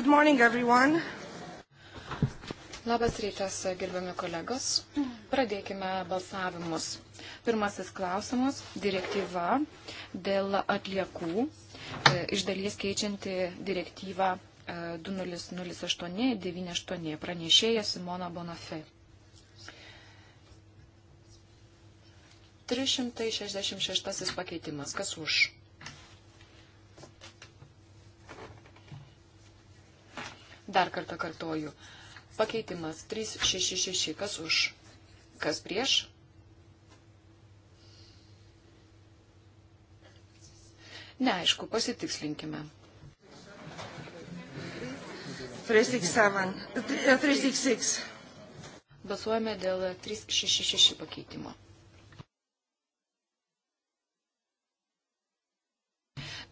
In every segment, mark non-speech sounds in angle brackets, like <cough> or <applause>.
Good morning, everyone. Labas rytas, gerbiami kolegos. Pradėkime balsavimus. Pirmasis klausimas - direktyva dėl atliekų, e, iš dalies keičianti direktyvą 2008-98 e, pranešėja Simona Bonafé. 366 pakeitimas. Kas už? Dar kartą kartoju. Pakeitimas 366. Kas už? Kas prieš? Neaišku, pasitikslinkime. 367. 366. Uh, Balsuojame dėl 366 pakeitimo.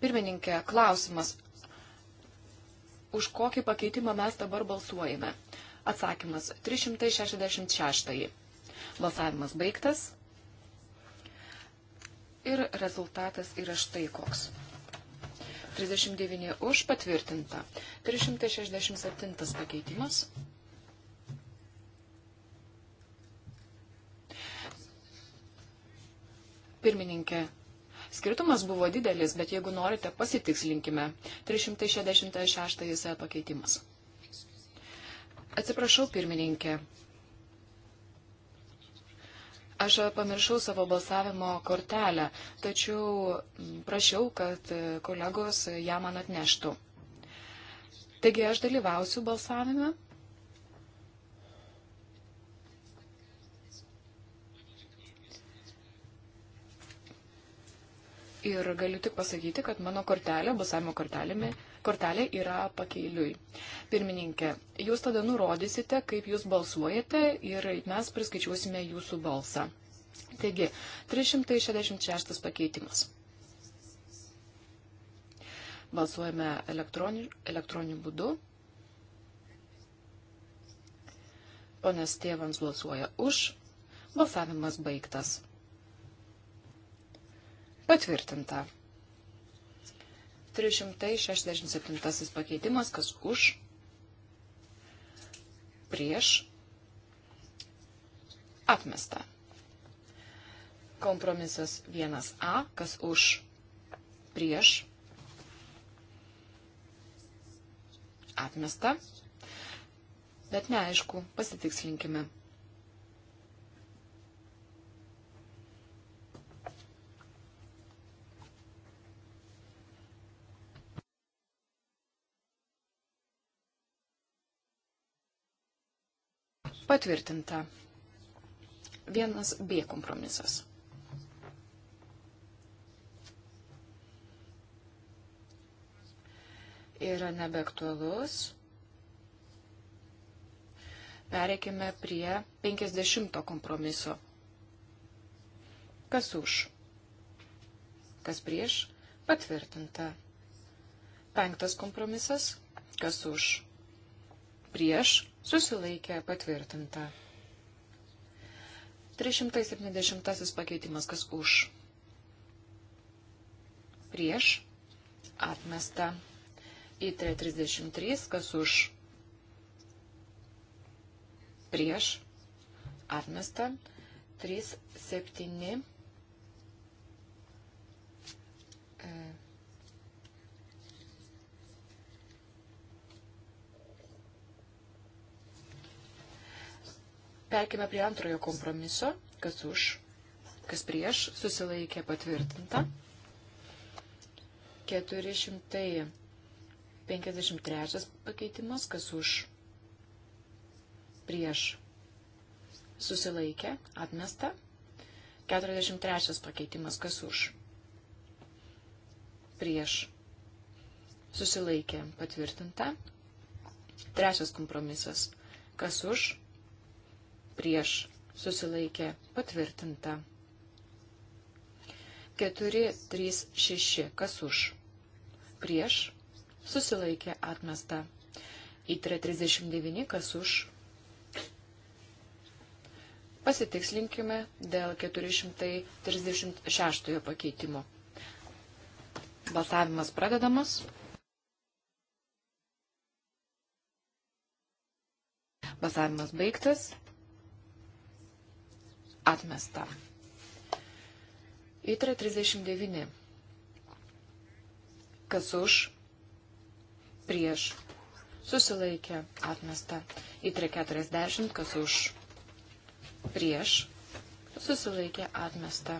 Pirmininkė, klausimas, už kokį pakeitimą mes dabar balsuojame. Atsakymas 366. Balsavimas baigtas. Ir rezultatas yra štai koks. 39 už patvirtinta. 367 pakeitimas. Pirmininkė Skirtumas buvo didelis, bet jeigu norite, pasitikslinkime. 366 pakeitimas. Atsiprašau, pirmininkė. Aš pamiršau savo balsavimo kortelę, tačiau prašiau, kad kolegos ją man atneštų. Taigi aš dalyvausiu balsavime ir galiu tik pasakyti, kad mano kortelė, balsavimo kortelė, kortelė yra pakeiliui. Pirmininkė, jūs tada nurodysite, kaip jūs balsuojate ir mes priskaičiuosime jūsų balsą. Taigi, 366 pakeitimas. Balsuojame elektroni, elektroniniu būdu. Ponas tėvams balsuoja už. Balsavimas baigtas. Patvirtinta. 367 pakeitimas, kas už, prieš, atmesta. Kompromisas 1A, kas už, prieš, atmesta. Bet neaišku, pasitikslinkime. Patvirtinta. Vienas B kompromisas. Yra nebeaktualus. Pereikime prie 50 kompromiso. Kas už? Kas prieš? Patvirtinta. Penktas kompromisas. Kas už? prieš, susilaikė patvirtinta. 370 pakeitimas, kas už, prieš, atmesta. Į 33, kas už, prieš, atmesta. 3, 7, Perkime prie antrojo kompromiso, kas už, kas prieš, susilaikė patvirtinta. 453 pakeitimas, kas už, prieš, susilaikė, atmesta. 43 pakeitimas, kas už, prieš, susilaikė, patvirtinta. Trečias kompromisas, kas už, prieš susilaikė patvirtinta. 4, 3, 6, kas už, prieš susilaikė atmesta. Į 39, kas už. Pasitikslinkime dėl 436 pakeitimo. Balsavimas pradedamas. Balsavimas baigtas. Atmesta. Įtra 39. Kas už? Prieš. Susilaikė. Atmesta. Įtra 40. Kas už? Prieš. Susilaikė. Atmesta.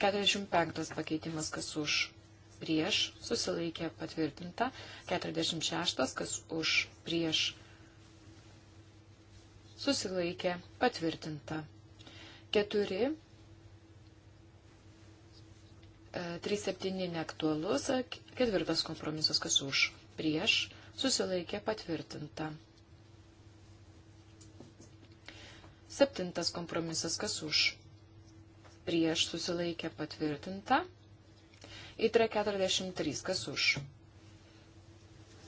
45 pakeitimas. Kas už? Prieš. Susilaikė. Patvirtinta. 46. Kas už? Prieš. Susilaikė. Patvirtinta. 4. 3.7 e, neaktualus, e, ketvirtas kompromisas, kas už, prieš, susilaikė patvirtinta. Septintas kompromisas, kas už, prieš, susilaikė patvirtinta. Įtra 43, kas už,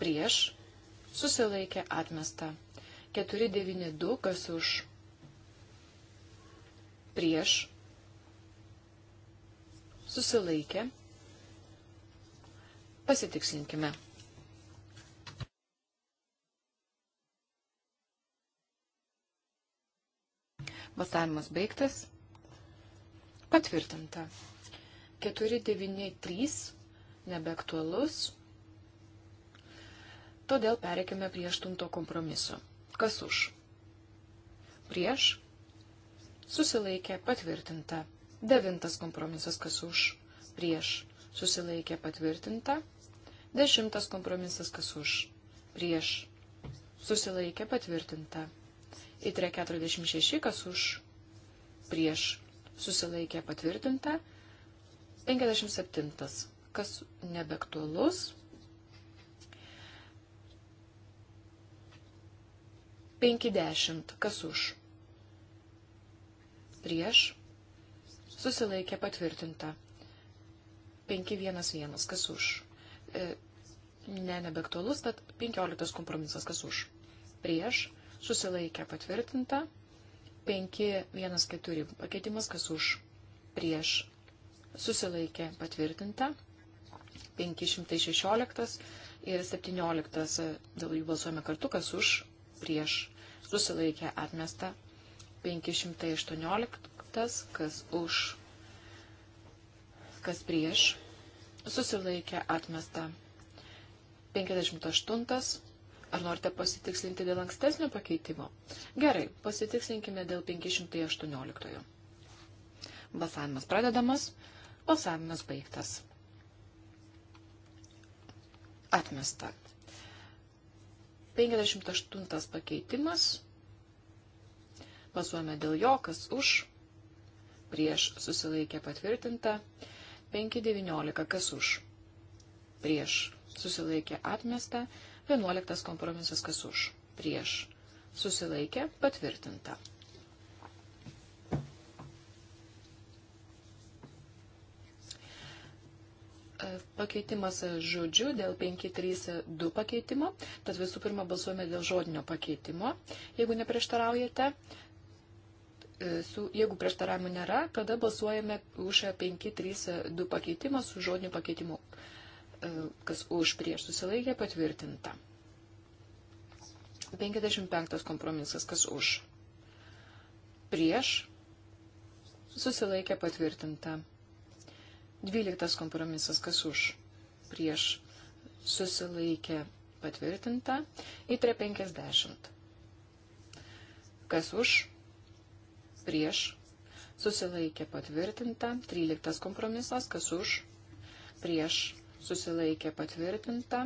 prieš, susilaikė atmesta. 492, kas už, prieš, susilaikė, pasitikslinkime. Balsavimas baigtas. Patvirtinta. 493 nebeaktualus. Todėl pereikime prie 8 kompromiso. Kas už? Prieš susilaikė patvirtinta. Devintas kompromisas kas už, prieš, susilaikė patvirtinta. Dešimtas kompromisas kas už, prieš, susilaikė patvirtinta. Įtre 46 kas už, prieš, susilaikė patvirtinta. 57 kas nebeaktualus, 50. Kas už? prieš, susilaikė patvirtinta. 511, kas už. E, ne, nebeaktualus, bet 15 kompromisas, kas už. Prieš, susilaikė patvirtinta. 514 pakeitimas, kas už. Prieš, susilaikė patvirtinta. 516 ir 17 e, dėl jų balsuojame kartu, kas už. Prieš, susilaikė atmesta 518, kas už, kas prieš, susilaikė atmesta. 58. Ar norite pasitikslinti dėl ankstesnio pakeitimo? Gerai, pasitikslinkime dėl 518. Balsavimas pradedamas, balsavimas baigtas. Atmesta. 58 pakeitimas Pasuojame dėl jo, kas už, prieš susilaikė patvirtinta, 5.19, kas už, prieš susilaikė atmesta, 11 kompromisas, kas už, prieš susilaikė patvirtinta. pakeitimas žodžiu dėl 532 pakeitimo. Tad visų pirma balsuojame dėl žodinio pakeitimo. Jeigu neprieštaraujate, su, jeigu prieštaravimų nėra, tada balsuojame už 5-3-2 pakeitimą su žodiniu pakeitimu, e, kas už prieš susilaikė patvirtinta. 55 kompromisas, kas už. Prieš susilaikė patvirtinta. 12 kompromisas, kas už. Prieš susilaikė patvirtinta. Įtre 50. Kas už? prieš, susilaikė patvirtinta, 13 kompromisas, kas už, prieš, susilaikė patvirtinta,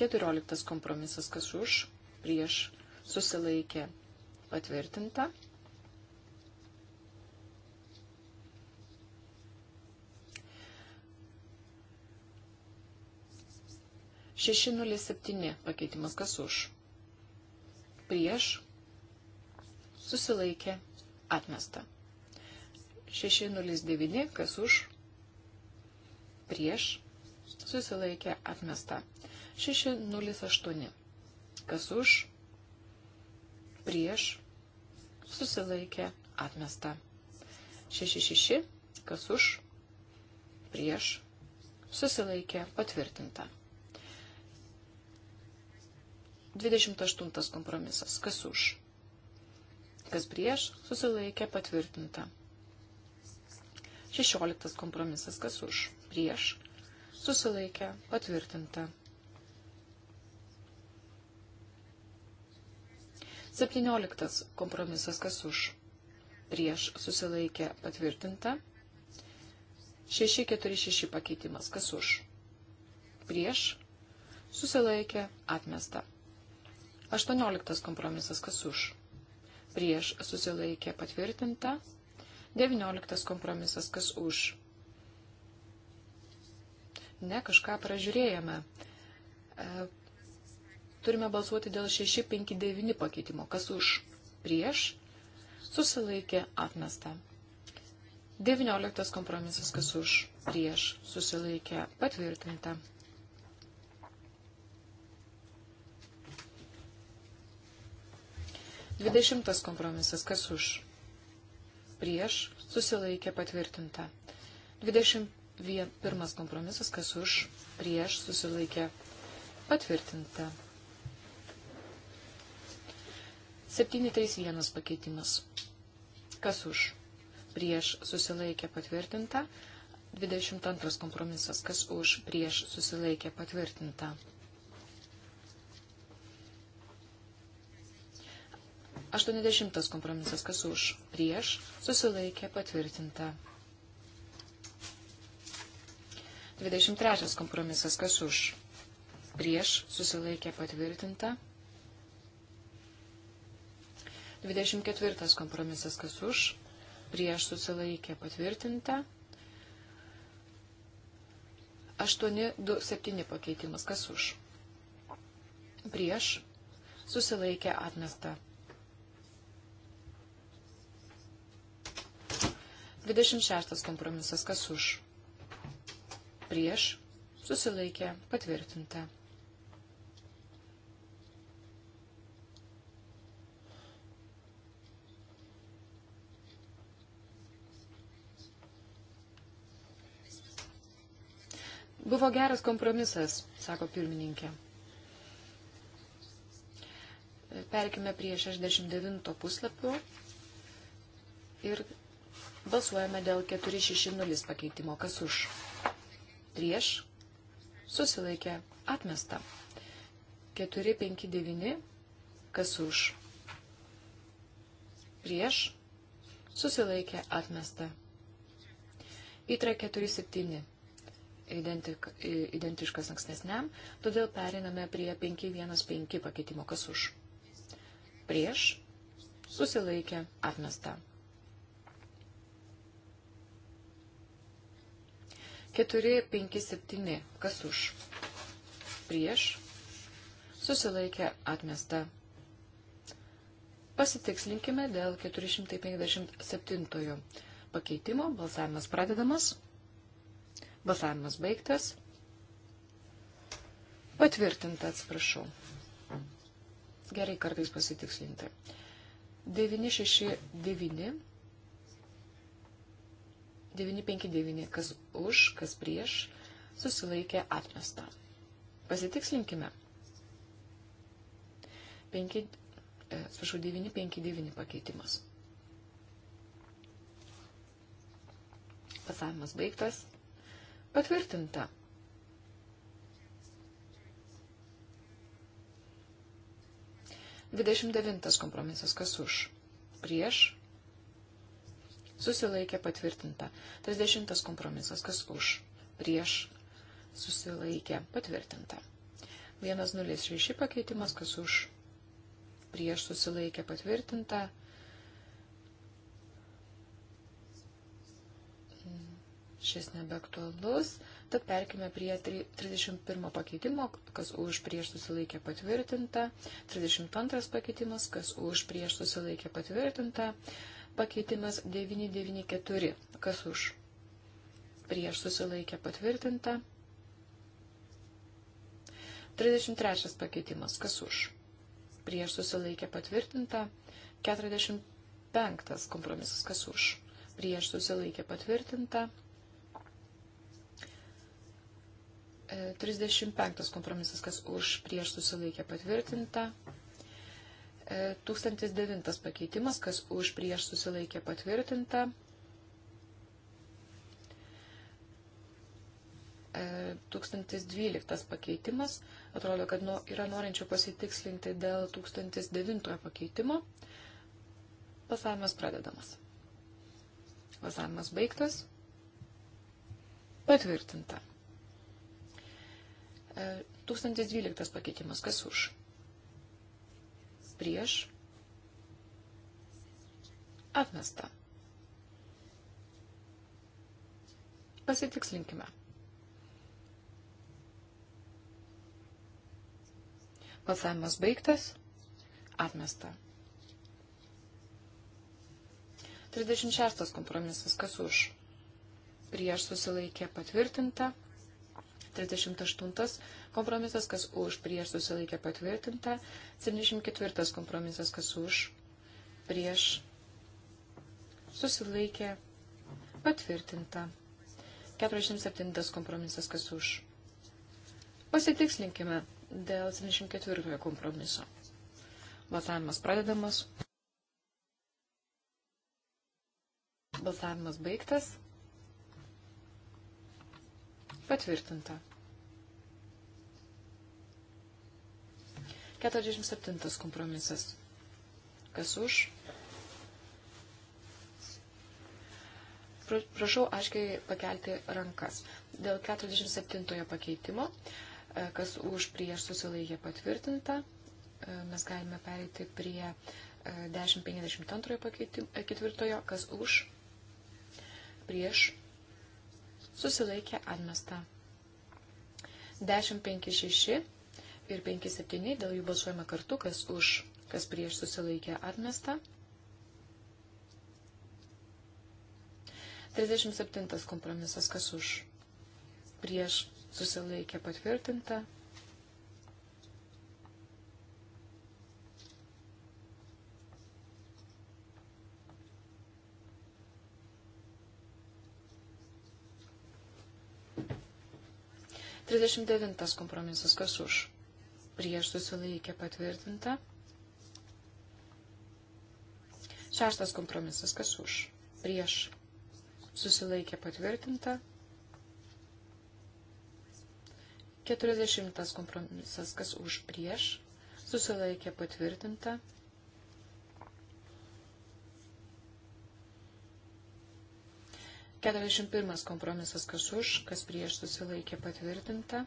14 kompromisas, kas už, prieš, susilaikė patvirtinta. Šeši nulis septyni pakeitimas kas už. Prieš susilaikė, atmesta. 609, kas už, prieš, susilaikė, atmesta. 608, kas už, prieš, susilaikė, atmesta. 666, kas už, prieš, susilaikė, patvirtinta. 28 kompromisas, kas už, kas prieš, susilaikė patvirtinta. 16 kompromisas, kas už, prieš, susilaikė patvirtinta. 17 kompromisas, kas už, prieš, susilaikė patvirtinta. 646 pakeitimas, kas už, prieš, susilaikė atmesta. 18 kompromisas, kas už, prieš susilaikė patvirtinta, 19 kompromisas kas už. Ne, kažką pražiūrėjome. E, turime balsuoti dėl 659 pakeitimo. Kas už? Prieš susilaikė atmesta. 19 kompromisas kas už. Prieš susilaikė patvirtinta. Dvidešimtas kompromisas. Kas už? Prieš. Susilaikė patvirtinta. Dvidešimt pirmas kompromisas. Kas už? Prieš. Susilaikė patvirtinta. 731 pakeitimas. Kas už? Prieš susilaikė patvirtinta. 22 kompromisas. Kas už? Prieš susilaikė patvirtinta. 80 kompromisas, kas už, prieš, susilaikė patvirtinta. 23 kompromisas, kas už, prieš, susilaikė patvirtinta. 24 kompromisas, kas už, prieš, susilaikė patvirtinta. 827 pakeitimas, kas už, prieš, susilaikė atmesta. 26 kompromisas kas už. Prieš susilaikė patvirtinta. Buvo geras kompromisas, sako pirmininkė. Perkime prie 69 puslapio ir Balsuojame dėl 460 pakeitimo. Kas už? Prieš. Susilaikė. Atmesta. 459. Kas už? Prieš. Susilaikė. Atmesta. Įtra 47. Identik, identiškas ankstesniam, todėl periname prie 515 pakeitimo. Kas už? Prieš. Susilaikė. Atmesta. 4, 5, 7. Kas už? Prieš. Susilaikė atmesta. Pasitikslinkime dėl 457 pakeitimo. Balsavimas pradedamas. Balsavimas baigtas. Patvirtinta, atsiprašau. Gerai kartais pasitikslinti. 969 959. Kas už, kas prieš, susilaikė atmesta. Pasitikslinkime. 5, e, atsiprašau, 959 pakeitimas. Pasavimas baigtas. Patvirtinta. Dvidešimt devintas kompromisas. Kas už? Prieš susilaikė patvirtinta. 30 kompromisas, kas už, prieš, susilaikė patvirtinta. 106 pakeitimas, kas už, prieš, susilaikė patvirtinta. Šis nebeaktualus. Tad perkime prie 31 pakeitimo, kas už prieš susilaikė patvirtinta, 32 pakeitimas, kas už prieš susilaikė patvirtinta, Pakeitimas 994. Kas už? Prieš susilaikę patvirtinta. 33 pakeitimas. Kas už? Prieš susilaikę patvirtinta. 45 kompromisas. Kas už? Prieš susilaikę patvirtinta. 35 e, kompromisas. Kas už? Prieš susilaikę patvirtinta. 1009 e, pakeitimas, kas už prieš susilaikė patvirtinta. 1012 e, pakeitimas. Atrodo, kad nu, yra norinčių pasitikslinti dėl 1009 pakeitimo. Balsavimas pradedamas. Balsavimas baigtas. Patvirtinta. 1012 e, pakeitimas. Kas už? prieš, atmesta. Pasitikslinkime. Balsavimas baigtas, atmesta. 36 kompromisas, kas už? Prieš susilaikė patvirtinta, 38 kompromisas, kas už, prieš susilaikė patvirtinta. 74 kompromisas, kas už, prieš susilaikė patvirtinta. 47 kompromisas, kas už. Pasitikslinkime dėl 74 kompromiso. Balsavimas pradedamas. Balsavimas baigtas. Patvirtinta. 47 kompromisas. Kas už? Prašau aiškiai pakelti rankas. Dėl 47 pakeitimo, e, kas už prieš susilaikė patvirtinta, e, mes galime pereiti prie 1052 e, pakeitimo, ketvirtojo, kas už prieš susilaikė atmesta. 10, 5, 6 ir 5, 7 dėl jų balsuojama kartu, kas už, kas prieš susilaikė atmesta. 37 kompromisas, kas už, prieš susilaikė patvirtinta. 38 39 kompromisas. Kas už? Prieš susilaikė patvirtinta. Šeštas kompromisas. Kas už? Prieš susilaikė patvirtinta. 40 kompromisas. Kas už? Prieš susilaikė patvirtinta. 41 kompromisas kas už, kas prieš susilaikė patvirtinta.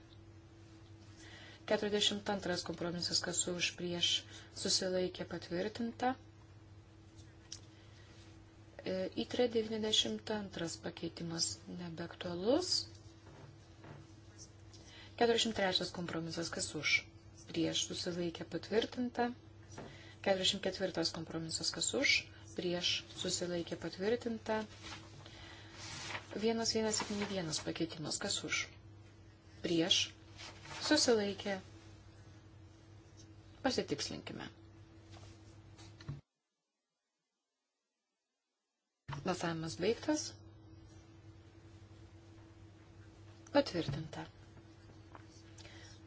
42 kompromisas kas už, prieš susilaikė patvirtinta. Įtre e, 92 pakeitimas nebeaktualus. 43 kompromisas kas už, prieš susilaikė patvirtinta. 44 kompromisas kas už, prieš susilaikė patvirtinta. 1171 pakeitimas. Kas už? Prieš. Susilaikė. Pasitikslinkime. Balsavimas baigtas. Patvirtinta.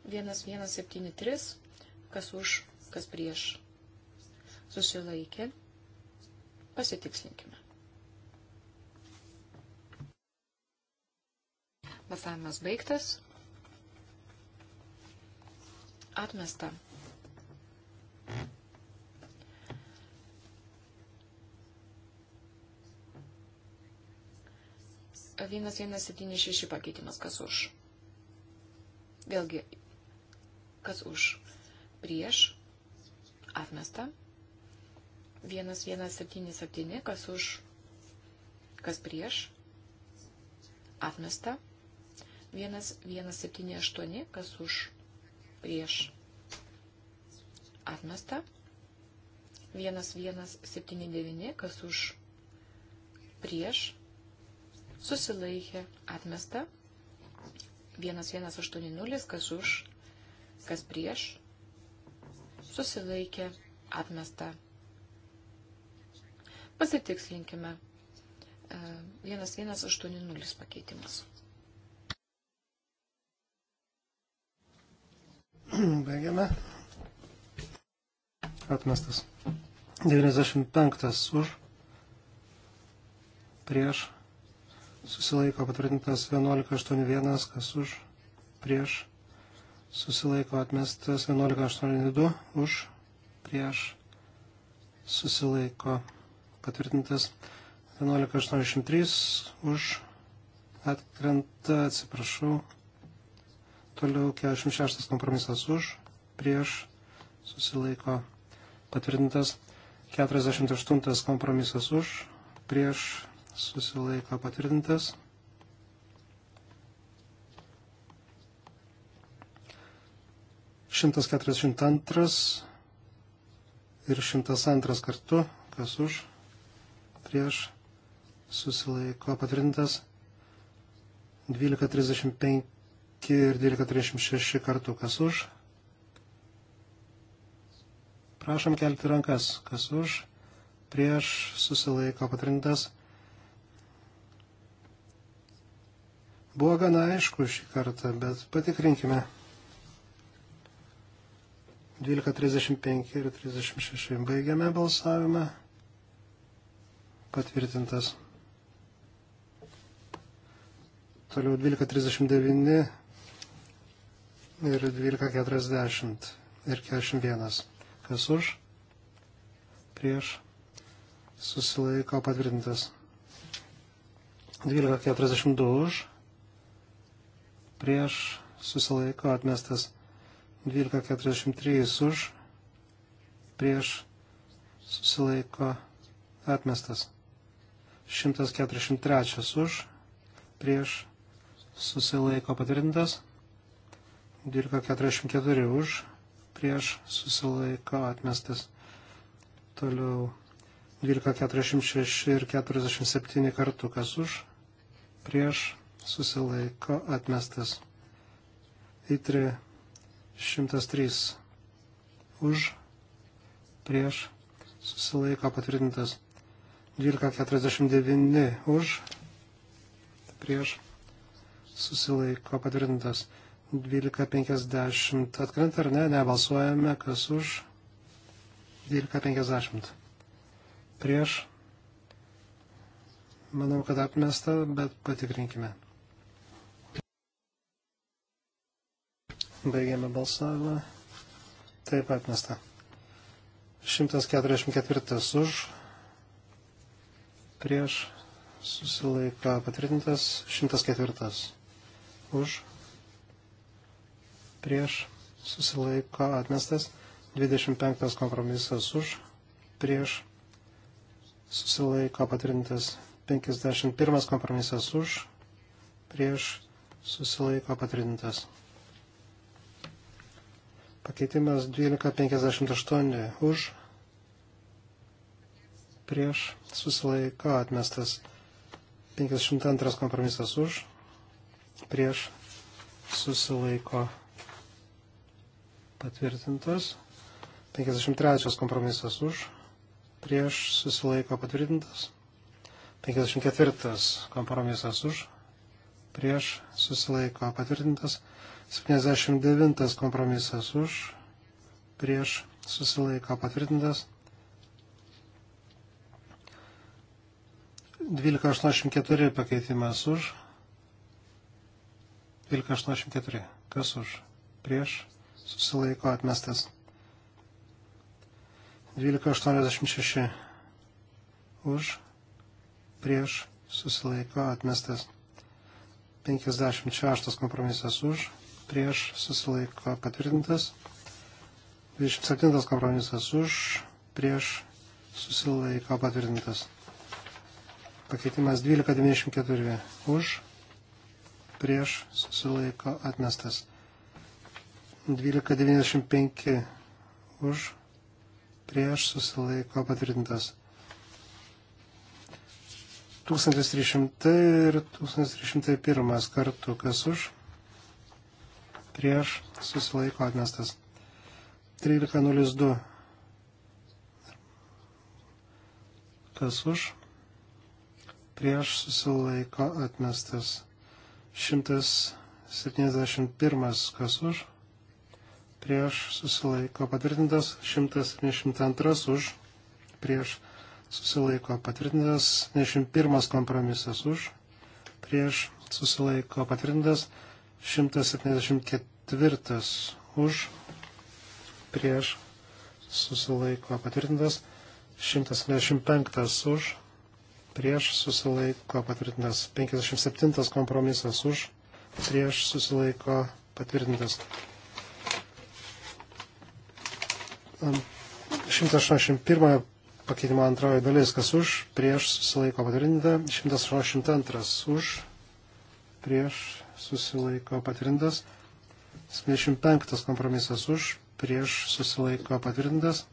1173. Kas už, kas prieš. Susilaikė. Pasitikslinkime. Balsavimas baigtas. Atmesta. Vienas, vienas, septyni, šeši pakeitimas. Kas už? Vėlgi, kas už? Prieš. Atmesta. Vienas, vienas, septyni, septyni. Kas už? Kas prieš? Atmesta. 1178, kas už prieš atmesta. 1179, kas už prieš susilaikė atmesta. 1180, kas už, kas prieš susilaikė atmesta. Pasitikslinkime. 1180 pakeitimas. <clears throat> Baigiame. Atmestas. 95 už. Prieš. Susilaiko patvirtintas 1181, kas už. Prieš. Susilaiko atmestas 1182 už. Prieš. Susilaiko patvirtintas 1183 už. Atkrenta, atsiprašau. Toliau 46 kompromisas už, prieš, susilaiko patvirtintas. 48 kompromisas už, prieš, susilaiko patvirtintas. Šimtas keturiasdešimt antras ir šimtas antras kartu, kas už, prieš, susilaiko patvirtintas. 12.35 ir 12.36 kartų. Kas už? Prašom kelti rankas. Kas už? Prieš susilaiko patrintas. Buvo gana aišku šį kartą, bet patikrinkime. 12.35 ir 36 baigiame balsavimą. Patvirtintas. Toliau 12.39 ir 12.40 ir 41. Kas už? Prieš susilaiko patvirtintas. 12.42 už. Prieš susilaiko atmestas. 12.43 už. Prieš susilaiko atmestas. 143 už. Prieš susilaiko patvirtintas. 12.44 už, prieš susilaiko atmestas. Toliau 12.46 ir 47 kartų kas už, prieš susilaiko atmestas. Įtri 103 už, prieš susilaiko patvirtintas. 12.49 už, prieš susilaiko patvirtintas. 12.50 atkrenta ar ne? Nebalsuojame, kas už 12.50. Prieš. Manau, kad atmesta, bet patikrinkime. Baigėme balsavimą. Taip atmesta. 144 už. Prieš. Susilaiko patvirtintas. 104 už prieš susilaiko atmestas, 25 kompromisas už, prieš susilaiko patvirtintas, 51 kompromisas už, prieš susilaiko patvirtintas. Pakeitimas 1258 už, prieš susilaiko atmestas, 52 kompromisas už, prieš susilaiko atmestas patvirtintas. 53 kompromisas už, prieš susilaiko patvirtintas. 54 kompromisas už, prieš susilaiko patvirtintas. 79 kompromisas už, prieš susilaiko patvirtintas. 1284 pakeitimas už. 1284. Kas už? Prieš susilaiko atmestas. 1286 už, prieš, susilaiko atmestas. 56 kompromisas už, prieš, susilaiko patvirtintas. 27 kompromisas už, prieš, susilaiko patvirtintas. Pakeitimas 1294 už, prieš, susilaiko atmestas. 12.95 už, prieš susilaiko patvirtintas. 1300 ir 1301 kartų kas už, prieš susilaiko atmestas. 13.02 kas už, prieš susilaiko atmestas. 171 kas už prieš susilaiko patvirtintas, 172 už, prieš susilaiko patvirtintas, 91 kompromisas už, prieš susilaiko patvirtintas, 174 už, prieš susilaiko patvirtintas, 175 už, prieš susilaiko patvirtintas, 57 kompromisas už, prieš susilaiko patvirtintas. 181 pakeitimo antroji dalis, kas už, prieš susilaiko patvirtinta, 182 už, prieš susilaiko patvirtintas, 75 kompromisas už, prieš susilaiko patvirtintas,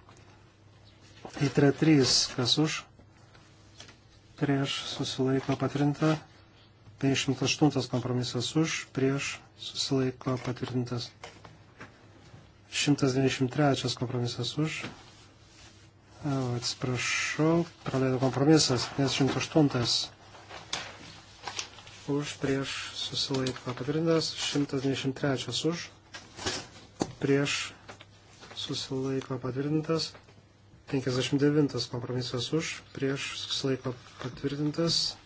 į 3 kas už, prieš susilaiko patvirtinta, 58 kompromisas už, prieš susilaiko patvirtintas. 193 kompromisas už. Atsiprašau, praleidau kompromisas. 108 už, prieš susilaiko patvirtintas. 193 už, prieš susilaiko patvirtintas. 59 kompromisas už, prieš susilaiko patvirtintas.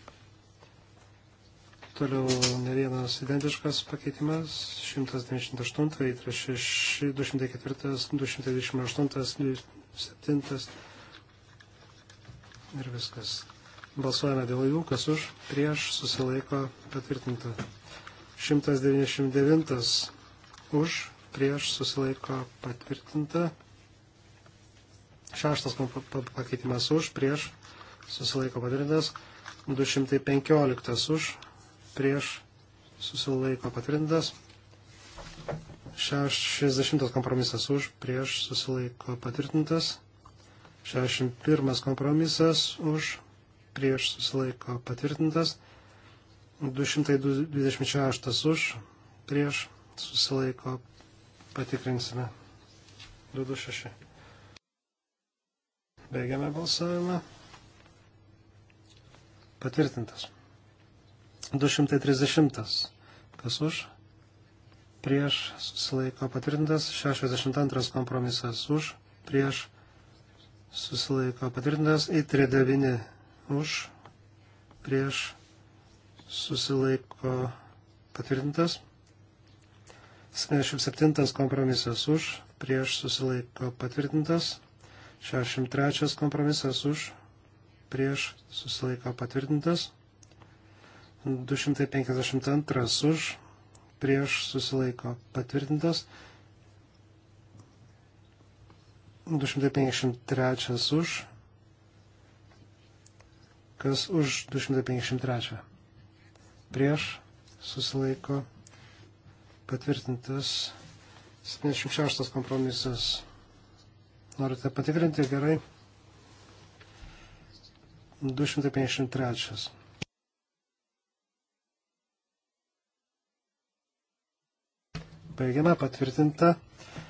Toliau ne vienas identiškas pakeitimas. 198, 36, 204, 228, 27 ir viskas. Balsuojame dėl jų, kas už, prieš, susilaiko, patvirtinta. 199 už, prieš, susilaiko, patvirtinta. Šeštas pakeitimas už, prieš, susilaiko patvirtintas. 215 už, prieš susilaiko patvirtintas. 60 kompromisas už, prieš susilaiko patvirtintas. 61 kompromisas už, prieš susilaiko patvirtintas. 226 už, prieš susilaiko patikrinsime. 226. Baigiame balsavimą. Patvirtintas. 230. Kas už? Prieš susilaiko patvirtintas. 62 kompromisas už. Prieš susilaiko patvirtintas. I39 už. Prieš susilaiko patvirtintas. 77 kompromisas už. Prieš susilaiko patvirtintas. 63 kompromisas už. Prieš susilaiko patvirtintas. 252 už, prieš susilaiko patvirtintas, 253 už, kas už 253, prieš susilaiko patvirtintas 76 kompromisas. Norite patikrinti gerai? 253. Baigiame patvirtinta.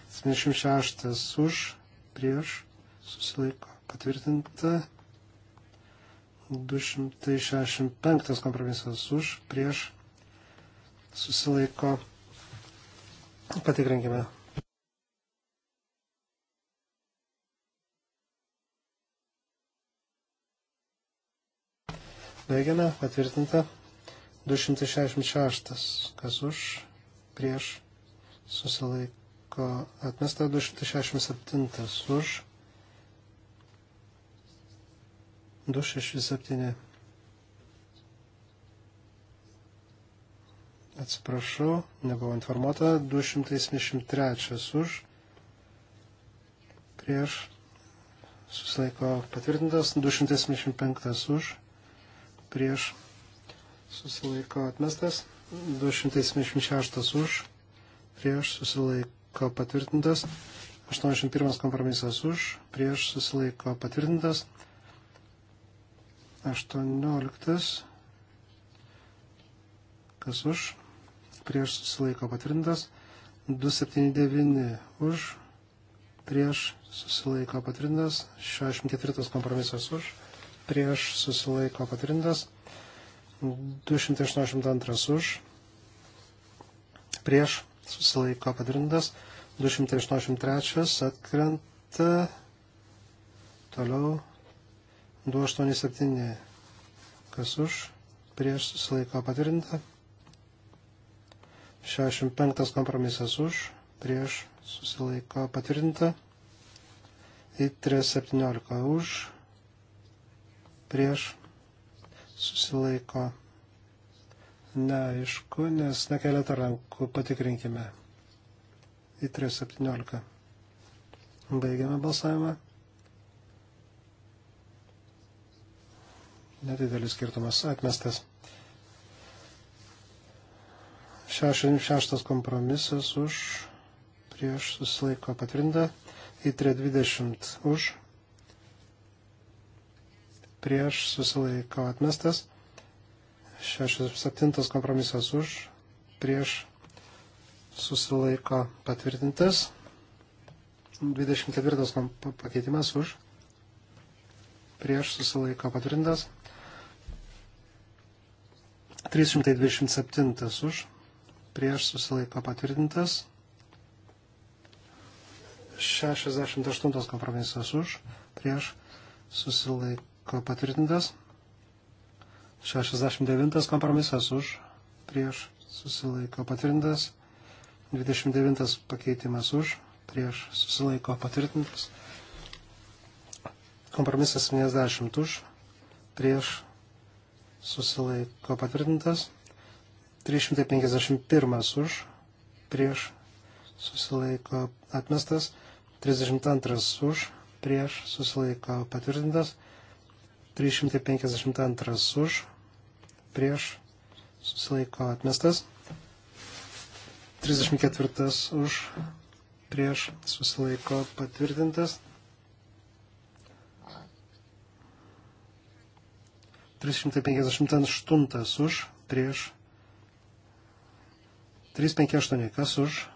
76 už, prieš, susilaiko patvirtinta. 265 kompromisas už, prieš, susilaiko. Patikrinkime. Baigiame, patvirtinta. 266, kas už, prieš, susilaiko atmesta 267 už 267 atsiprašau, nebuvau informuota, 273 už, prieš, susilaiko patvirtintas, 275 už, prieš, susilaiko atmestas, 276 už, prieš susilaiko patvirtintas. 81 kompromisas už, prieš susilaiko patvirtintas. 18 kas už, prieš susilaiko patvirtintas. 279 už, prieš susilaiko patvirtintas. 64 kompromisas už, prieš susilaiko patvirtintas. 282 už, prieš susilaiko padarindas, 283 atkrenta, toliau 287 kas už, prieš susilaiko padarinta, 65 kompromisas už, prieš susilaiko patvirtinta, į 317 už, prieš susilaiko patvirtinta neaišku, nes nekeletą rankų patikrinkime. Į 3.17. Baigiame balsavimą. Nedidelis skirtumas atmestas. 66 kompromisas už prieš susilaiko patvirtinta. Į 3.20 už prieš susilaiko atmestas. 67 kompromisas už, prieš susilaiko patvirtintas. 24 pakeitimas už, prieš susilaiko patvirtintas. 327 už, prieš susilaiko patvirtintas. 68 kompromisas už, prieš susilaiko patvirtintas. 69 kompromisas už, prieš susilaiko patvirtintas. 29 pakeitimas už, prieš susilaiko patvirtintas. Kompromisas 70 už, prieš susilaiko patvirtintas. 351 už, prieš susilaiko atmestas. 32 už, prieš susilaiko patvirtintas. 352 už, prieš susilaiko atmestas. 34 už prieš susilaiko patvirtintas. 358 už prieš 358 kas už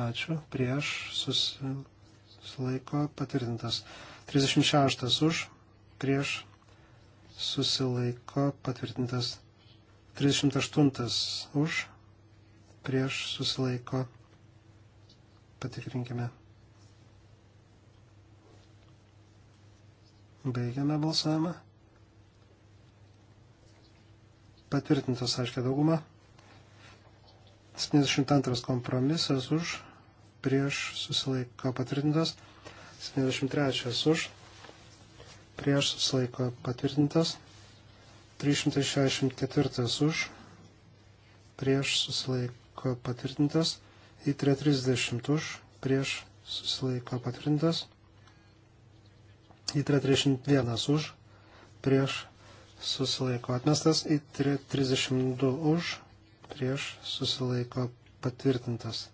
ačiū prieš susilaiko patvirtintas 36 už prieš susilaiko patvirtintas 38 už, prieš susilaiko patikrinkime. Baigiame balsavimą. Patvirtintas, aiškia, dauguma. 72 kompromisas už, prieš susilaiko patvirtintas. 73 už, prieš susilaiko patvirtintas, 364 už, prieš susilaiko patvirtintas, į 330 už, prieš susilaiko patvirtintas, į 331 už, prieš susilaiko atmestas, į 32 už, prieš susilaiko patvirtintas.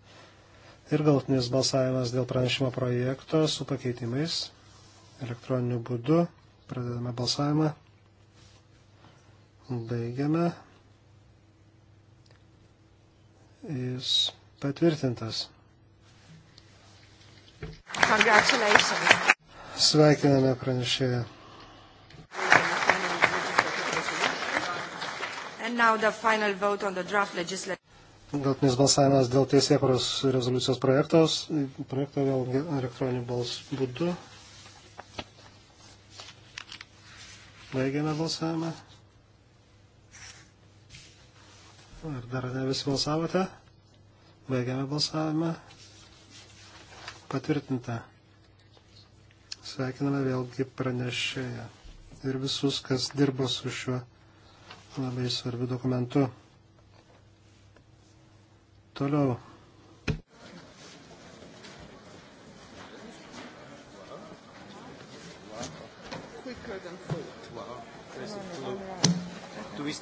Ir galtinis balsavimas dėl pranešimo projekto su pakeitimais elektroniniu būdu. Pradedame balsavimą. Baigiame. Jis patvirtintas. Sveikiname pranešėją. Galtinis balsavimas dėl teisėkuros rezoliucijos projektos, projekto vėl elektroniniu balsu būdu. Baigiame balsavimą. Ar dar ne visi balsavote? Baigiame balsavimą. Patvirtinta. Sveikiname vėlgi pranešėją ir visus, kas dirbo su šiuo labai svarbiu dokumentu. Toliau.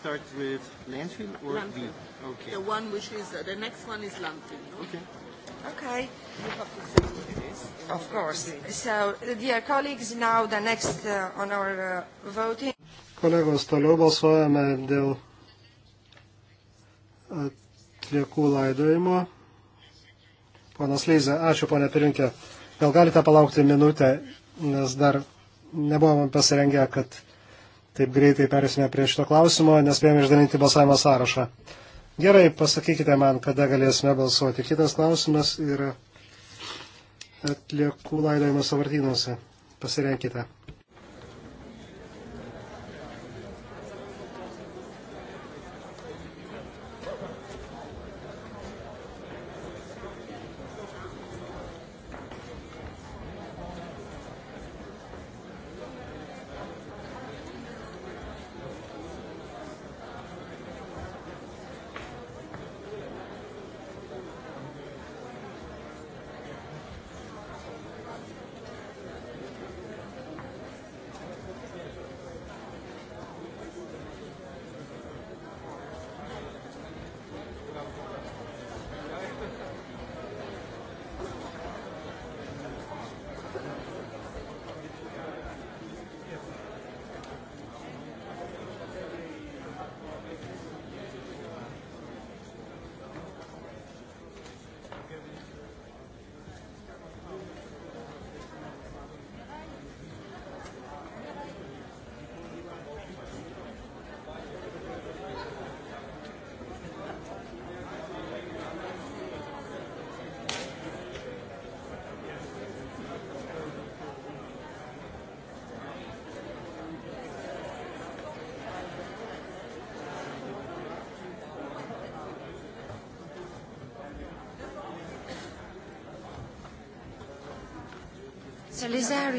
start with landfill or landfill. the? Okay. The one which is, uh, the next one is landfill. No? Okay. Okay. You have to say what it is. Of course. So, dear colleagues, now the next uh, on our uh, voting. Kolegos, toliau balsuojame dėl uh, atliekų laidojimo. Ponas Leizė, ačiū, ponė Pirinkė. Gal galite palaukti minutę, nes dar nebuvome pasirengę, kad taip greitai perėsime prie šito klausimo, nes vėjome išdalinti balsavimo sąrašą. Gerai, pasakykite man, kada galėsime balsuoti. Kitas klausimas yra atliekų laidojimas savartynuose. Pasirenkite.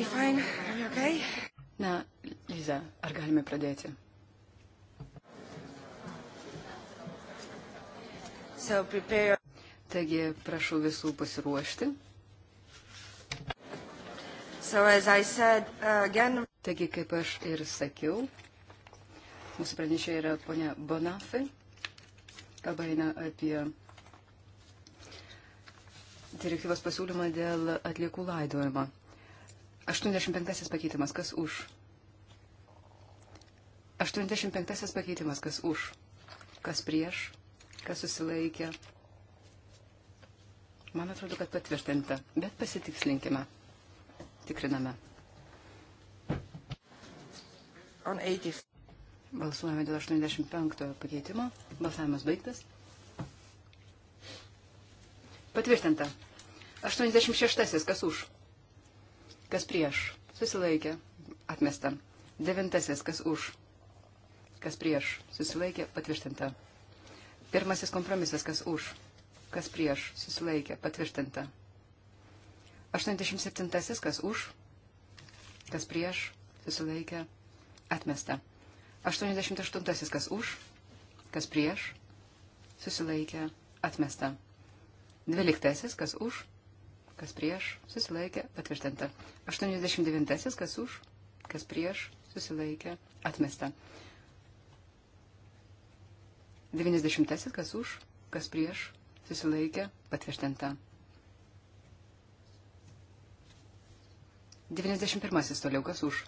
fine? Are you okay? Na, Liza, ar galime pradėti? So prepare... Taigi, prašau visų pasiruošti. So as I said, uh, again... Taigi, kaip aš ir sakiau, mūsų pranešė yra ponia Bonafai. Kalba eina apie direktyvos pasiūlymą dėl atliekų laidojimą. 85 pakeitimas, kas už. 85 pakeitimas, kas už. Kas prieš, kas susilaikė. Man atrodo, kad patvirtinta, bet pasitikslinkime. Tikriname. Balsuojame dėl 85 pakeitimo. Balsavimas baigtas. Patvirtinta. 86. Kas už? Kas prieš? Susilaikė. Atmesta. Devintasis. Kas už? Kas prieš? Susilaikė. Patvirtinta. Pirmasis kompromisas. Kas už? Kas prieš? Susilaikė. Patvirtinta. 87. Kas už? Kas prieš? Susilaikė. Atmesta. 88. Kas už? Kas prieš? Susilaikė. Atmesta. Dvyliktasis, kas už, kas prieš, susilaikė, patvirtinta. 89. kas už, kas prieš, susilaikė, atmesta. 90. kas už, kas prieš, susilaikė, patvirtinta. 91. toliau kas už,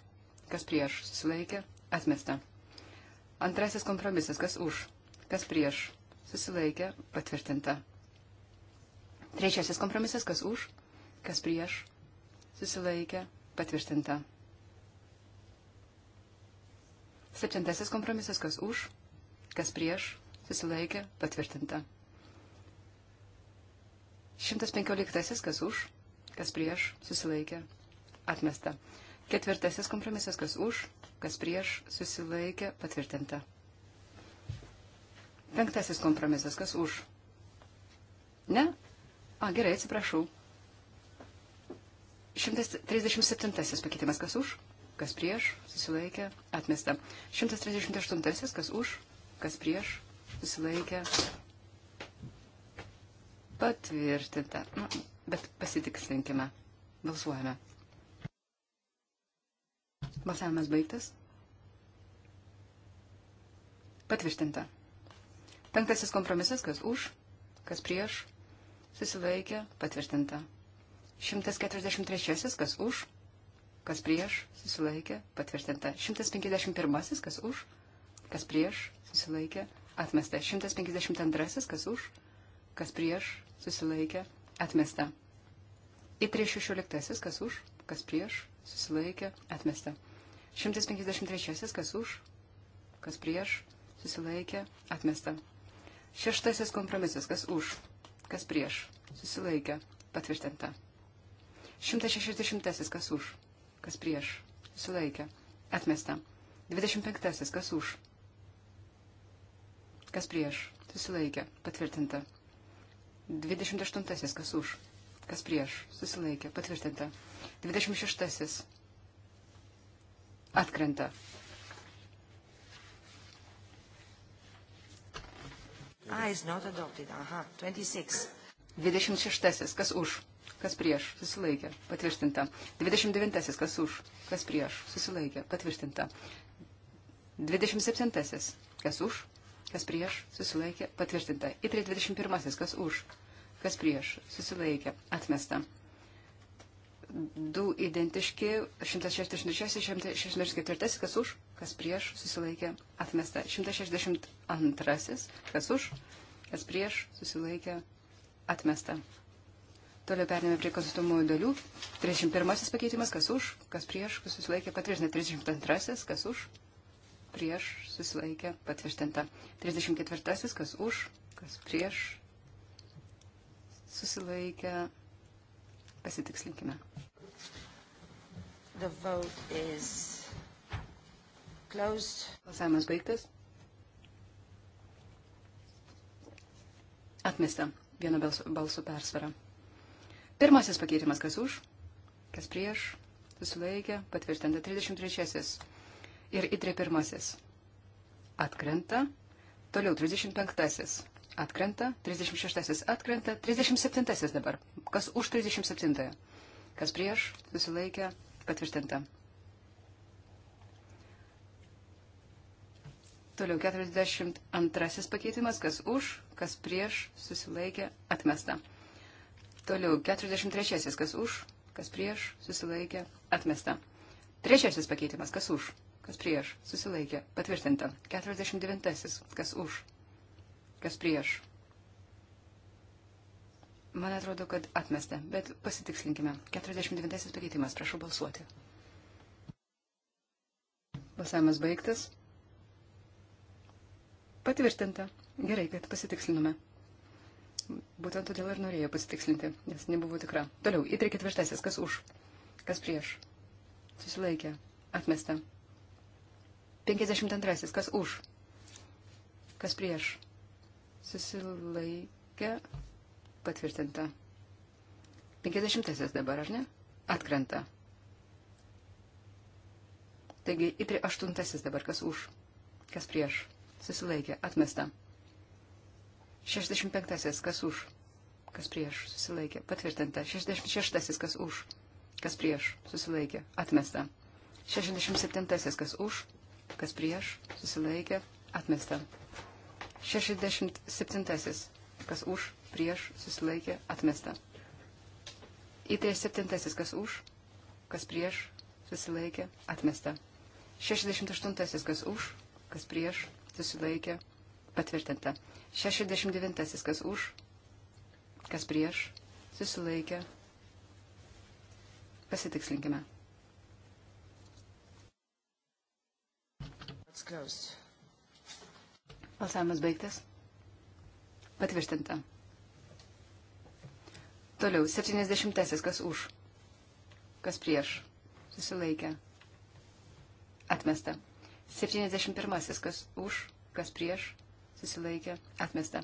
kas prieš, susilaikė, atmesta. Antrasis kompromisas, kas už, kas prieš, susilaikė, patvirtinta. Trečiasis kompromisas, kas už, kas prieš, susilaikė, patvirtinta. Septintasis kompromisas, kas už, kas prieš, susilaikė, patvirtinta. Šimtas penkioliktasis, kas už, kas prieš, susilaikė, atmesta. Ketvirtasis kompromisas, kas už, kas prieš, susilaikė, patvirtinta. Penktasis kompromisas, kas už. Ne? A, gerai, atsiprašau. 137 pakeitimas kas už, kas prieš, susilaikė, atmesta. 138 kas už, kas prieš, susilaikė, patvirtinta. Nu, bet pasitikslinkime. Balsuojame. Balsavimas baigtas. Patvirtinta. Penktasis kompromisas, kas už, kas prieš, susilaikė, patvirtinta. 143, kas už, kas prieš, susilaikė, patvirtinta. 151, kas už, kas prieš, susilaikė, atmesta. 152, kas už, kas prieš, susilaikė, atmesta. Į 316, kas už, kas prieš, susilaikė, atmesta. 153, kas už, kas prieš, susilaikė, atmesta. Šeštasis kompromisas, kas už, kas prieš, susilaikė, patvirtinta. 160 kas už, kas prieš, sulaikė, atmesta. 25 kas už, kas prieš, susilaikė, patvirtinta. 28 kas už, kas prieš, susilaikė, patvirtinta. 26 atkrenta. Ah, is not adopted. Aha, 26. 26. Kas už? kas prieš, susilaikė, patvirtinta. 29. kas už, kas prieš, susilaikė, patvirtinta. 27. kas už, kas prieš, susilaikė, patvirtinta. Ir 31. kas už, kas prieš, susilaikė, atmesta. Du identiški, 166-164, kas už, kas prieš, susilaikė, atmesta. 162, kas už, kas prieš, susilaikė, atmesta. Toliau perėmėme prie konstitucijų dalių. 31 pakeitimas, kas už, kas prieš, kas susilaikė patvirtinta. 32, kas už, prieš, susilaikė patvirtinta. 34, kas už, kas prieš, susilaikė. Pasitikslinkime. The vote is closed. Balsavimas baigtas. Atmesta vieno balso, balso persvara. Pirmasis pakeitimas, kas už, kas prieš, susilaikė, patvirtinta 33. Ir įtrė pirmasis. Atkrenta. Toliau 35. Atkrenta. 36. Atkrenta. 37. dabar. Kas už 37. Kas prieš, susilaikė, patvirtinta. Toliau 42 pakeitimas, kas už, kas prieš, susilaikė, atmesta. Toliau, 43. Kas už, kas prieš, susilaikė, atmesta. Trečiasis pakeitimas. Kas už, kas prieš, susilaikė, patvirtinta. 49. Kas už, kas prieš. Man atrodo, kad atmesta, bet pasitikslinkime. 49 pakeitimas. Prašau balsuoti. Balsavimas baigtas. Patvirtinta. Gerai, kad pasitikslinome. Būtent todėl ir norėjau pasitikslinti, nes nebuvau tikra. Toliau, į 34. Kas už? Kas prieš? Susilaikė. Atmesta. 52. Kas už? Kas prieš? Susilaikė. Patvirtinta. 50. dabar, ar ne? Atkrenta. Taigi, į 8. dabar. Kas už? Kas prieš? Susilaikė. Atmesta. 65. Kas už? Kas prieš? Susilaikė. Patvirtinta. 66. Kas už? Kas prieš? Susilaikė. Atmesta. 67. Kas už? Kas prieš? Susilaikė. Atmesta. 67. Kas už? Prieš? Susilaikė. Atmesta. Į tai 7. Kas už? Kas prieš? Susilaikė. Atmesta. 68. Kas už? Kas prieš? Susilaikė. Atmesta Patvirtinta. 69. Kas už, kas prieš, susilaikė. Pasitikslinkime. Balsavimas baigtas. Patvirtinta. Toliau, 70. Kas už, kas prieš, susilaikė. Atmesta. 71. Kas už, kas prieš, susilaikė, atmesta.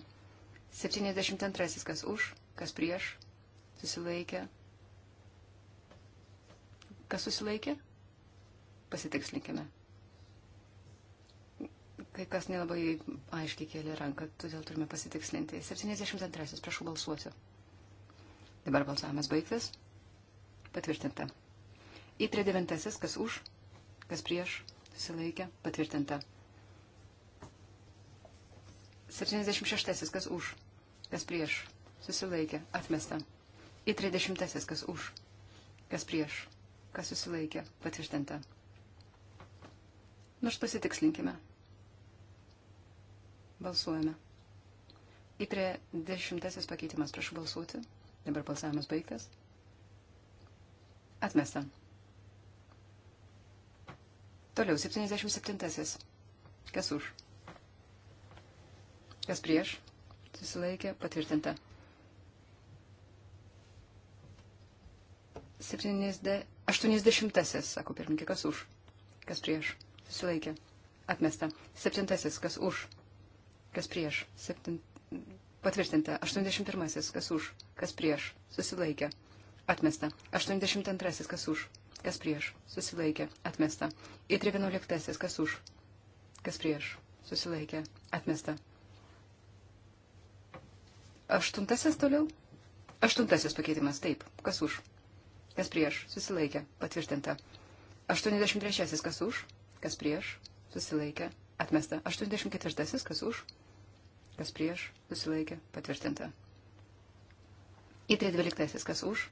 72. Kas už, kas prieš, susilaikė. Kas susilaikė? Pasitikslinkime. Kai kas nelabai aiškiai kėlė ranką, todėl turime pasitikslinti. 72. Prašau balsuosiu. Dabar balsavimas baigtas. Patvirtinta. Į 39. Kas už, kas prieš, susilaikė. Patvirtinta. 76. Kas už? Kas prieš? Susilaikė. Atmesta. Į 30. Kas už? Kas prieš? Kas susilaikė? Patvirtinta. Nors pasitikslinkime. Balsuojame. Į 30. pakeitimas. Prašau balsuoti. Dabar balsavimas baigtas. Atmesta. Toliau 77. Kas už? Kas prieš? Susilaikė. Patvirtinta. 70, 80, sako pirmininkė, kas už. Kas prieš? Susilaikė. Atmesta. Septintasis, kas už. Kas prieš? Septin... Patvirtinta. 81, kas už. Kas prieš? Susilaikė. Atmesta. 82, kas už. Kas prieš? Susilaikė. Atmesta. Į 311, kas už. Kas prieš? Susilaikė. Atmesta. Aštuntasis toliau? Aštuntasis pakeitimas, taip. Kas už? Kas prieš? Susilaikė. Patvirtinta. 83. Kas už? Kas prieš? Susilaikė. Atmesta. 84. Kas už? Kas prieš? Susilaikė. Patvirtinta. Į 312. Kas už?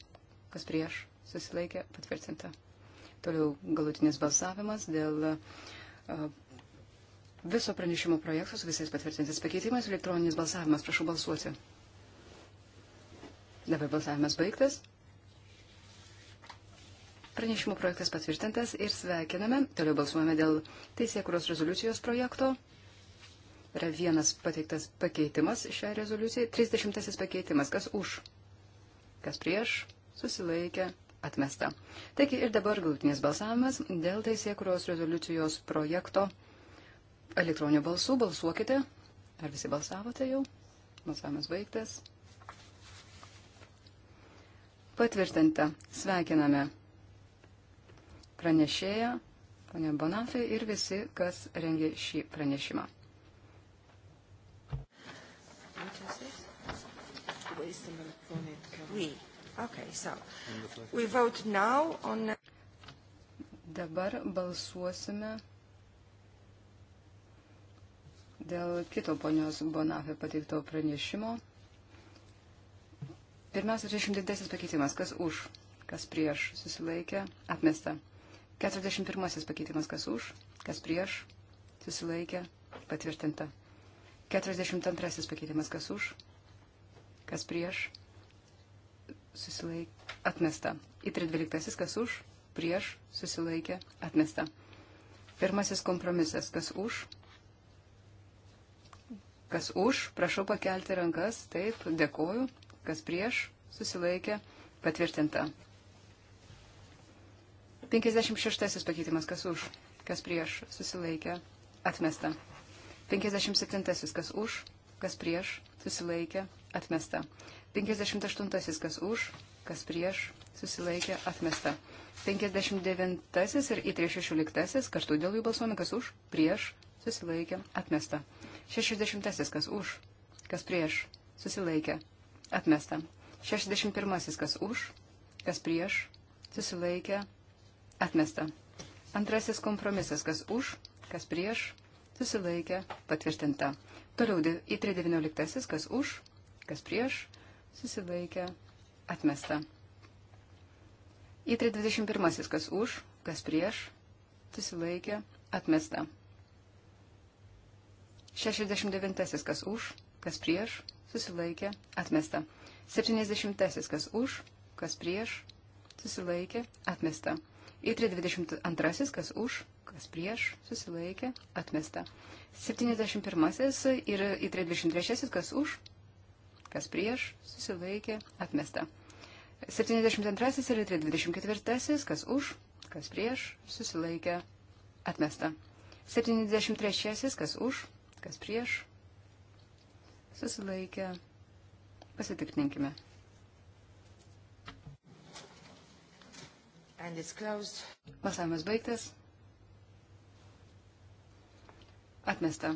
Kas prieš? Susilaikė. Patvirtinta. Toliau galutinis balsavimas dėl uh, viso pranešimo projektų su visais patvirtintais pakeitimais. Elektroninis balsavimas. Prašau balsuoti. Dabar balsavimas baigtas. Pranešimų projektas patvirtintas ir sveikiname. Toliau balsuojame dėl teisėkuros rezoliucijos projekto. Yra vienas pateiktas pakeitimas šią rezoliuciją. 30 pakeitimas. Kas už? Kas prieš? Susilaikė. Atmesta. Taigi ir dabar galutinis balsavimas dėl teisėkuros rezoliucijos projekto. Elektroniniu balsu balsuokite. Ar visi balsavote jau? Balsavimas baigtas. Patvirtinta. Sveikiname pranešėją, ponė Bonafė ir visi, kas rengė šį pranešimą. Dabar balsuosime dėl kito ponios Bonafė pateikto pranešimo. Pirmiausia, 32 pakeitimas, kas už, kas prieš, susilaikė, atmesta. 41 pakeitimas, kas už, kas prieš, susilaikė, patvirtinta. 42 pakeitimas, kas už, kas prieš, susilaikė, atmesta. Į 13, kas už, prieš, susilaikė, atmesta. Pirmasis kompromisas, kas už, kas už, prašau pakelti rankas, taip, dėkoju, kas prieš, susilaikė, patvirtinta. 56 pakeitimas, kas už, kas prieš, susilaikė, atmesta. 57 kas už, kas prieš, susilaikė, atmesta. 58 kas už, kas prieš, susilaikė, atmesta. 59 ir I316 kartu dėl jų balsuojame, kas už, prieš, susilaikė, atmesta. 60 kas už, kas prieš, susilaikė, Atmesta. 61. Kas už, kas prieš, susilaikė, atmesta. Antrasis kompromisas. Kas už, kas prieš, susilaikė, patvirtinta. Toliau į 319. Kas už, kas prieš, susilaikė, atmesta. Į 321. Kas už, kas prieš, susilaikė, atmesta. 69. Kas už, kas prieš, susilaikė, atmesta. 70. Kas už, kas prieš, susilaikė, atmesta. Įtri 22. Kas už, kas prieš, susilaikė, atmesta. 71. Ir įtri 23. Kas už, kas prieš, susilaikė, atmesta. 72. Ir įtri 24. Kas už, kas prieš, susilaikė, atmesta. 73. Kas už, kas prieš, susilaikė, pasitikrinkime. Balsavimas baigtas. Atmesta.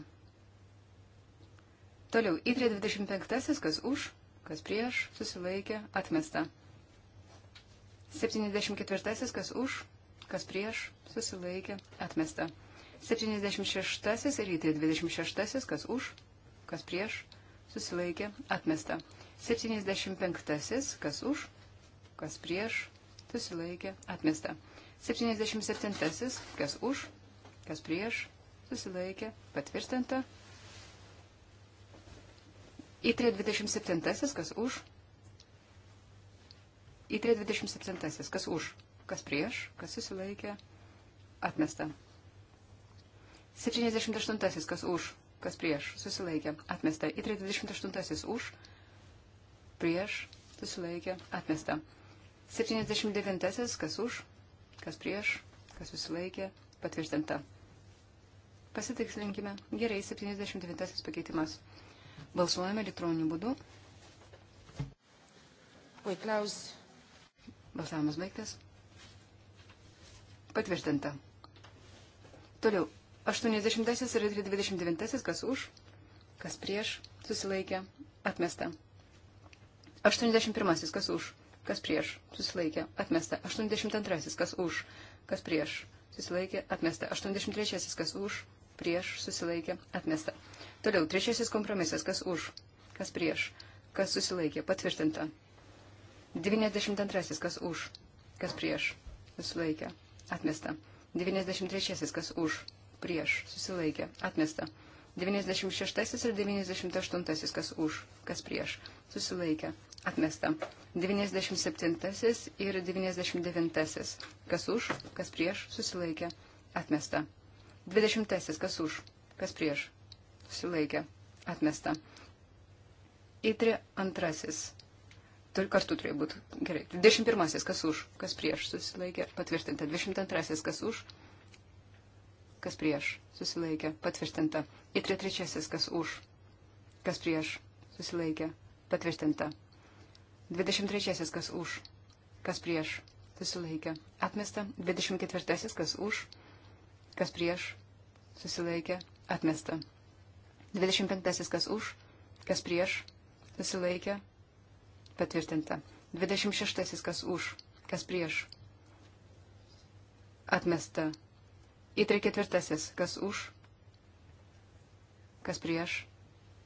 Toliau, įtrė 25, kas už, kas prieš, susilaikė, atmesta. 74, kas už, kas prieš, susilaikė, atmesta. 76 ir įtrė 26, kas už, kas prieš, susilaikė, atmesta. 75. Kas už, kas prieš, susilaikė, atmesta. 77. Kas už, kas prieš, susilaikė, patvirtinta. Įtrė 27. Kas už, įtrė 27. Kas už, kas prieš, kas susilaikė, atmesta. 78. Kas už, kas prieš, susilaikė, atmesta. Į 38 už, prieš, susilaikė, atmesta. 79 kas už, kas prieš, kas susilaikė, patvirtinta. Pasitikslinkime. Gerai, 79 pakeitimas. Balsuojame elektroniniu būdu. Vaiklaus. Balsavimas baigtas. Patvirtinta. Toliau, 80 ir 29, kas už, kas prieš, susilaikė, atmesta. 81, kas už, kas prieš, susilaikė, atmesta. 82, kas už, kas prieš, susilaikė, atmesta. 83, kas už, prieš, susilaikė, atmesta. Toliau, trečiasis kompromisas, kas už, kas prieš, kas susilaikė, patvirtinta. 92, kas už, kas prieš, susilaikė, atmesta. 93, kas už, prieš, susilaikė, atmesta. 96 ir 98, kas už, kas prieš, susilaikė, atmesta. 97 ir 99, kas už, kas prieš, susilaikė, atmesta. 20, kas už, kas prieš, susilaikė, atmesta. Įtri antrasis. Turi kartu turėjo būti. Gerai. 21. Kas už, kas prieš susilaikė. Patvirtinta. 22. Kas už, kas prieš, susilaikė, patvirtinta. Į tre trečiasis, kas už, kas prieš, susilaikė, patvirtinta. Dvidešimt trečiasis, kas už, kas prieš, susilaikė, atmesta. Dvidešimt ketvirtasis, kas už, kas prieš, susilaikė, atmesta. Dvidešimt penktasis, kas už, kas prieš, susilaikė, patvirtinta. Dvidešimt šeštasis, kas už, kas prieš, atmesta. Įtrė ketvirtasis, kas už, kas prieš,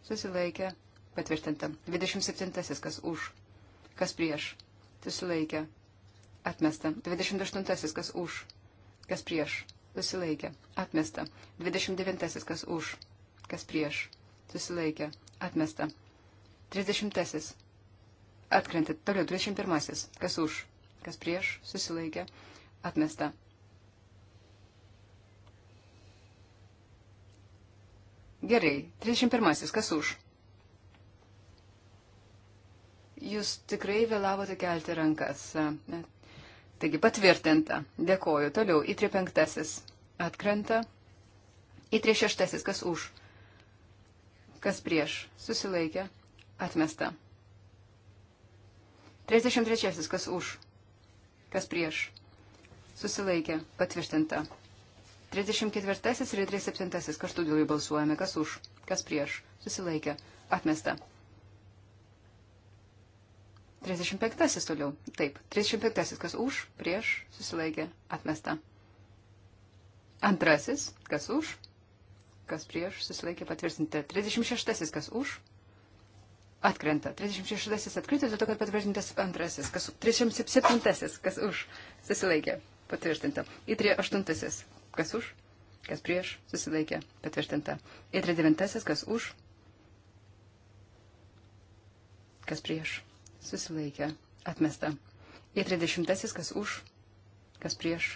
susilaikė, patvirtinta. 27, kas už, kas prieš, susilaikė, atmesta. 28, kas už, kas prieš, susilaikė, atmesta. 29, kas už, kas prieš, susilaikė, atmesta. 30. Atkrenti. Toliau 21. Kas už, kas prieš, susilaikė, atmesta. Gerai, 31. Kas už? Jūs tikrai vėlavote kelti rankas. E, taigi patvirtinta. Dėkoju. Toliau, įtri penktasis. Atkrenta. Įtri šeštasis. Kas už? Kas prieš? Susilaikė. Atmesta. 33. Kas už? Kas prieš? Susilaikė. Patvirtinta. 34 ir 37 kartu dėl jų balsuojame. Kas už, kas prieš. Susilaikė. Atmesta. 35 toliau. Taip. 35 kas už, prieš. Susilaikė. Atmesta. Antrasis. Kas už, kas prieš. Susilaikė patvirtinti. 36 kas už. Atkrenta. 36 atkrito dėl to, kad patvirtintas antrasis. Kas, 37 kas už. Susilaikė patvirtinta. Į 38. Kas už? Kas prieš? Susilaikė. Patvirtinta. Ir 39. Kas už? Kas prieš? Susilaikė. Atmesta. Ir 30. Kas už? Kas prieš?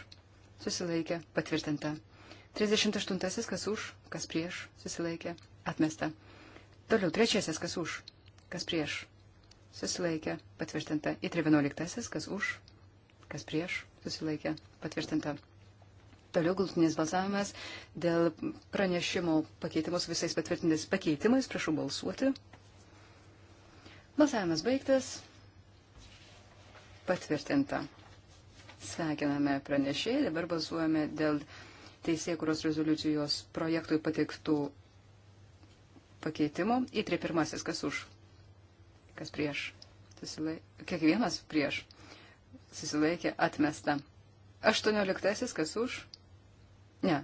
Susilaikė. Patvirtinta. 38. Kas už? Kas prieš? Susilaikė. Atmesta. Toliau. Trečiasis. Kas už? Kas prieš? Susilaikė. Patvirtinta. Ir 11. Kas už? Kas prieš? Susilaikė. Patvirtinta. Toliau galutinis balsavimas dėl pranešimo pakeitimus visais patvirtintais pakeitimais. Prašau balsuoti. Balsavimas baigtas. Patvirtinta. Sveikiname pranešėjai. Dabar balsuojame dėl teisėkuros rezoliucijos projektui pateiktų pakeitimų. Įtri pirmasis, kas už, kas prieš. Susilai... Kiekvienas prieš. Susilaikė atmesta. Aštuonioliktasis, kas už, Ne.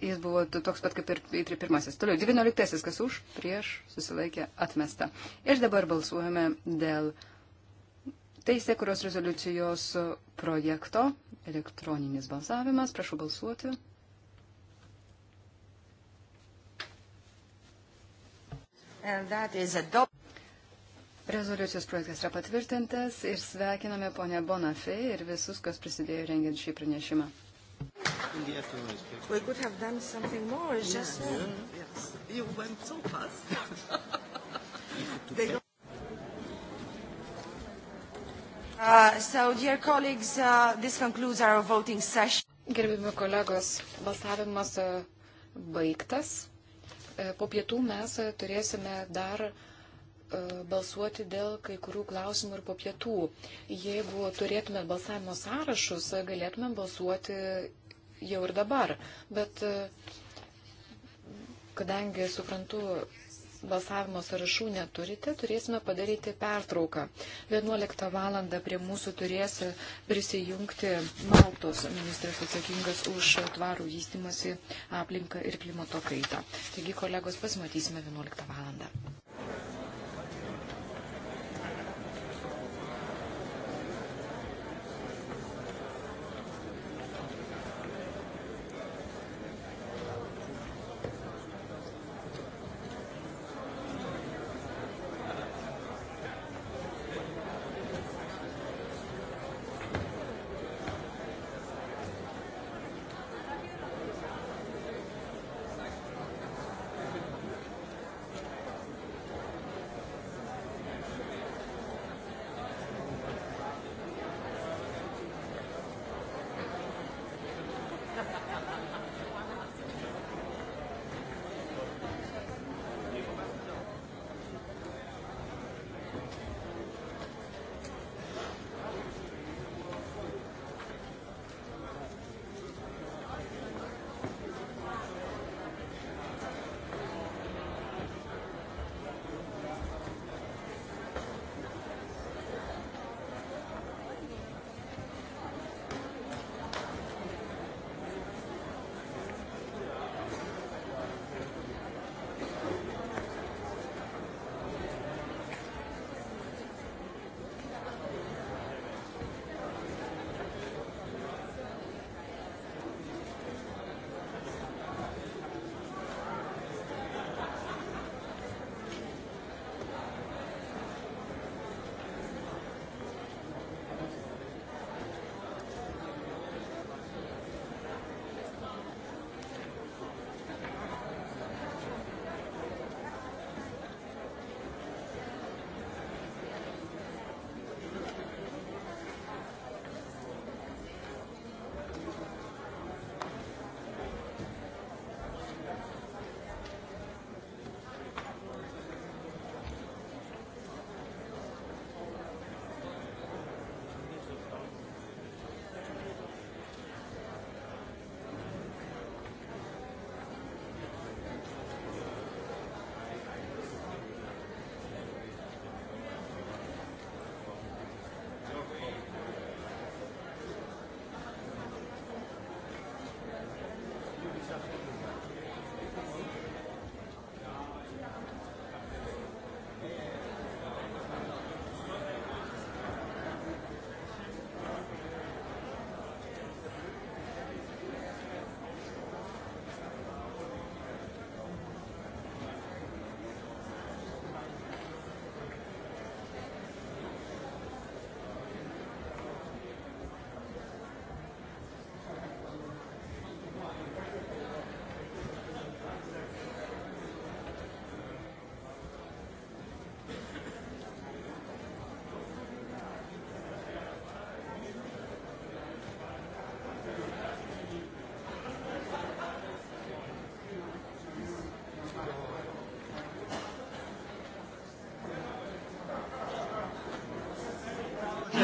Jis buvo toks pat kaip ir, ir pirmasis. Toliau, 19. kas už, prieš, susilaikė, atmesta. Ir dabar balsuojame dėl teisė, kurios rezoliucijos projekto elektroninis balsavimas. Prašau balsuoti. Rezoliucijos projektas yra patvirtintas ir sveikiname ponę Bonafė ir visus, kas prisidėjo rengiant šį pranešimą in the afternoon. We could have done something more. It's yeah. just yeah. Uh, yes. You went so fast. <laughs> they don't Uh, so, dear colleagues, uh, this concludes our voting session. Gerbimi kolegos, balsavimas uh, baigtas. Uh, po pietų mes uh, turėsime dar balsuoti dėl kai kurių klausimų ir po pietų. Jeigu turėtume balsavimo sąrašus, galėtume balsuoti jau ir dabar. Bet e, kadangi suprantu, balsavimo sąrašų neturite, turėsime padaryti pertrauką. 11 val. prie mūsų turės prisijungti Maltos ministras atsakingas už tvarų vystimasi aplinką ir klimato kaitą. Taigi, kolegos, pasimatysime 11 val.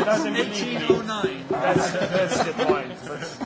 doesn't believe me. That's, that's the point.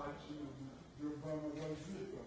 thought, you know, your bum was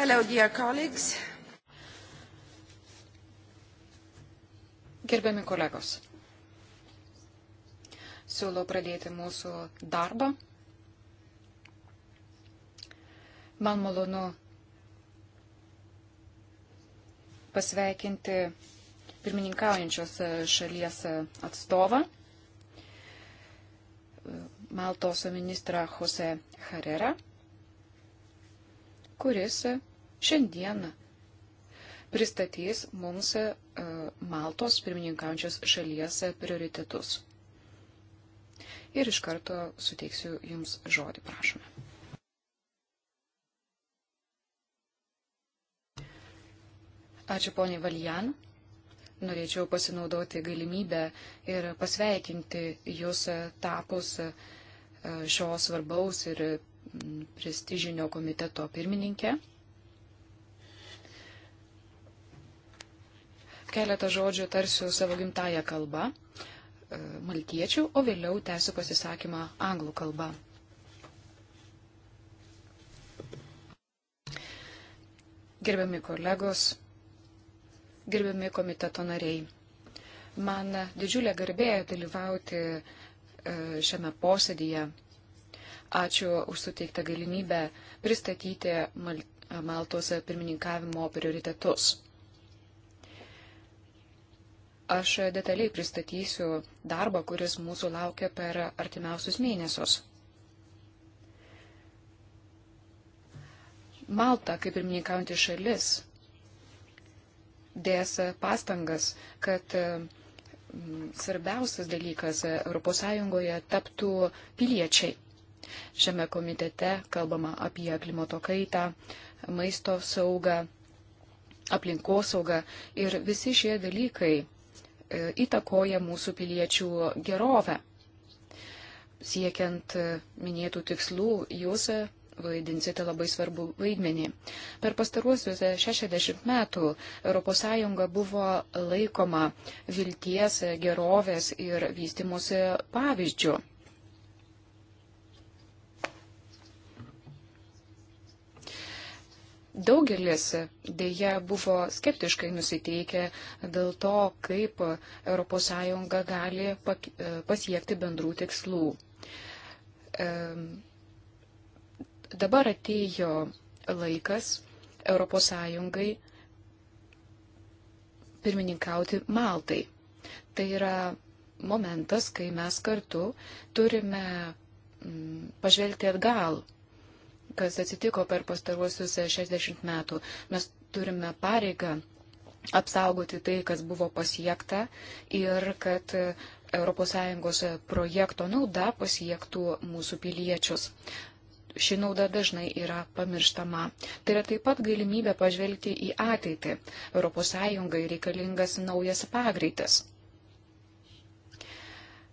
Hello, dear colleagues. Gerbiami kolegos, siūlau pradėti mūsų darbą. Man malonu pasveikinti pirmininkaujančios šalies atstovą, Maltos ministrą Jose Herrera kuris šiandieną pristatys mums e, Maltos pirmininkaujančios šalies prioritetus. Ir iš karto suteiksiu Jums žodį, prašome. Ačiū poniai Valjan. Norėčiau pasinaudoti galimybę ir pasveikinti Jūs e, tapus e, šio svarbaus ir prestižinio komiteto pirmininkė. keletą žodžių tarsiu savo gimtają kalbą, e, maltiečių, o vėliau tęsiu pasisakymą anglų kalbą. Gerbiami kolegos, gerbiami komiteto nariai, man didžiulė garbė dalyvauti e, šiame posėdyje. Ačiū už suteiktą galimybę pristatyti Maltos pirmininkavimo prioritetus aš detaliai pristatysiu darbą, kuris mūsų laukia per artimiausius mėnesius. Malta, kaip ir minėkaujantį šalis, dės pastangas, kad mm, svarbiausias dalykas ES taptų piliečiai. Šiame komitete kalbama apie klimato kaitą, maisto saugą, aplinkosaugą ir visi šie dalykai E, įtakoja mūsų piliečių gerovę. Siekiant minėtų tikslų, jūs vaidinsite labai svarbu vaidmenį. Per pastaruosius 60 metų ES buvo laikoma vilties, gerovės ir vystimosi pavyzdžių. Daugelis dėja buvo skeptiškai nusiteikę dėl to, kaip ES gali e, pasiekti bendrų tikslų. Dabar atėjo laikas ES pirmininkauti Maltai. Tai yra momentas, kai mes kartu turime pažvelgti atgal kas atsitiko per pastaruosius 60 e, metų. Mes turime pareigą apsaugoti tai, kas buvo pasiekta ir kad ES e, projekto nauda pasiektų mūsų piliečius. Ši nauda dažnai yra pamirštama. Tai yra taip pat galimybė pažvelgti į ateitį. ES reikalingas naujas pagreitis.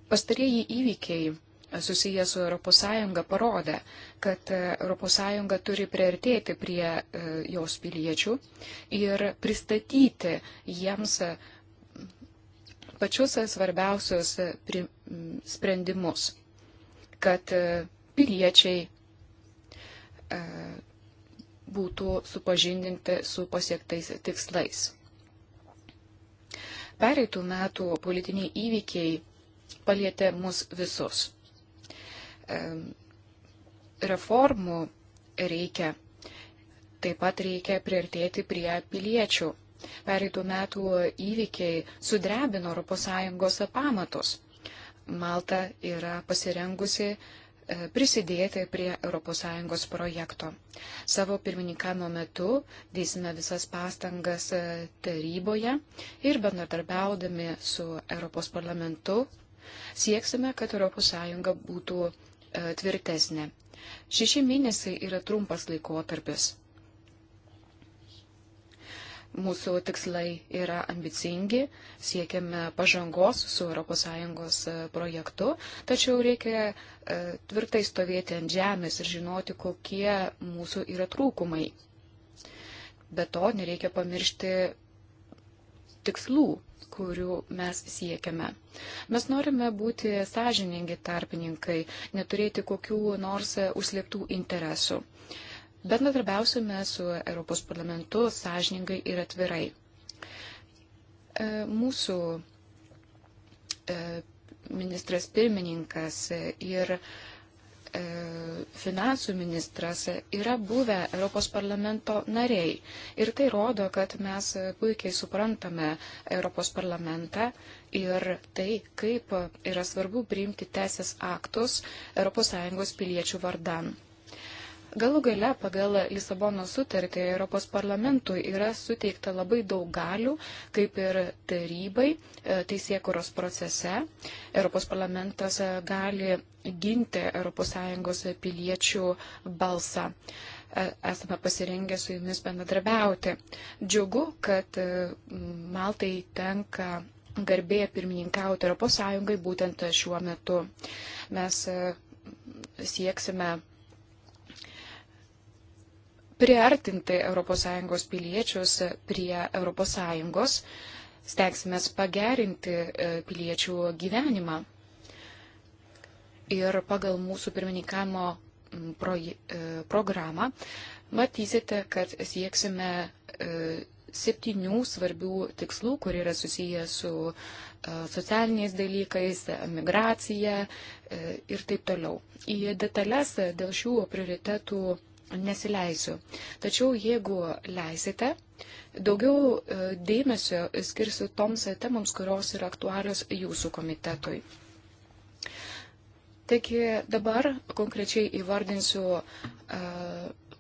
Pastarieji įvykiai susiję su ES parodė, kad ES turi priartėti prie e, jos piliečių ir pristatyti jiems e, pačius e, svarbiausius sprendimus, kad piliečiai būtų supažindinti su pasiektais tikslais. Pereitų metų politiniai įvykiai palietė mus visus reformų reikia. Taip pat reikia priartėti prie piliečių. Pereitų metų įvykiai sudrebino ES pamatus. Malta yra pasirengusi e, prisidėti prie ES projekto. Savo pirmininkavimo metu dėsime visas pastangas e, taryboje ir bendradarbiaudami su ES parlamentu sieksime, kad ES būtų E, tvirtesnė. Šeši mėnesiai yra trumpas laikotarpis. Mūsų tikslai yra ambicingi, siekiame pažangos su ES e, projektu, tačiau reikia e, tvirtai stovėti ant žemės ir žinoti, kokie mūsų yra trūkumai. Be to nereikia pamiršti tikslų, kurių mes siekiame. Mes norime būti sąžiningi tarpininkai, neturėti kokių nors užslėptų interesų. Bendradarbiausime su Europos parlamentu sąžiningai ir atvirai. E, mūsų e, ministras pirmininkas ir E, finansų ministras yra buvę Europos parlamento nariai. Ir tai rodo, kad mes puikiai suprantame Europos parlamentą ir tai, kaip yra svarbu priimti teisės aktus ES piliečių vardan. Galų gale pagal Lisabono sutartį Europos parlamentui yra suteikta labai daug galių, kaip ir tarybai e, teisėkuros procese. Europos parlamentas e, gali ginti ES piliečių balsą. E, esame pasirengę su jumis bendradarbiauti. Džiugu, kad Maltai tenka garbė pirmininkauti ES būtent šiuo metu. Mes sieksime priartinti ES piliečius prie ES, stengsime pagerinti e, piliečių gyvenimą. Ir pagal mūsų pirmininkavimo e, programą matysite, kad sieksime e, septynių svarbių tikslų, kurie yra susiję su socialiniais dalykais, migracija ir taip toliau. Į detalės dėl šių prioritetų nesileisiu. Tačiau jeigu leisite, daugiau e, dėmesio skirsiu toms temams, kurios yra aktualios jūsų komitetui. Taigi dabar konkrečiai įvardinsiu uh,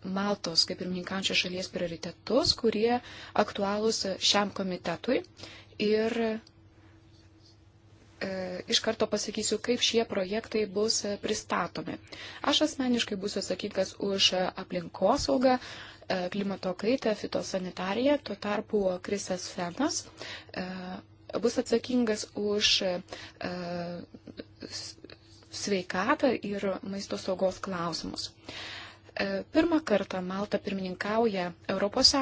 Maltos kaip ir minkančio šalies prioritetus, kurie aktualūs šiam komitetui ir uh, E, iš karto pasakysiu, kaip šie projektai bus e, pristatomi. Aš asmeniškai būsiu atsakingas už aplinkosaugą, e, klimato kaitą, fitosanitariją, tuo tarpu Krisas Fenas bus atsakingas už sveikatą ir maisto saugos klausimus. Pirmą kartą Malta pirmininkauja ES.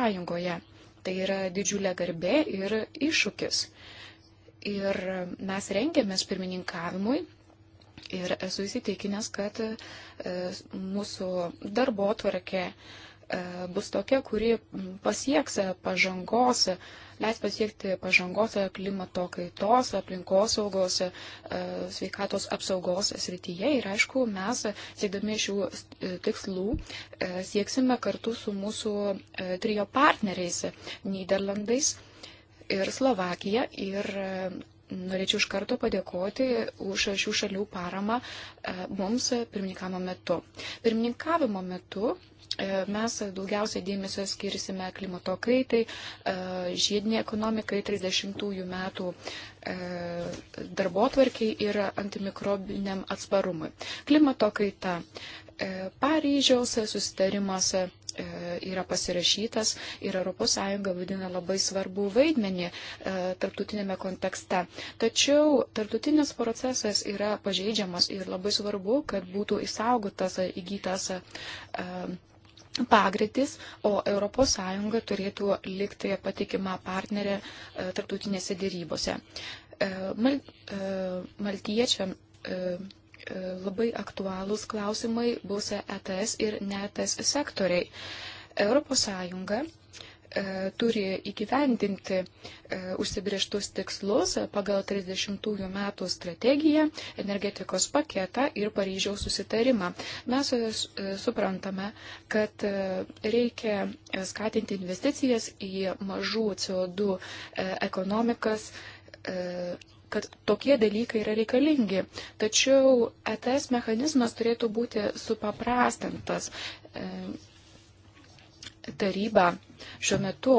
Tai yra didžiulė garbė ir iššūkis Ir mes rengiamės pirmininkavimui. Ir esu įsitikinęs, kad e, mūsų darbo tvarkė e, bus tokia, kuri pasieks pažangos, leis pasiekti pažangos klimato kaitos, aplinkosaugos, e, sveikatos apsaugos srityje. Ir aišku, mes siekdami šių tikslų sieksime kartu su mūsų trijo partneriais Niderlandais ir Slovakija. Ir e, norėčiau iš karto padėkoti už šių šalių paramą e, mums pirmininkavimo metu. Pirmininkavimo metu e, mes daugiausia dėmesio skirsime klimato kaitai, žiedinė ekonomikai 30-ųjų metų darbotvarkiai ir antimikrobiniam atsparumui. Klimato kaita. Paryžiaus susitarimas yra pasirašytas ir ES vadina labai svarbu vaidmenį e, tarptautinėme kontekste. Tačiau tarptautinis procesas yra pažeidžiamas ir labai svarbu, kad būtų įsaugotas įgytas. E, pagreitis, o ES turėtų likti patikima partnerė e, tarptautinėse dėrybose. E, mal, e, maltiečiam labai aktualūs klausimai bus ETS ir ne ETS sektoriai. ES e, turi įgyvendinti e, užsibrieštus tikslus e, pagal 30 metų strategiją, energetikos paketą ir Paryžiaus susitarimą. Mes suprantame, kad reikia skatinti investicijas į mažų CO2 ekonomikas kad tokie dalykai yra reikalingi. Tačiau ETS mechanizmas turėtų būti supaprastintas taryba šiuo metu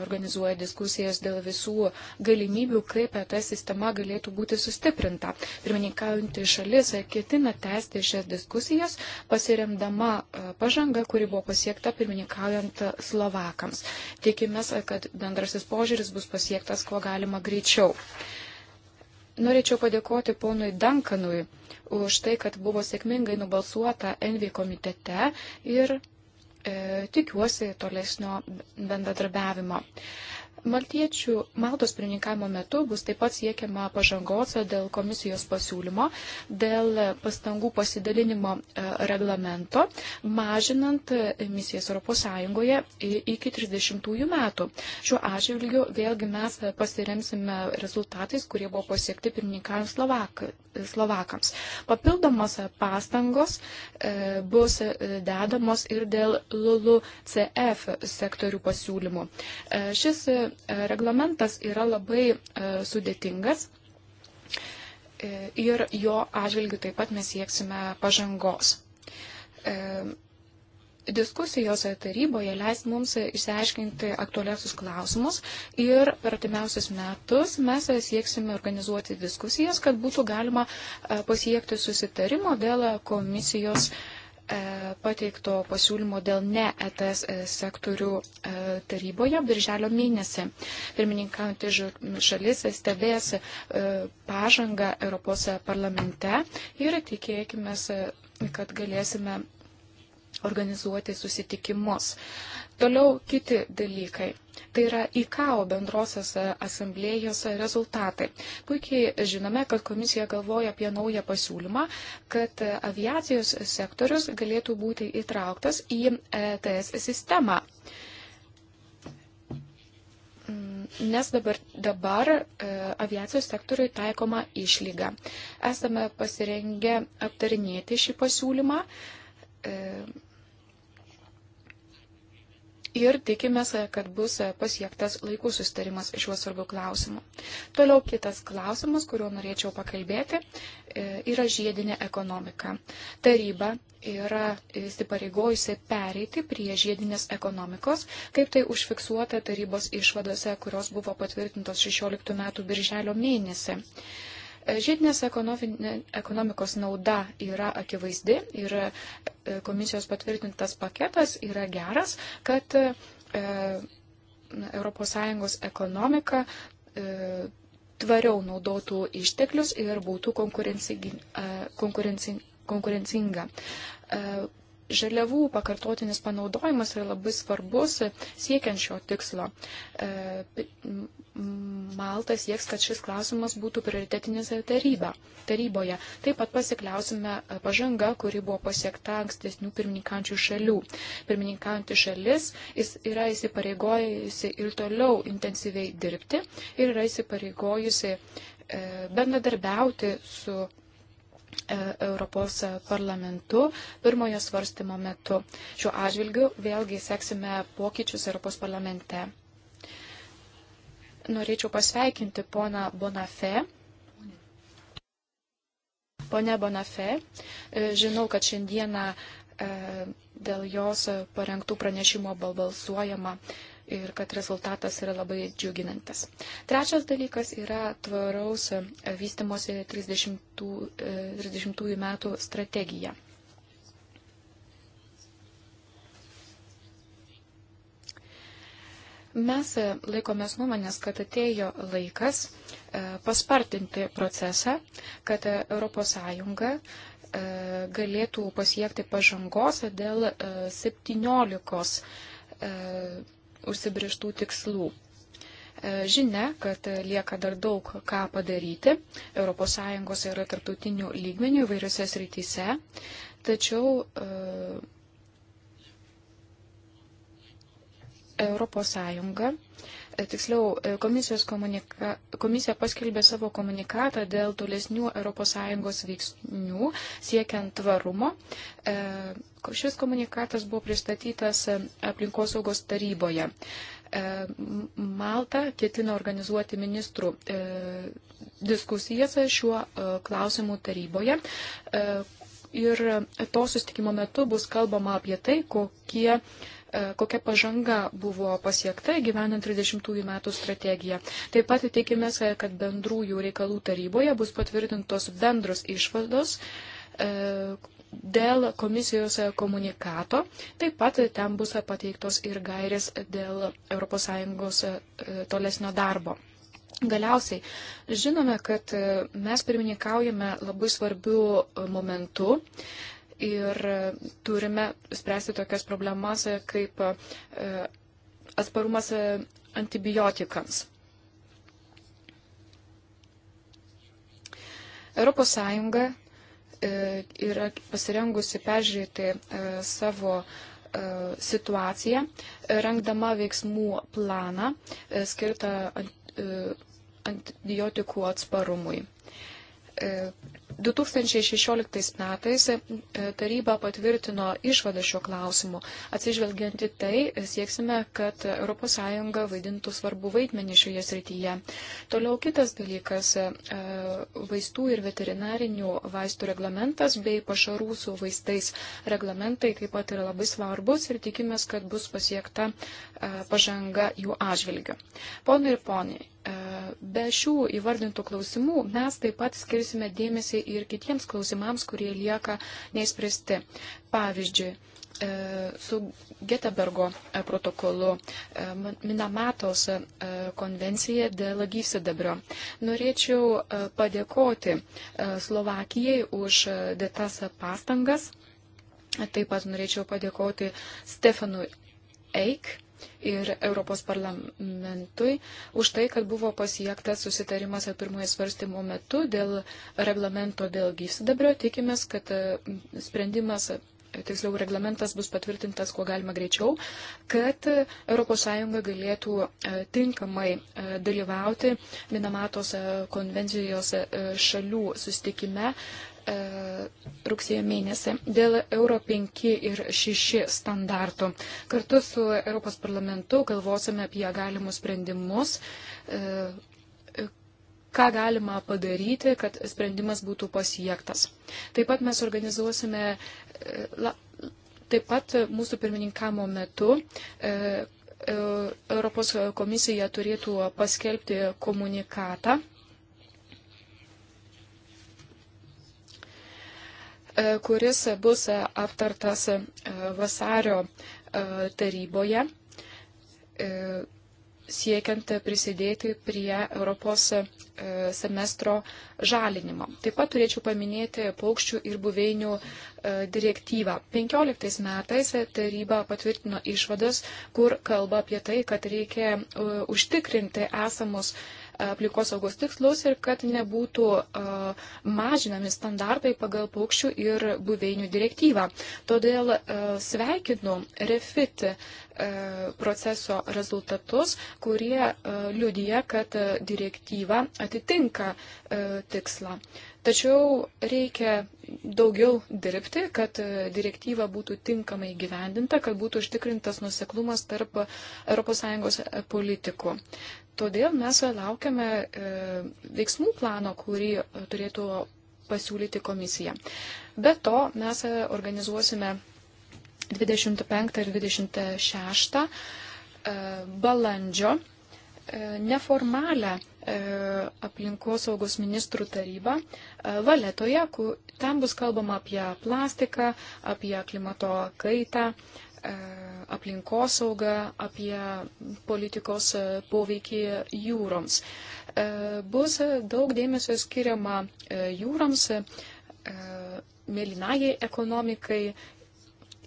organizuoja diskusijas dėl visų galimybių, kaip e ta sistema galėtų būti sustiprinta. Pirmininkaujantį šalis ketina tęsti šias diskusijas, pasiremdama e, pažanga, kuri buvo pasiekta pirmininkaujant Slovakams. Tikimės, e, kad bendrasis požiūris bus pasiektas kuo galima greičiau. Norėčiau padėkoti ponui Dankanui už tai, kad buvo sėkmingai nubalsuota Envy komitete ir E, tikiuosi tolesnio bendradarbiavimo. Maltiečių Maltos pirmininkavimo metu bus taip pat siekiama pažangos dėl komisijos pasiūlymo, dėl pastangų pasidalinimo e, reglamento, mažinant misijas ES iki 30 metų. Šiuo atžvilgiu vėlgi mes pasiremsime rezultatais, kurie buvo pasiekti pirmininkavim Slovak, Slovakams. Papildomos pastangos e, bus e, dedamos ir dėl LULU CF sektorių pasiūlymų. Šis E, reglamentas yra labai e, sudėtingas e, ir jo atžvilgiu taip pat mes sieksime pažangos. Diskusijos taryboje leis mums išsiaiškinti aktualiausius klausimus ir per artimiausius metus mes sieksime organizuoti diskusijas, kad būtų galima pasiekti susitarimo dėl komisijos uh, E, pateikto pasiūlymo dėl ne ETS e, sektorių e, taryboje birželio mėnesį. Pirmininkaujantį šalis stebės pažangą Europos parlamente ir tikėkime, kad galėsime organizuoti susitikimus. Uh, Toliau kiti dalykai. Tai yra IKAO bendrosios e, asamblėjos rezultatai. Puikiai žinome, kad komisija galvoja apie naują pasiūlymą, kad e, aviacijos sektorius galėtų būti įtrauktas į ETS e sistemą. Mm, nes dabar, dabar e, aviacijos sektoriui taikoma išlyga. Esame pasirengę aptarinėti šį pasiūlymą. E, ir tikimės, kad bus pasiektas laikų sustarimas šiuo svarbiu klausimu. Toliau kitas klausimas, kuriuo norėčiau pakalbėti, e, yra žiedinė ekonomika. Taryba yra įsipareigojusi pereiti prie žiedinės ekonomikos, kaip tai užfiksuota tarybos išvadose, kurios buvo patvirtintos 16 metų birželio mėnesį. E, žiedinės ekonomikos nauda yra akivaizdi ir e, komisijos patvirtintas paketas yra geras, kad ES ekonomika e, tvariau naudotų išteklius ir būtų konkurencinga. konkurencinga žaliavų pakartotinis panaudojimas yra labai svarbus siekiant šio tikslo. E, Malta sieks, kad šis klausimas būtų prioritetinis taryba, taryboje. Taip pat pasikliausime e, pažanga, kuri buvo pasiekta ankstesnių pirmininkančių šalių. Pirmininkantį šalis yra įsipareigojusi ir toliau intensyviai dirbti ir yra įsipareigojusi e, bendradarbiauti su E, Europos parlamentu pirmojo svarstymo metu. Šiuo atžvilgiu vėlgi seksime pokyčius Europos parlamente. Norėčiau pasveikinti poną Bonafé. Pone Bonafé, e, žinau, kad šiandieną e, dėl jos parengtų pranešimo balsuojama ir kad rezultatas yra labai džiuginantis. Trečias dalykas yra tvaraus e, vystimosi 30, 30 e, metų strategija. Mes e, laikomės nuomonės, kad atėjo laikas paspartinti procesą, kad ES galėtų pasiekti pažangos dėl 17 užsibrieštų tikslų. E, žinia, kad lieka dar daug ką padaryti ES ir tarptautinių lygmenių įvairiose srityse, tačiau ES E, tiksliau, e, komisijos komunika, komisija paskelbė savo komunikatą dėl tolesnių ES veiksnių siekiant tvarumo. E, šis komunikatas buvo pristatytas aplinkosaugos taryboje. Malta ketina organizuoti ministrų diskusijas šiuo klausimu taryboje. Ir to sustikimo metu bus kalbama apie tai, kokie E, kokia pažanga buvo pasiekta gyvenant 30-ųjų metų strategiją. Taip pat tikimės, kad bendrųjų reikalų taryboje bus patvirtintos bendros išvados e, dėl komisijos komunikato. Taip pat ten bus pateiktos ir gairės dėl ES e, tolesnio darbo. Galiausiai, žinome, kad mes pirmininkaujame labai svarbių momentų ir turime spręsti tokias problemas kaip e, atsparumas e, antibiotikams. ES e, yra pasirengusi peržiūrėti savo situaciją, rengdama veiksmų planą skirtą antibiotikų atsparumui. 2016 metais e, taryba patvirtino išvadą šiuo klausimu. Atsižvelgianti tai, sieksime, kad ES vaidintų svarbu vaidmenį šioje srityje. Toliau kitas dalykas e, - vaistų ir veterinarinių vaistų reglamentas bei pašarų su vaistais reglamentai taip pat yra labai svarbus ir tikimės, kad bus pasiekta e, pažanga jų atžvilgiu. Ponai ir poniai, E, be šių įvardintų klausimų mes taip pat skirsime dėmesį ir kitiems klausimams, kurie lieka neįspręsti. Pavyzdžiui, e, su Getebergo e, protokolu Minamatos konvencija dėl gysidabrio. Norėčiau padėkoti Slovakijai už dėtas pastangas. Taip pat norėčiau padėkoti Stefanui Eik ir Europos parlamentui už tai, kad buvo pasiektas susitarimas pirmojo svarstymo metu dėl reglamento dėl gyvsidabrio. Tikimės, kad e, sprendimas tiksliau reglamentas bus patvirtintas kuo galima greičiau, kad ES galėtų e, tinkamai e, dalyvauti Minamatos konvencijos šalių sustikime E, rugsėjo mėnesį dėl Euro 5 ir 6 standartų. Kartu su Europos parlamentu galvosime apie galimus sprendimus, e, e, ką galima padaryti, kad sprendimas būtų pasiektas. Taip pat mes organizuosime, taip pat mūsų pirmininkamo metu Europos komisija turėtų paskelbti komunikatą E, kuris bus aptartas e, vasario e, taryboje, siekiant prisidėti prie Europos semestro žalinimo. Taip pat turėčiau paminėti paukščių ir buveinių direktyvą. 15 metais taryba patvirtino išvadas, kur kalba apie tai, kad reikia užtikrinti esamus aplikosaugos tikslus ir kad nebūtų mažinami standartai pagal paukščių ir buveinių direktyvą. Todėl sveikinu refit proceso rezultatus, kurie liudija, kad direktyva atitinka tikslą. Tačiau reikia daugiau dirbti, kad direktyva būtų tinkamai gyvendinta, kad būtų užtikrintas nuseklumas tarp ES politikų. Todėl mes laukiame e, veiksmų plano, kurį e, turėtų pasiūlyti komisija. Be to, mes e, organizuosime 25 ir 26 balandžio neformalią aplinkosaugos ministrų tarybą Valetoje, kur ten bus kalbama apie plastiką, apie klimato kaitą, E, aplinkosaugą, apie politikos e, poveikį jūroms. E, bus daug dėmesio skiriama jūroms, mėlynajai ekonomikai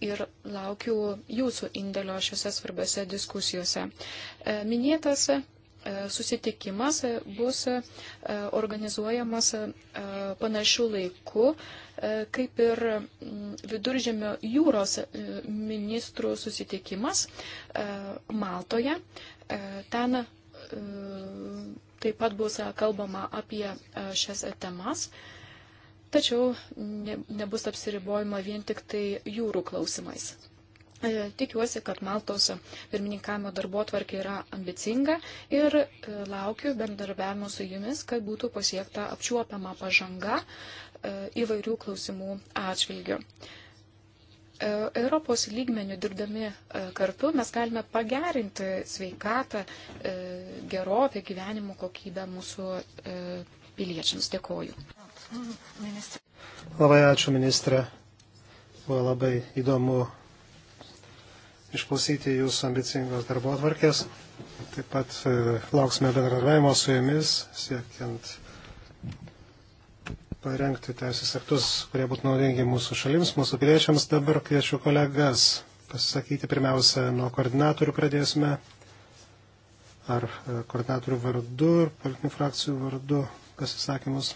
ir laukiu jūsų indėlio šiuose svarbiose diskusijose. Minėtas susitikimas bus organizuojamas panašių laikų E, kaip ir viduržėmio jūros e, ministrų susitikimas e, Maltoje. Ten taip pat bus kalbama apie šias temas. Tačiau ne, nebus apsiribojama vien tik tai jūrų klausimais. Tikiuosi, kad Maltos pirmininkavimo darbo tvarkė yra ambicinga ir laukiu bendarbiavimo su jumis, kad būtų pasiekta apčiuopiama pažanga E, įvairių klausimų atžvilgių. E, Europos lygmenių dirbdami e, kartu mes galime pagerinti sveikatą, gerovę, gyvenimo kokybę mūsų piliečiams. Dėkoju. Labai ačiū, ministrė. Buvo labai įdomu išklausyti jūsų ambicingos darbo atvarkės. Taip pat lauksime bendradarbiavimo su jumis, siekiant parengti teisės aktus, kurie būtų naudingi mūsų šalims, mūsų piliečiams. Dabar kviečiu kolegas pasisakyti. Pirmiausia, nuo koordinatorių pradėsime. Ar e, koordinatorių vardu ir politinių frakcijų vardu pasisakymus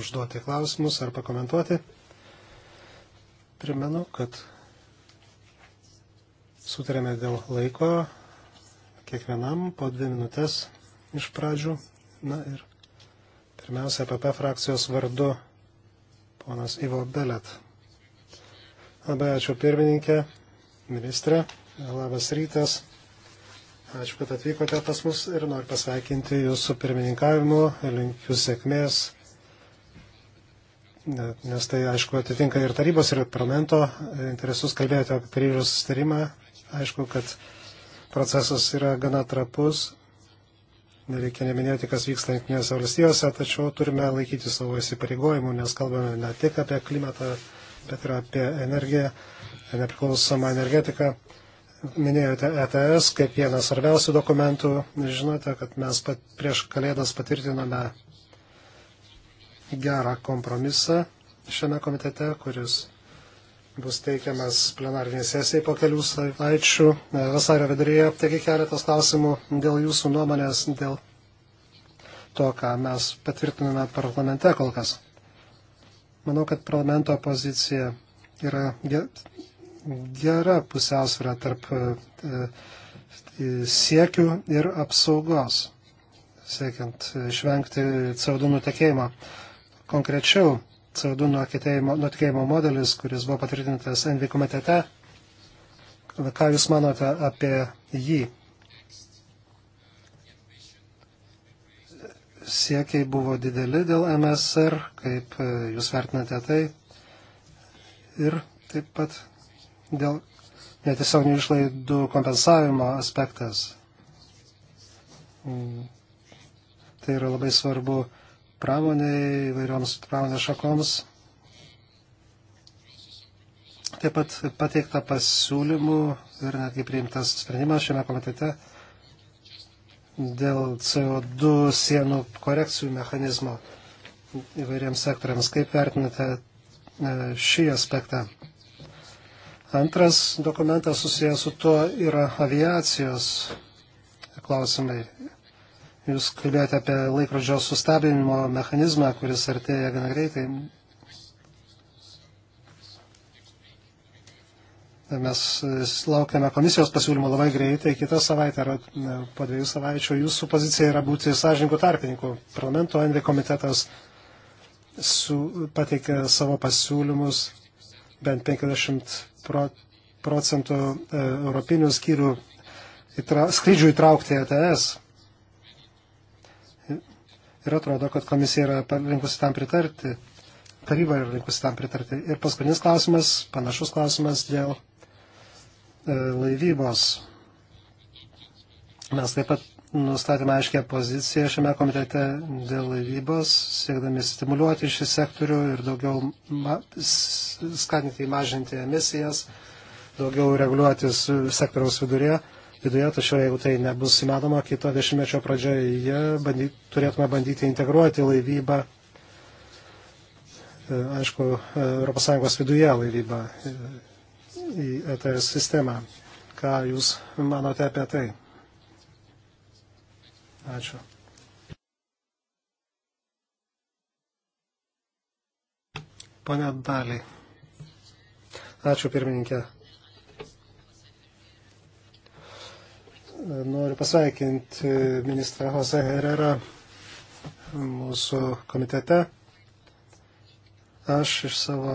užduoti klausimus ar pakomentuoti. Primenu, kad sutarėme dėl laiko kiekvienam po dvi minutės iš pradžių. Na ir Pirmiausia, PP frakcijos vardu ponas Ivo Belet. Labai ačiū pirmininkė, ministrė, labas rytas. Ačiū, kad atvykote pas mus ir noriu pasveikinti jūsų pirmininkavimu, linkiu sėkmės, nes tai, aišku, atitinka ir tarybos, ir parlamento interesus, kalbėjote apie Paryžiaus sustarimą. Aišku, kad procesas yra gana trapus Nereikia neminėti, kas vyksta Junktinėse valstijose, tačiau turime laikyti savo įsipareigojimų, nes kalbame ne tik apie klimatą, bet ir apie energiją, nepriklausomą energetiką. Minėjote ETS kaip vieną svarbiausių dokumentų. Žinote, kad mes pat, prieš kalėdas patvirtiname gerą kompromisą šiame komitete, kuris bus teikiamas plenariniai sesijai po kelių savaičių e, vasario viduryje. Taigi keletas klausimų dėl jūsų nuomonės, dėl to, ką mes patvirtiname parlamente kol kas. Manau, kad parlamento pozicija yra gera pusiausvėra tarp e, e, siekių ir apsaugos, siekiant išvengti CO2 nutekėjimo. Konkrečiau, CO2 nutekėjimo modelis, kuris buvo patvirtintas NV komitete. Ką Jūs manote apie jį? Siekiai buvo dideli dėl MSR, kaip e, Jūs vertinate tai. Ir taip pat dėl netiesioginių išlaidų kompensavimo aspektas. Mm. Tai yra labai svarbu pramoniai, įvairioms pramonės šakoms. Taip pat pateikta pasiūlymų ir netgi priimtas sprendimas šiame komitete dėl CO2 sienų korekcijų mechanizmo įvairiems sektoriams. Kaip vertinate e, šį aspektą? Antras dokumentas susijęs su tuo yra aviacijos klausimai. Jūs kalbėjote apie laikrodžio sustabinimo mechanizmą, kuris artėja gana greitai. Mes e, laukiame komisijos pasiūlymo labai greitai, kitą savaitę ar e, po dviejų savaičių. Jūsų pozicija yra būti sąžininkų tarpininkų. Parlamento NV komitetas su, pateikė savo pasiūlymus bent 50 pro, procentų e, europinių skyrių įtra, skrydžių įtraukti į ETS ir atrodo, kad komisija yra linkusi tam pritarti, taryba yra linkusi tam pritarti. Ir paskutinis klausimas, panašus klausimas dėl e, laivybos. Mes taip pat nustatėme aiškę poziciją šiame komitete dėl laivybos, siekdami stimuliuoti šį sektorių ir daugiau skatinti įmažinti emisijas, daugiau reguliuoti sektoriaus vidurėje viduje, tačiau jeigu tai nebus įmanoma, kito dešimtmečio pradžioje bandy, turėtume bandyti integruoti laivybą, e, aišku, e, ES viduje laivybą į ETS sistemą. Ką Jūs manote apie tai? Ačiū. Pane Daliai. Ačiū pirmininkė. Noriu pasveikinti ministrą Jose Herrera mūsų komitete. Aš iš savo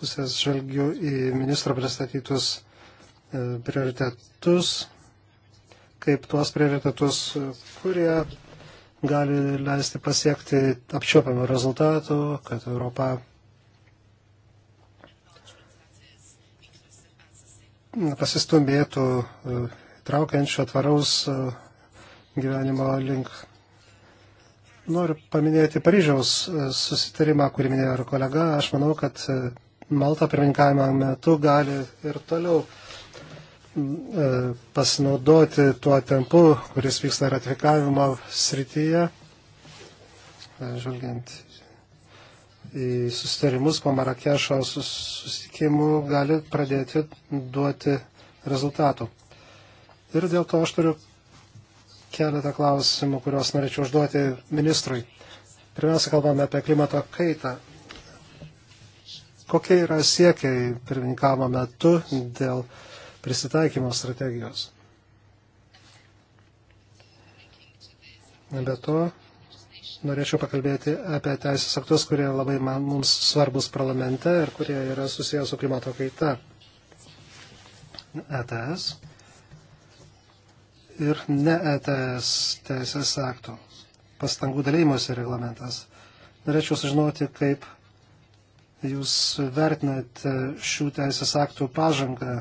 pusės žvelgiu į ministro pristatytus e, prioritetus, kaip tuos prioritetus, kurie gali leisti pasiekti apčiopiamų rezultatų, kad Europa pasistumėtų e, traukiančio tvaraus e, gyvenimo link. Noriu paminėti Paryžiaus e, susitarimą, kurį minėjo ir kolega. Aš manau, kad e, Malta pirmininkavimo metu gali ir toliau pasinaudoti tuo tempu, kuris vyksta ratifikavimo srityje, žvelgiant į susitarimus po Marakešo susitikimų gali pradėti duoti rezultatų. Ir dėl to aš turiu keletą klausimų, kuriuos norėčiau užduoti ministrui. Pirmiausia, kalbame apie klimato kaitą. Kokie yra siekiai pirmininkavimo metu dėl prisitaikymo strategijos? Be to, norėčiau pakalbėti apie teisės aktus, kurie labai man, mums svarbus parlamente ir kurie yra susijęs su klimato kaita. ETS ir ne ETS teisės aktų pastangų dalymosi reglamentas. Norėčiau sužinoti, kaip jūs vertinate šių teisės aktų pažangą,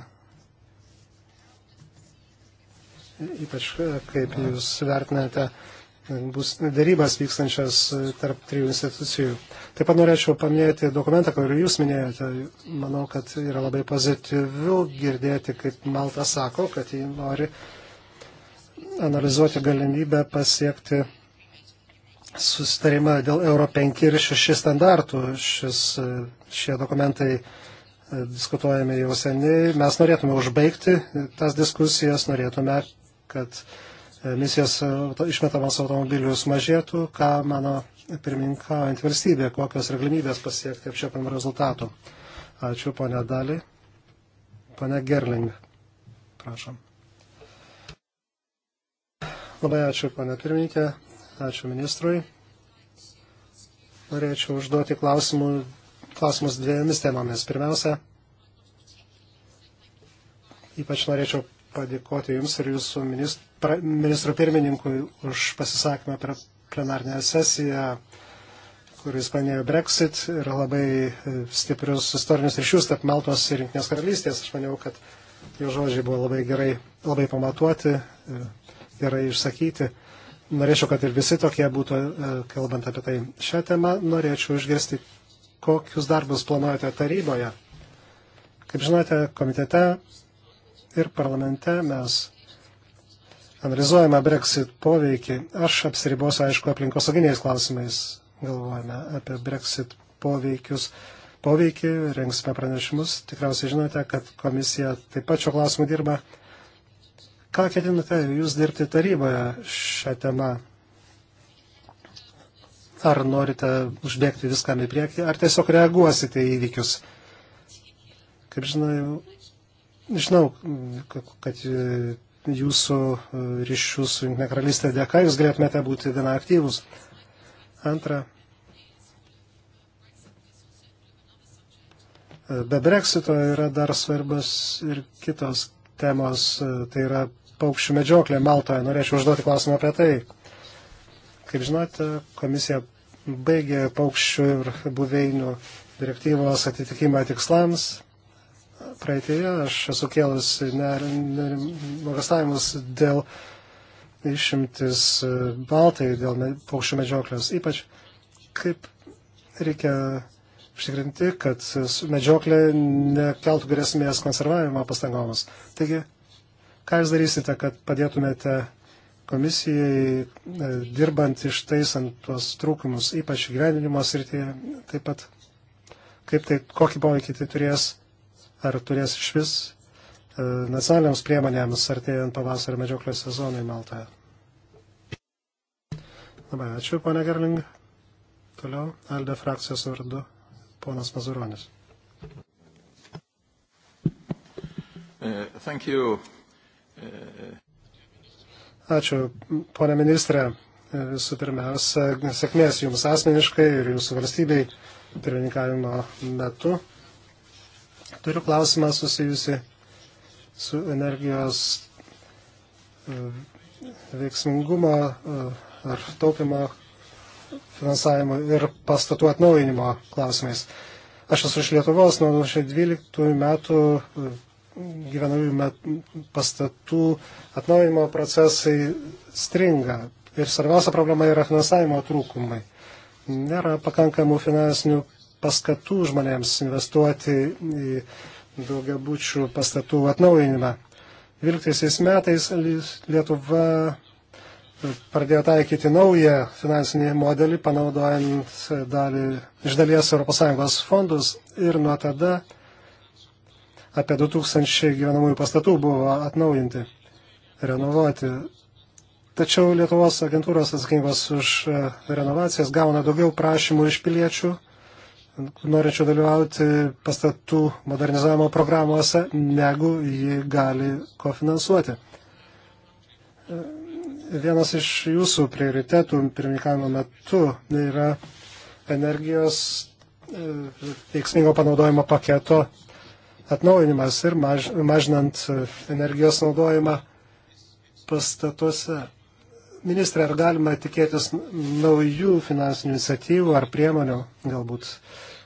ypač e, kaip jūs vertinate e, bus darybas vykstančias e, tarp trijų institucijų. Taip pat norėčiau paminėti dokumentą, kurį jūs minėjote. Manau, kad yra labai pozityvių girdėti, kaip Malta sako, kad jį nori uh, analizuoti galimybę pasiekti susitarimą dėl Euro 5 ir 6 standartų. Šis, šie dokumentai e, diskutuojame jau seniai. Mes norėtume užbaigti tas diskusijas, norėtume, kad e, misijos išmetamas automobilių sumažėtų, ką mano pirmininkaujant valstybė, kokios yra galimybės pasiekti apčiopiamų rezultatų. Ačiū, ponia Dali. Pane Gerling, prašom. Labai ačiū, pane pirmininkė. Ačiū ministrui. Norėčiau užduoti klausimų, klausimus dviejomis temomis. Pirmiausia, ypač norėčiau padėkoti Jums ir Jūsų ministro, ministro pirmininkui už pasisakymą per plenarnę sesiją, kuris panėjo Brexit ir labai e, stiprius istorinius ryšius tarp Maltos ir Junktinės karalystės. Aš maniau, kad jo žodžiai buvo labai gerai, labai pamatuoti e, gerai išsakyti. Norėčiau, kad ir visi tokie būtų, e, kalbant apie tai. Šią temą norėčiau išgirsti, kokius darbus planuojate taryboje. Kaip žinote, komitete ir parlamente mes analizuojame Brexit poveikį. Aš apsiribosiu, aišku, aplinkosauginiais klausimais. Galvojame apie Brexit poveikius. Poveikį, rengsime pranešimus. Tikriausiai žinote, kad komisija taip pat šio klausimu dirba. Ką ketinate jūs dirbti taryboje šią temą? Ar norite užbėgti viskam į priekį, ar tiesiog reaguosite į įvykius? Kaip žinau, žinau, kad jūsų ryšių su Junktinė karalystė dėka jūs galėtumėte būti gana aktyvus. Antra. Be Brexito yra dar svarbas ir kitos temos, tai yra paukščių medžioklė Maltoje. Norėčiau užduoti klausimą apie tai. Kaip žinote, komisija baigė paukščių ir buveinių direktyvos atitikimą tikslams. Praeitėje aš esu kėlus nuogastavimus dėl išimtis Baltai, dėl paukščių medžioklės. Ypač kaip reikia užtikrinti, kad medžioklė nekeltų grėsmės konservavimo pastangoms. Taigi, Ką jūs darysite, kad padėtumėte komisijai e, dirbant ištaisant tuos trūkumus, ypač gyvenimo srityje, taip pat kaip tai, kokį poveikį tai turės, ar turės iš vis e, nacionaliniams priemonėms artėjant pavasario medžioklės sezonui Maltoje. Labai ačiū, ponia Gerling. Toliau, Alde frakcijos vardu, ponas Mazuronis. Uh, thank you, Ačiū, ponė ministrė. Visų pirmiausia, sėkmės Jums asmeniškai ir Jūsų valstybei pirmininkavimo metu. Turiu klausimą susijusi su energijos e, veiksmingumo e, ar taupimo finansavimo ir pastatų atnaujinimo klausimais. Aš esu iš Lietuvos, nuo 2012 metų gyvenamųjų pastatų atnaujimo procesai stringa. Ir svarbiausia problema yra finansavimo trūkumai. Nėra pakankamų finansinių paskatų žmonėms investuoti į daugiabučių pastatų atnaujinimą. 12 metais Lietuva pradėjo taikyti naują finansinį modelį, panaudojant dalį, iš dalies ES fondus ir nuo tada apie 2000 gyvenamųjų pastatų buvo atnaujinti, renovuoti. Tačiau Lietuvos agentūros atsakingos už e, renovacijas gauna daugiau prašymų iš piliečių, norinčių dalyvauti pastatų modernizavimo programuose, negu jį gali kofinansuoti. E, vienas iš jūsų prioritetų pirmininkavimo metu yra energijos e, veiksmingo panaudojimo paketo atnaujinimas ir maž, mažinant e, energijos naudojimą pastatuose. Ministrė, ar galima tikėtis naujų finansinių iniciatyvų ar priemonių, galbūt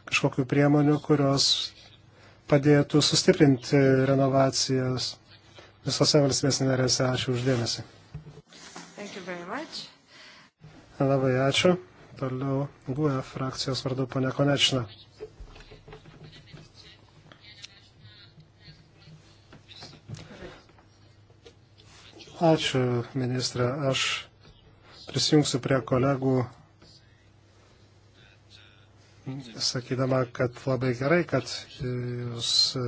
kažkokių priemonių, kurios padėtų sustiprinti renovacijas visose valstybės narėse? Ačiū uždėmesi. Labai ačiū. Toliau GUE frakcijos vardu ponia Konečna. Ačiū, ministrė. Aš prisijungsiu prie kolegų, sakydama, kad labai gerai, kad jūs e,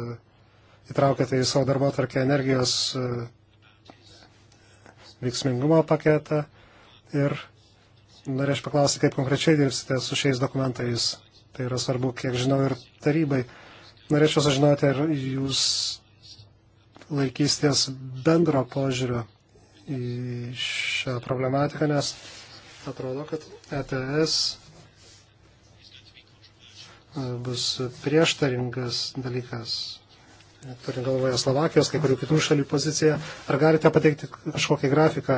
įtraukėte į savo darbo tarkę energijos e, veiksmingumo paketą ir norėčiau paklausti, kaip konkrečiai dirbsite su šiais dokumentais. Tai yra svarbu, kiek žinau, ir tarybai. Norėčiau sužinoti, ar jūs laikysitės bendro požiūrio į šią problematiką, nes atrodo, kad ETS e, bus prieštaringas dalykas. Turint galvoje Slovakijos, kai kurių kitų šalių poziciją, ar galite pateikti kažkokį grafiką,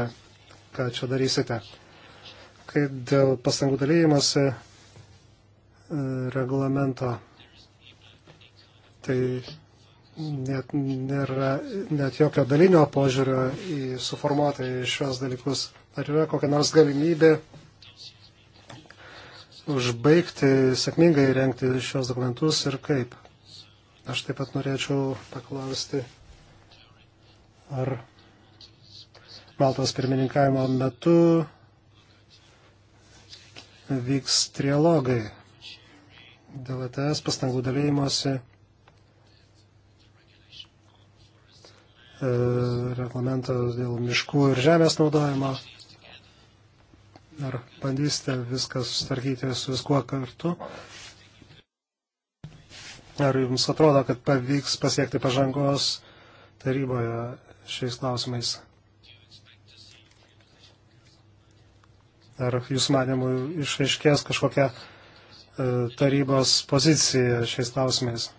ką čia darysite? Kai dėl pastangų dalyjimuose e, reglamento, tai net nėra net jokio dalinio požiūrio į suformuotą į šios dalykus. Ar yra kokia nors galimybė užbaigti sėkmingai renkti šios dokumentus ir kaip? Aš taip pat norėčiau paklausti, ar Maltos pirmininkavimo metu vyks trialogai dėl ETS pastangų dalymosi E, reglamentą dėl miškų ir žemės naudojimo. Ar bandysite viską sustarkyti su viskuo kartu? Ar jums atrodo, kad pavyks pasiekti pažangos taryboje šiais klausimais? Ar jūsų manimų išaiškės kažkokia e, tarybos pozicija šiais klausimais?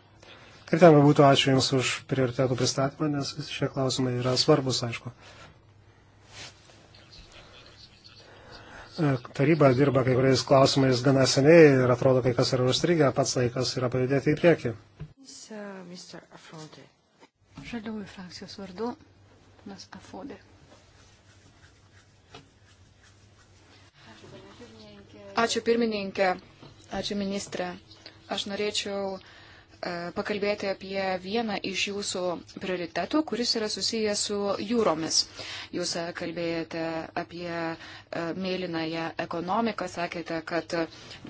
Kaip ten būtų, ačiū Jums už prioritėtų pristatymą, nes šie klausimai yra svarbus, aišku. Taryba dirba kai kuriais klausimais gana seniai ir atrodo, kai kas yra užstrigę, pats laikas yra pajudėti į priekį. Uh, Žaliųjų frakcijos vardu, nas Afodė. Ačiū pirmininkė, ačiū ministrė. Aš norėčiau uh, E, pakalbėti apie vieną iš jūsų prioritetų, kuris yra susijęs su jūromis. Jūs e, kalbėjote apie e, mėlynąją ekonomiką, sakėte, kad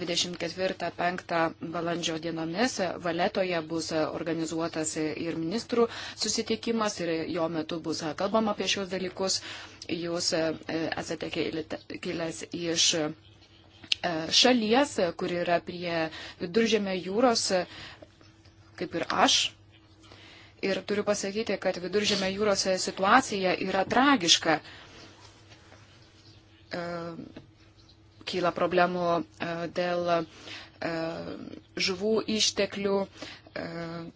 24-5 balandžio dienomis Valetoje bus organizuotas ir ministrų susitikimas ir jo metu bus kalbama apie šios dalykus. Jūs esate kilęs iš šalies, kur yra prie viduržėmio jūros kaip ir aš. Ir turiu pasakyti, kad viduržėme jūrose situacija yra tragiška. E, kyla problemų e, dėl e, žuvų išteklių,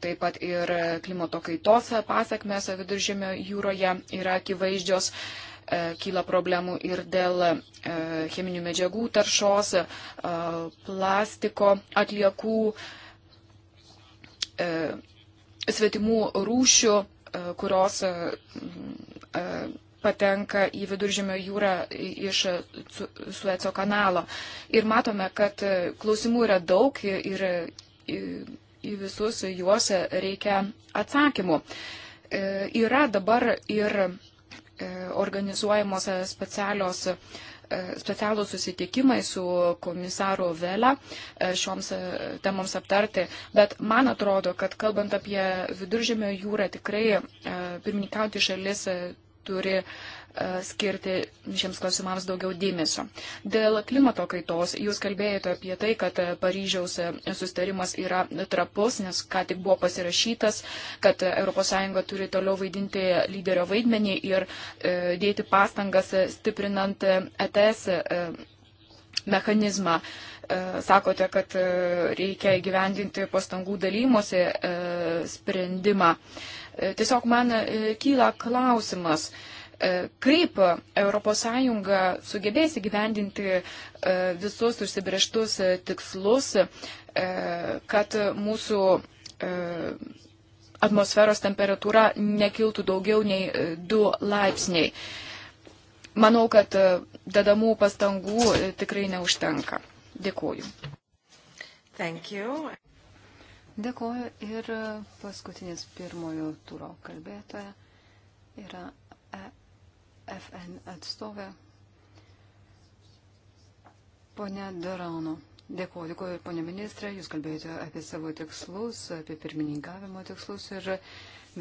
taip pat ir klimato kaitos pasakmes viduržėme jūroje yra akivaizdžios kyla problemų ir dėl cheminių medžiagų taršos, plastiko atliekų E, svetimų rūšių, e, kurios e, patenka į viduržėmio jūrą iš Sueco kanalo. Ir matome, kad klausimų yra daug ir į visus juos reikia atsakymų. Yra dabar ir organizuojamos specialios E, specialų susitikimai su komisaru Vela e, šioms e, temoms aptarti, bet man atrodo, kad kalbant apie viduržėmio jūrą, tikrai pirmininkauti šalis turi uh, E, skirti šiems klausimams daugiau dėmesio. Dėl klimato kaitos jūs kalbėjote apie tai, kad Paryžiaus sustarimas yra trapus, nes ką tik buvo pasirašytas, kad ES turi toliau vaidinti lyderio vaidmenį ir e, dėti pastangas stiprinant ETS e, mechanizmą. Sakote, kad reikia įgyvendinti pastangų dalymosi sprendimą. Tiesiog man kyla klausimas, E, kaip ES sugebės įgyvendinti e, visus užsibrieštus e, tikslus, kad mūsų atmosferos temperatūra nekiltų daugiau nei 2 laipsniai. Manau, kad dedamų pastangų tikrai neužtenka. Dėkuoju. Dėkuoju ir paskutinis pirmojo turo kalbėtoja yra FN atstovę, ponę Darano. Dėkuoju, dėkuoju ir ponė ministrė, jūs kalbėjote apie savo tikslus, apie pirmininkavimo tikslus ir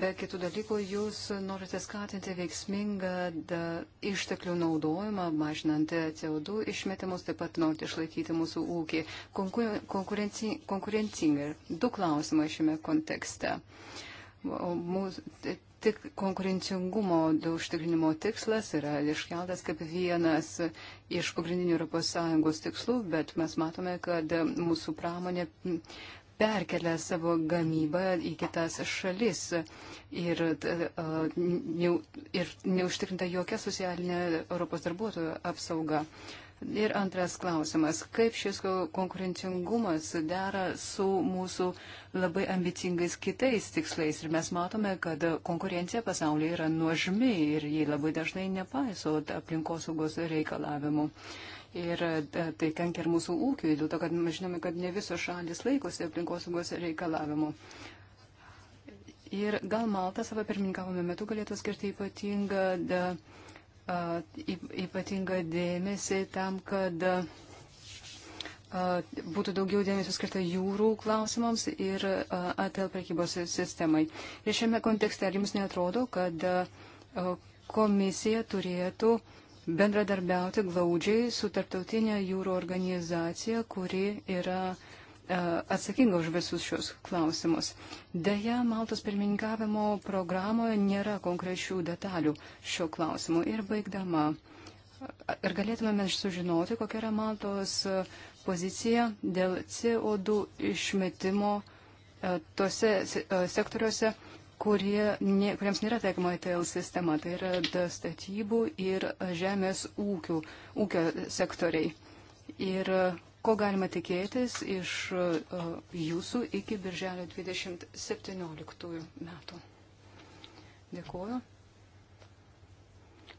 be kitų dalykų jūs norite skatinti veiksmingą da, išteklių naudojimą, mažinant CO2 išmetimus, taip pat norite išlaikyti mūsų ūkį konkurenci, konkurencingai. Du klausimai šiame kontekste. Mūsų tik konkurencingumo užtikrinimo tikslas yra iškeltas kaip vienas iš pagrindinių ES tikslų, bet mes matome, kad mūsų pramonė perkelia savo gamybą į kitas šalis ir, e, ir neužtikrinta jokia socialinė Europos darbuotojų apsauga. Ir antras klausimas, kaip šis konkurencingumas dera su mūsų labai ambicingais kitais tikslais? Ir mes matome, kad konkurencija pasaulyje yra nuožmi ir jie labai dažnai nepaiso aplinkosaugos reikalavimų. Ir e, tai kenkia ir mūsų ūkiui, dėl to, kad mes žinome, kad ne visos šalis laikosi aplinkosaugos reikalavimų. Ir gal Malta savo pirmininkavome metu galėtų skirti ypatingą. Da, de ypatingą dėmesį tam, kad būtų daugiau dėmesio skirta jūrų klausimams ir ATL prekybos sistemai. Ir šiame kontekste ar jums netrodo, kad komisija turėtų bendradarbiauti glaudžiai su tarptautinė jūrų organizacija, kuri yra uh, E, atsakinga už visus šios klausimus. Deja, Maltos pirmininkavimo programoje nėra konkrečių detalių šio klausimu. Ir baigdama, ar galėtume sužinoti, kokia yra Maltos pozicija dėl CO2 išmetimo e, tose e, sektoriuose, kurie, ne, kuriems nėra taikoma ETL sistema, tai yra statybų ir žemės ūkių, ūkio sektoriai. Ir ko galima tikėtis iš e, jūsų iki birželio 2017 metų. Dėkuoju.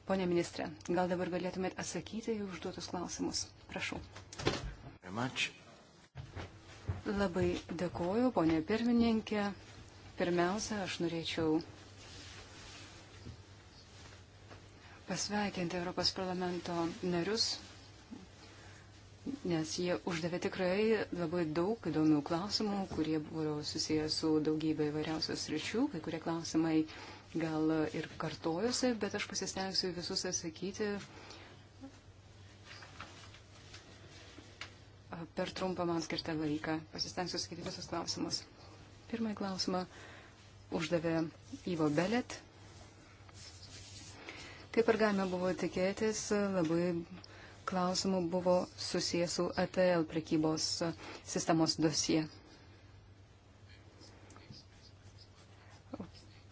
Pone ministrė, gal dabar galėtumėt atsakyti į užduotus klausimus. Prašau. Labai dėkuoju, ponė pirmininkė. Pirmiausia, aš norėčiau pasveikinti Europos parlamento narius nes jie uždavė tikrai labai daug įdomių klausimų, kurie buvo susijęs su daugybė įvairiausios ryšių, kai kurie klausimai gal ir kartojosi, bet aš pasistengsiu visus atsakyti per trumpą man skirtą laiką. Pasistengsiu atsakyti visus klausimus. Pirmąjį klausimą uždavė Ivo Belet. Kaip ir galime buvo tikėtis, labai klausimų buvo susijęs su ATL e prekybos sistemos dosie.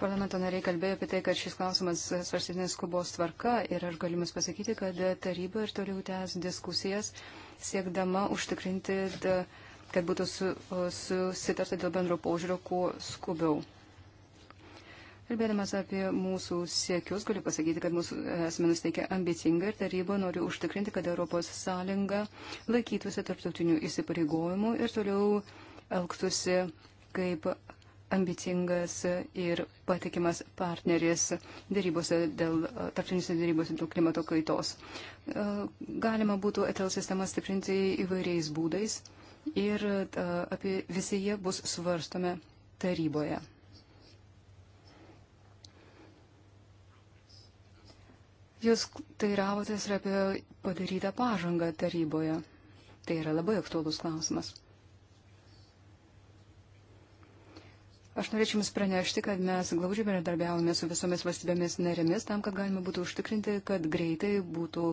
Parlamento nariai kalbėjo apie tai, kad šis klausimas svarstytinės skubos tvarka ir aš galiu jums pasakyti, kad taryba ir toliau tęs diskusijas siekdama užtikrinti, kad būtų susitarta dėl bendro požiūrio kuo skubiau. Kalbėdamas apie mūsų siekius, galiu pasakyti, kad mūsų esame nusteikę ambicingai ir taryba nori užtikrinti, kad Europos sąjunga laikytųsi tarptautinių įsipareigojimų ir toliau elgtųsi kaip ambicingas ir patikimas partneris dėrybose dėl, tarptautinėse dėrybose dėl klimato kaitos. E, galima būtų ETL sistemą stiprinti įvairiais būdais ir e, apie visi jie bus svarstome taryboje. Jūs teiravotės ir apie padarytą pažangą taryboje. Tai yra labai aktuolus klausimas. Aš norėčiau Jums pranešti, kad mes glaudžiai bendradarbiavome su visomis valstybėmis narėmis tam, kad galima būtų užtikrinti, kad greitai būtų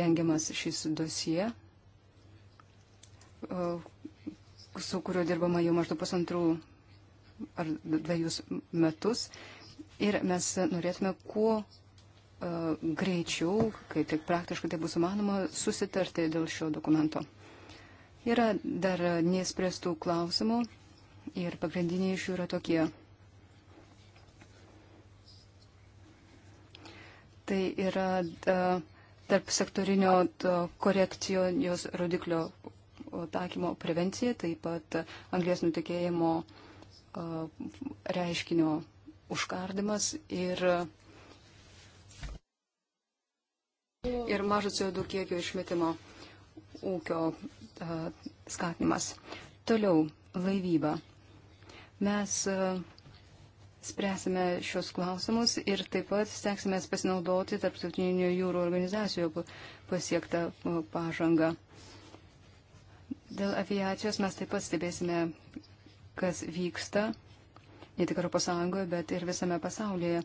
rengiamas šis dosie, su kuriuo dirbama jau maždaug pusantrų ar dviejus metus. Ir mes norėtume kuo E, greičiau, kai tik praktiškai tai bus įmanoma, susitarti dėl šio dokumento. Yra dar nespręstų klausimų ir pagrindiniai iš jų yra tokie. Tai yra e, tarp sektorinio e, korekcijos rodiklio taikymo prevencija, taip pat anglės nutikėjimo reiškinio užkardimas ir uh, ir mažo CO2 kiekio išmetimo ūkio uh, skatinimas. Toliau laivyba. Mes uh, spręsime šios klausimus ir taip pat stengsime pasinaudoti tarptautinių jūrų organizacijų pasiektą uh, pažangą. Dėl aviacijos mes taip pat stebėsime, kas vyksta ne tik Europos Sąjungoje, bet ir visame pasaulyje,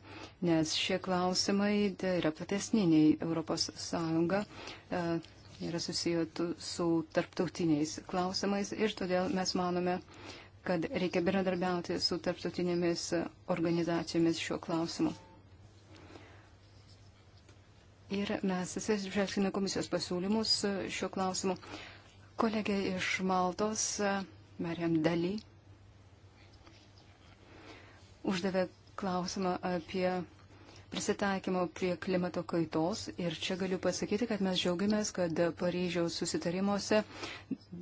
nes šie klausimai tai yra platesni nei Europos Sąjunga, e, yra susiję su tarptautiniais klausimais ir todėl mes manome, kad reikia bendradarbiauti su tarptautinėmis organizacijomis šiuo klausimu. Ir mes visi žvelgsime komisijos pasiūlymus šiuo klausimu. Kolegė iš Maltos, Mariam Daly, uždavė klausimą apie prisitaikymo prie klimato kaitos ir čia galiu pasakyti, kad mes džiaugiamės, kad Paryžiaus susitarimuose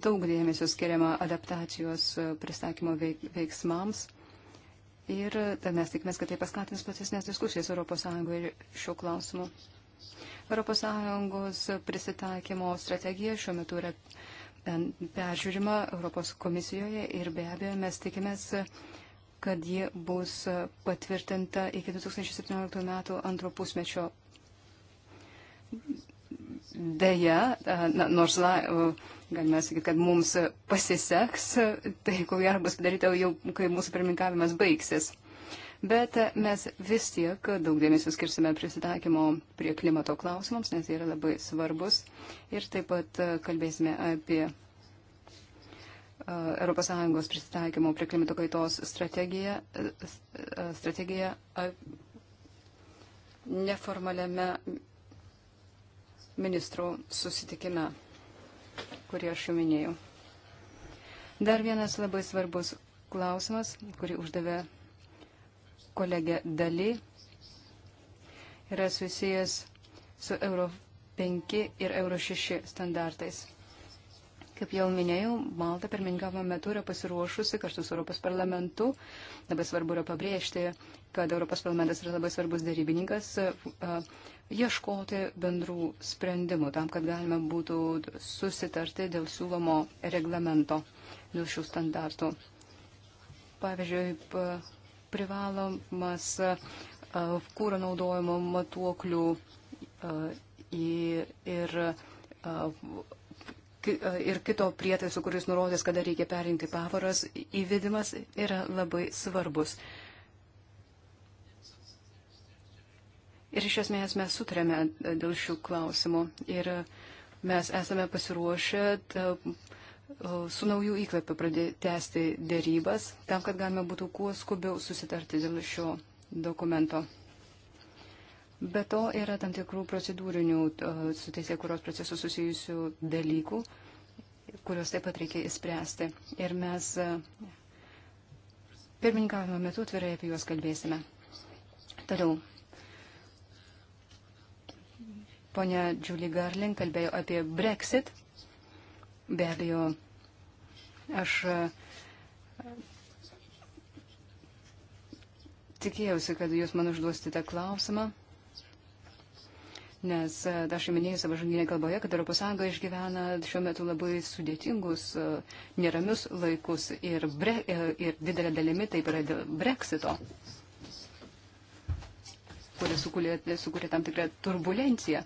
daug dėmesio skiriama adaptacijos pristaikymo veik, veiksmams. Ir mes tikimės, kad tai paskatins platesnės diskusijas ES šiuo klausimu. ES prisitaikymo strategija šiuo metu yra peržiūrima Europos komisijoje ir be abejo mes tikimės, kad ji bus patvirtinta iki 2017 metų antro pusmečio. Deja, na, nors la, galime sakyti, kad mums pasiseks, tai ko gero bus padaryta jau, kai mūsų pirmininkavimas baigsis. Bet mes vis tiek daug dėmesio skirsime prisitaikymo prie klimato klausimams, nes jie yra labai svarbus. Ir taip pat kalbėsime apie ES pristaikymo prie klimato kaitos strategiją, strategiją neformaliame ministrų susitikime, kurį aš jau minėjau. Dar vienas labai svarbus klausimas, kurį uždavė kolegė Dali, yra susijęs su Euro 5 ir Euro 6 standartais. Kaip jau minėjau, Malta pirmininkavimo metu yra pasiruošusi kartu su Europos parlamentu. Labai svarbu yra pabrėžti, kad Europos parlamentas yra labai svarbus darybininkas, ieškoti bendrų sprendimų tam, kad galima būtų susitarti dėl siūlomo reglamento, dėl šių standartų. Pavyzdžiui, privalomas kūro naudojimo matuoklių ir E, ir kito prietaiso, kuris nurodys, kada reikia perinkti pavaras, įvedimas yra labai svarbus. Ir iš esmės mes sutrėme e, dėl šių klausimų ir e, mes esame pasiruošę su naujų įkvepiu pradėti tęsti dėrybas, tam, kad galime būtų kuo skubiau susitarti dėl šio dokumento. Be to yra tam tikrų procedūrinių su teisė kuros procesu susijusių dalykų, kuriuos taip pat reikia įspręsti. Ir mes e, pirmininkavimo metu tvirai apie juos kalbėsime. Toliau. Pone Julie Garlin kalbėjo apie Brexit. Be abejo, aš e, tikėjausi, kad jūs man užduosite klausimą nes e, aš jau minėjau savo žanginė kalboje, kad ES išgyvena šiuo metu labai sudėtingus, e, neramius laikus ir, bre, e, ir didelė dalimi taip yra dėl breksito, kuris sukūrė, sukūrė tam tikrą turbulenciją.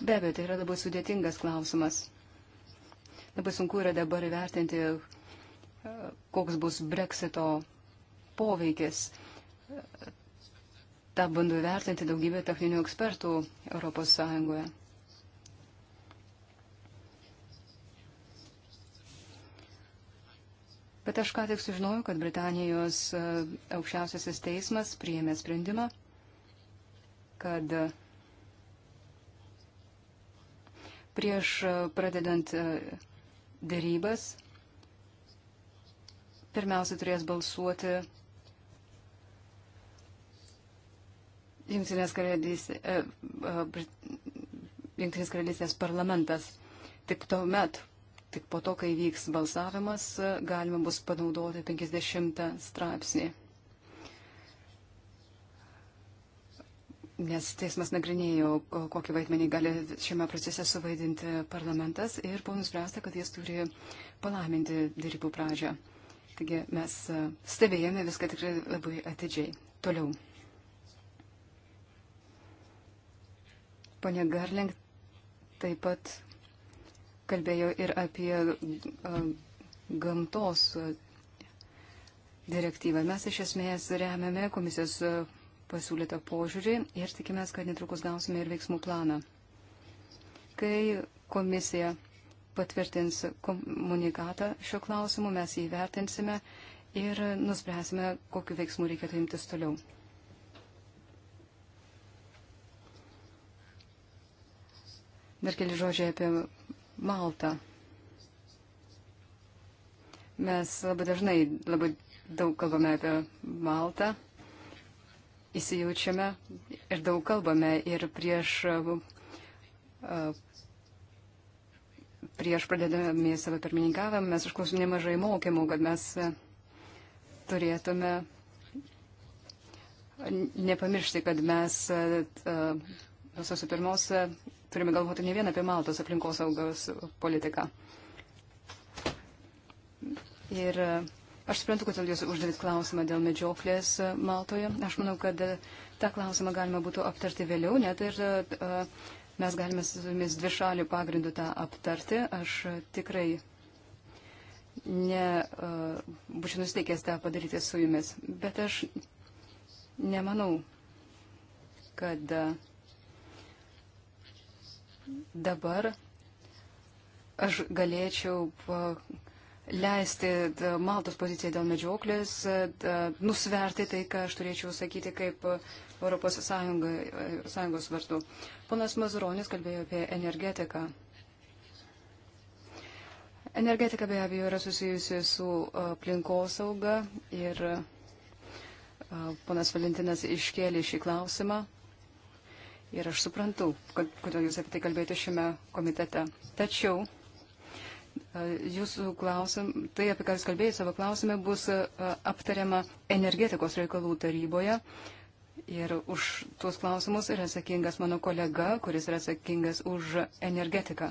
Be abejo, tai yra labai sudėtingas klausimas. Labai sunku yra dabar įvertinti, koks bus breksito poveikis Ta bando vertinti daugybę techninių ekspertų Europos Sąjungoje. Bet aš ką tik sužinojau, kad Britanijos e, aukščiausiasis teismas priėmė sprendimą, kad e, prieš e, pradedant dėrybas pirmiausia turės balsuoti Junktinės karalystės, e, e, Junktinės karalystės parlamentas. Tik tuomet, tik po to, kai vyks balsavimas, e, galima bus panaudoti 50 straipsnį. Nes teismas nagrinėjo, kokį vaidmenį gali šiame procese suvaidinti parlamentas ir buvo nuspręsta, kad jis turi palaiminti dėrybų pradžią. Taigi mes stebėjome viską tikrai labai atidžiai. Toliau. Pone Garling taip pat kalbėjo ir apie gamtos direktyvą. Mes iš esmės remiame komisijos pasiūlytą požiūrį ir tikimės, kad netrukus gausime ir veiksmų planą. Kai komisija patvirtins komunikatą šio klausimu, mes jį vertinsime ir nuspręsime, kokiu veiksmu reikėtų imtis toliau. Dar keli žodžiai apie Maltą. Mes labai dažnai labai daug kalbame apie Maltą, įsijaučiame ir daug kalbame ir prieš, prieš pradėdami savo pirmininkavimą mes išklausom nemažai mokymų, kad mes turėtume nepamiršti, kad mes nuo sausio pirmos turime galvoti ne vien apie Maltos aplinkosaugos politiką. Ir e, aš suprantu, kodėl jūs uždavėt klausimą dėl medžioklės e, Maltoje. Aš manau, kad e, tą klausimą galima būtų aptarti vėliau, net ir mes galime su jumis dvišalių pagrindų tą aptarti. Aš tikrai ne, būčiau nusteikęs tą padaryti su jumis, bet aš nemanau, kad. Uh, dabar aš galėčiau leisti Maltos poziciją dėl medžioklės, nusverti tai, ką aš turėčiau sakyti kaip Europos Sąjunga, Sąjungos vardu. Ponas Mazuronis kalbėjo apie energetiką. Energetika be abejo yra susijusi su aplinkosauga ir ponas Valentinas iškėlė šį klausimą. Ir aš suprantu, kad, kodėl jūs apie tai kalbėjote šiame komitete. Tačiau e, jūsų klausim, tai apie ką jūs kalbėjote savo klausime, bus e, aptariama energetikos reikalų taryboje. Ir už tuos klausimus yra atsakingas mano kolega, kuris yra atsakingas už energetiką.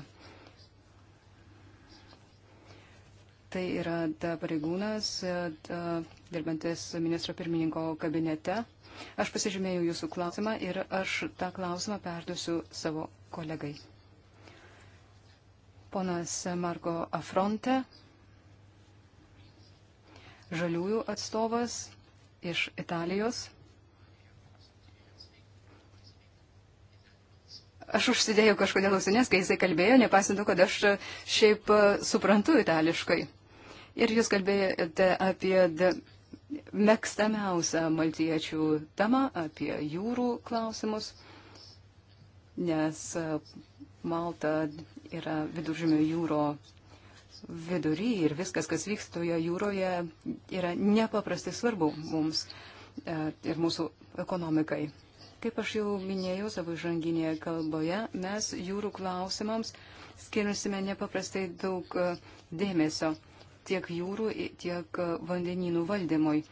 Tai yra ta pareigūnas, e, dirbantis ministro pirmininko kabinete. Aš pasižymėjau jūsų klausimą ir aš tą klausimą perduosiu savo kolegai. Ponas Marko Afronte, žaliųjų atstovas iš Italijos. Aš užsidėjau kažkodėl ausinės, kai jisai kalbėjo, nepasintu, kad aš šiaip suprantu itališkai. Ir jūs kalbėjote apie mėgstamiausią maltiečių temą apie jūrų klausimus, nes e, Malta yra viduržymio jūro vidury ir viskas, kas vyksta toje jūroje, yra nepaprastai svarbu mums e, ir mūsų ekonomikai. Kaip aš jau minėjau savo žanginėje kalboje, mes jūrų klausimams skirsime nepaprastai daug e, dėmesio tiek jūrų, tiek e, vandenynų valdymui.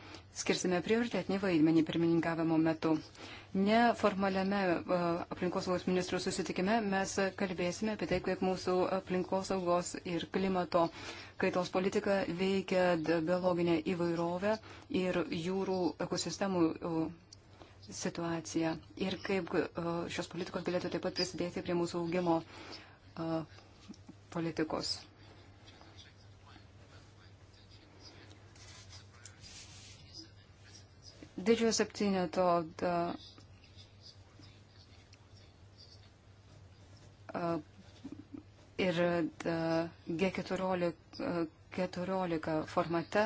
Skirsime prioritetinį vaidmenį pirmininkavimo metu. Neformaliame e, aplinkosaugos ministrų susitikime mes kalbėsime apie tai, kaip mūsų aplinkosaugos ir klimato kaitos politika veikia biologinę įvairovę ir jūrų ekosistemų situaciją ir kaip e, šios politikos galėtų taip pat prisidėti prie mūsų augimo politikos. didžiojo septyneto ir G14 14 formate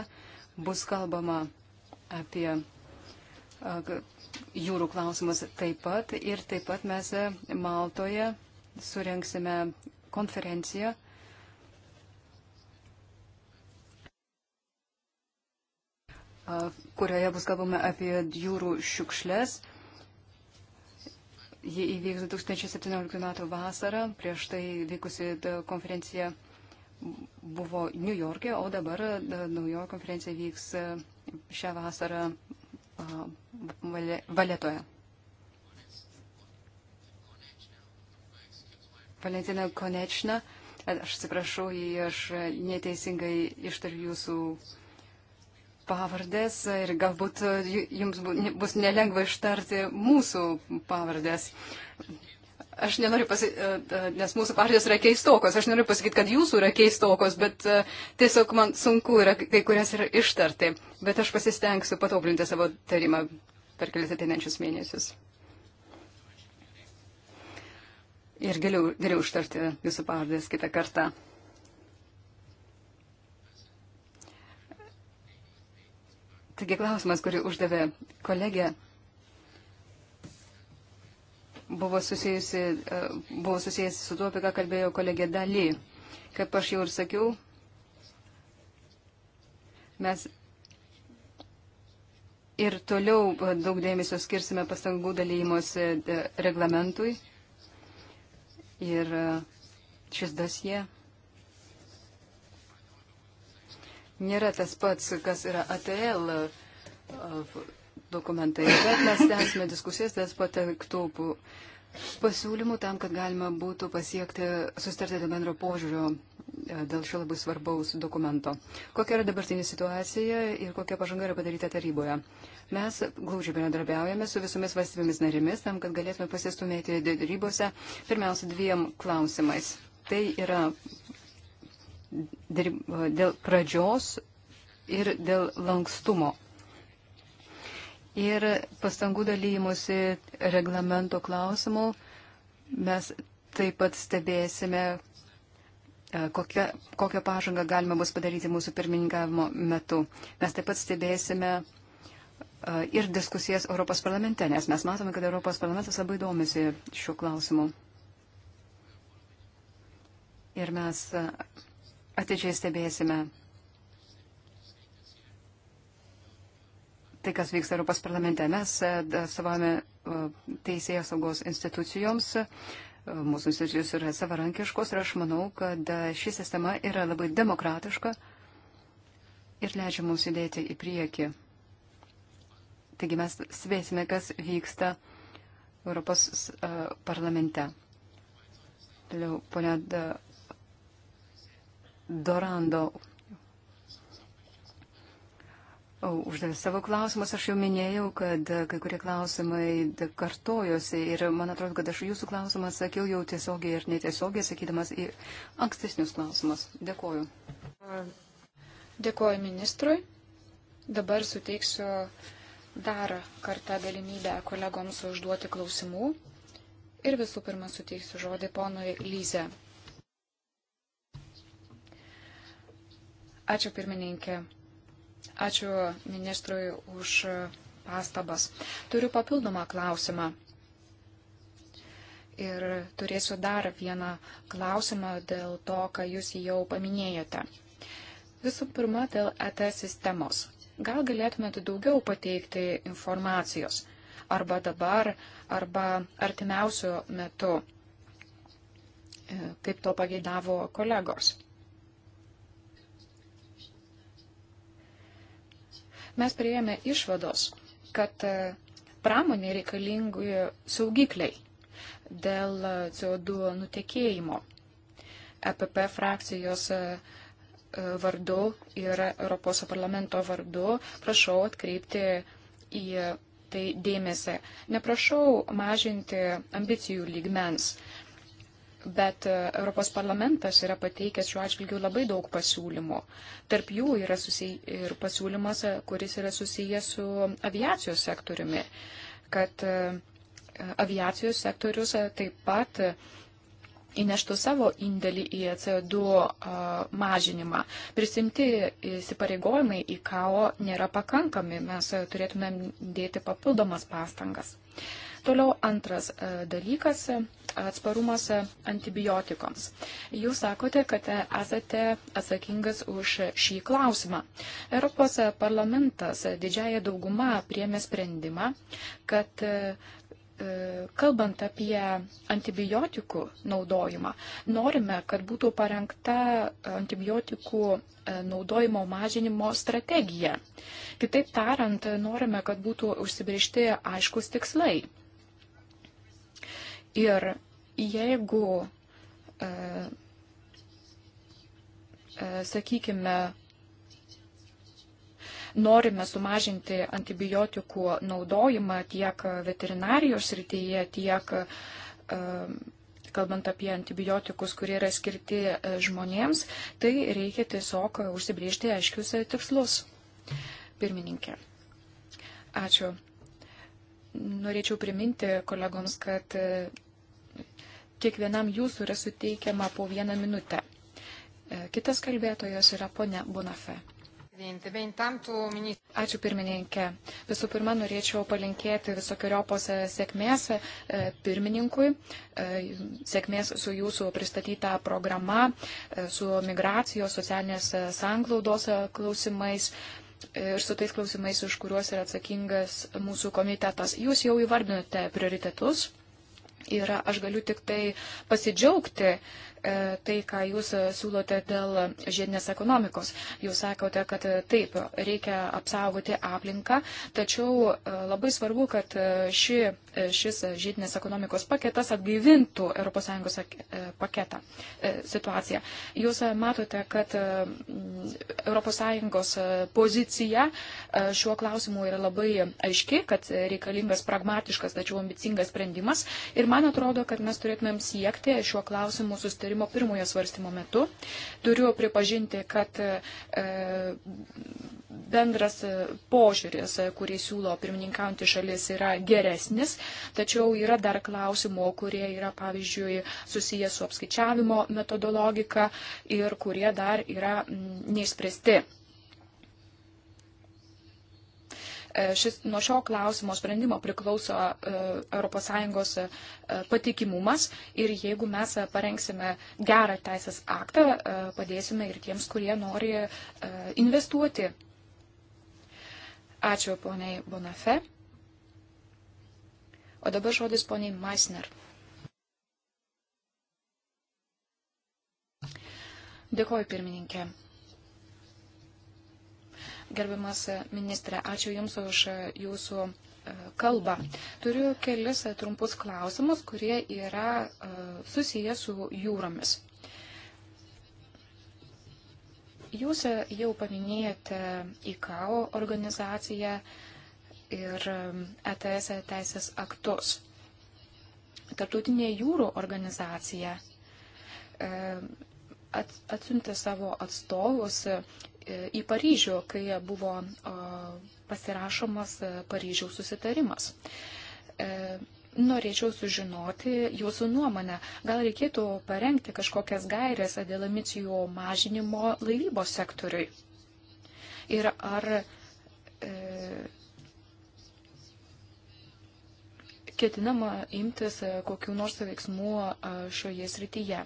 bus kalbama apie jūrų klausimus taip pat ir taip pat mes Maltoje surenksime konferenciją kurioje bus kalbama apie jūrų šiukšlės. Ji įvyks 2017 m. vasarą, prieš tai vykusi konferencija buvo New York'e, o dabar naujoji konferencija vyks e, šią vasarą Valetoje. Valentina Konečna, aš atsiprašau, jei aš neteisingai ištariu jūsų uh, pavardės ir galbūt jums bus nelengva ištarti mūsų pavardės. Aš nenoriu pasakyti, e, e, nes mūsų partijos yra keistokos, aš nenoriu pasakyti, kad jūsų yra keistokos, bet e, tiesiog man sunku yra kai kurias ir ištarti. Bet aš pasistengsiu patoblinti savo tarimą per kelias ateinančius mėnesius. Ir geriau, geriau ištarti jūsų pavardės kitą kartą. Taigi klausimas, kurį uždavė kolegė, buvo, susijusi, e, buvo susijęs su tuo, apie ką kalbėjo kolegė Daly. Kaip aš jau ir sakiau, mes ir toliau daug dėmesio skirsime pastangų dalymosi e, reglamentui. Ir e, šis dosie nėra tas pats, kas yra ATL dokumentai, bet mes tęsime diskusijas, tas patektų pasiūlymų tam, kad galima būtų pasiekti, sustarti dėl bendro požiūrio e, dėl šio labai svarbaus dokumento. Kokia yra dabartinė situacija ir kokia pažanga yra padaryta taryboje? Mes glaudžiai bendradarbiaujame su visomis valstybėmis narėmis tam, kad galėtume pasistumėti rybose pirmiausia dviem klausimais. Tai yra dėl pradžios ir dėl lankstumo. Ir pastangų dalymosi reglamento klausimų mes taip pat stebėsime, e, kokią, kokią pažangą galima bus padaryti mūsų pirmininkavimo metu. Mes taip pat stebėsime e, ir diskusijas Europos parlamente, nes mes matome, kad Europos parlamentas labai domisi šiuo klausimu. Ir mes e, atidžiai stebėsime tai, kas vyksta Europos parlamente. Mes e, savame e, teisėjo saugos institucijoms, e, mūsų institucijos yra savarankiškos ir aš manau, kad ši sistema yra labai demokratiška ir leidžia mums judėti į priekį. Taigi mes svėsime, kas vyksta Europos parlamente. Toliau, ponia Dorando uždavė savo klausimus. Aš jau minėjau, kad kai kurie klausimai kartojosi ir man atrodo, kad aš jūsų klausimą sakiau jau tiesiogiai ir netiesiogiai, sakydamas į ankstesnius klausimus. Dėkoju. Dėkoju ministrui. Dabar suteiksiu dar kartą galimybę kolegoms užduoti klausimų. Ir visų pirma suteiksiu žodį ponui Lyze. Ačiū pirmininkė. Ačiū ministrui už pastabas. Turiu papildomą klausimą. Ir turėsiu dar vieną klausimą dėl to, ką jūs jau paminėjote. Visų pirma, dėl ET sistemos. Gal galėtumėte daugiau pateikti informacijos? Arba dabar, arba artimiausių metų, e, kaip to pageidavo kolegos. mes prieėmė išvados, kad e, pramonė reikalingi saugikliai dėl e, CO2 nutekėjimo. EPP frakcijos e, vardu ir Europos parlamento vardu prašau atkreipti į tai dėmesį. Neprašau mažinti ambicijų lygmens, bet e, Europos parlamentas yra pateikęs šiuo atžvilgiu labai daug pasiūlymų. Tarp jų yra susiję ir pasiūlymas, e, kuris yra susijęs su aviacijos sektoriumi, kad e, aviacijos sektorius taip pat įneštų savo indėlį į CO2 mažinimą. Prisimti įsipareigojimai į KAO nėra pakankami, mes turėtume dėti papildomas pastangas. Uh, Toliau antras e, dalykas e, - atsparumas e, antibiotikams. Jūs sakote, kad esate atsakingas už šį klausimą. Europos parlamentas didžiaja dauguma priemė sprendimą, kad kalbant apie antibiotikų naudojimą, norime, kad būtų parengta antibiotikų naudojimo mažinimo strategija. Kitaip tariant, norime, kad būtų užsibriežti aiškus tikslai. Ir jeigu, e, e, sakykime, norime sumažinti antibiotikų naudojimą tiek veterinarijos rytyje, tiek e, kalbant apie antibiotikus, kurie yra skirti e, žmonėms, tai reikia tiesiog užsibriežti aiškius e, tikslus. Pirmininkė. Ačiū. Norėčiau priminti kolegoms, kad kiekvienam jūsų yra suteikiama po vieną minutę. E, kitas kalbėtojas yra ponia Bonafe. Ačiū pirmininkė. Visų pirma, norėčiau palinkėti visokiojopos e, sėkmės e, pirmininkui, sėkmės su jūsų pristatyta programa, su migracijos, socialinės sanglaudos klausimais ir su tais klausimais, už kuriuos yra atsakingas mūsų komitetas. Jūs jau įvardinote prioritetus yra, aš galiu tik tai pasidžiaugti e, tai, ką jūs e, siūlote dėl žiedinės ekonomikos. Jūs sakote, kad e, taip, reikia apsaugoti aplinką, tačiau e, labai svarbu, kad e, ši šis žydinės ekonomikos paketas atgaivintų ES e, paketą e, situaciją. Jūs e, matote, kad ES pozicija šiuo klausimu yra labai aiški, kad reikalingas pragmatiškas, tačiau ambicingas sprendimas. Ir man atrodo, kad mes turėtumėm siekti šiuo klausimu sustarimo pirmojo svarstymo metu. Turiu pripažinti, kad bendras e, požiūris, e, kurį siūlo pirmininkaujantį šalis, yra geresnis, tačiau yra dar klausimų, kurie yra, pavyzdžiui, susijęs su apskaičiavimo metodologika ir kurie dar yra neišspręsti. E, šis, nuo šio klausimo sprendimo priklauso ES patikimumas ir jeigu mes parengsime gerą teisės aktą, padėsime ir tiems, kurie nori investuoti Ačiū poniai Bonafe. O dabar žodis poniai Maisner. Dėkoju, pirmininkė. Gerbiamas ministrė, ačiū Jums už Jūsų e, kalbą. Turiu kelis trumpus klausimus, kurie yra e, susiję su jūromis. Jūs jau paminėjote ICAO organizaciją ir um, ETS teisės aktus. Tartutinė jūrų organizacija um, atsiuntė savo atstovus e, į Paryžių, kai buvo pasirašomas e, Paryžiaus susitarimas e, Norėčiau sužinoti jūsų nuomonę. Gal reikėtų parengti kažkokias gairės dėl emisijų mažinimo laivybos sektoriui? Ir ar e, ketinama imtis e, kokių nors veiksmų e, šioje srityje?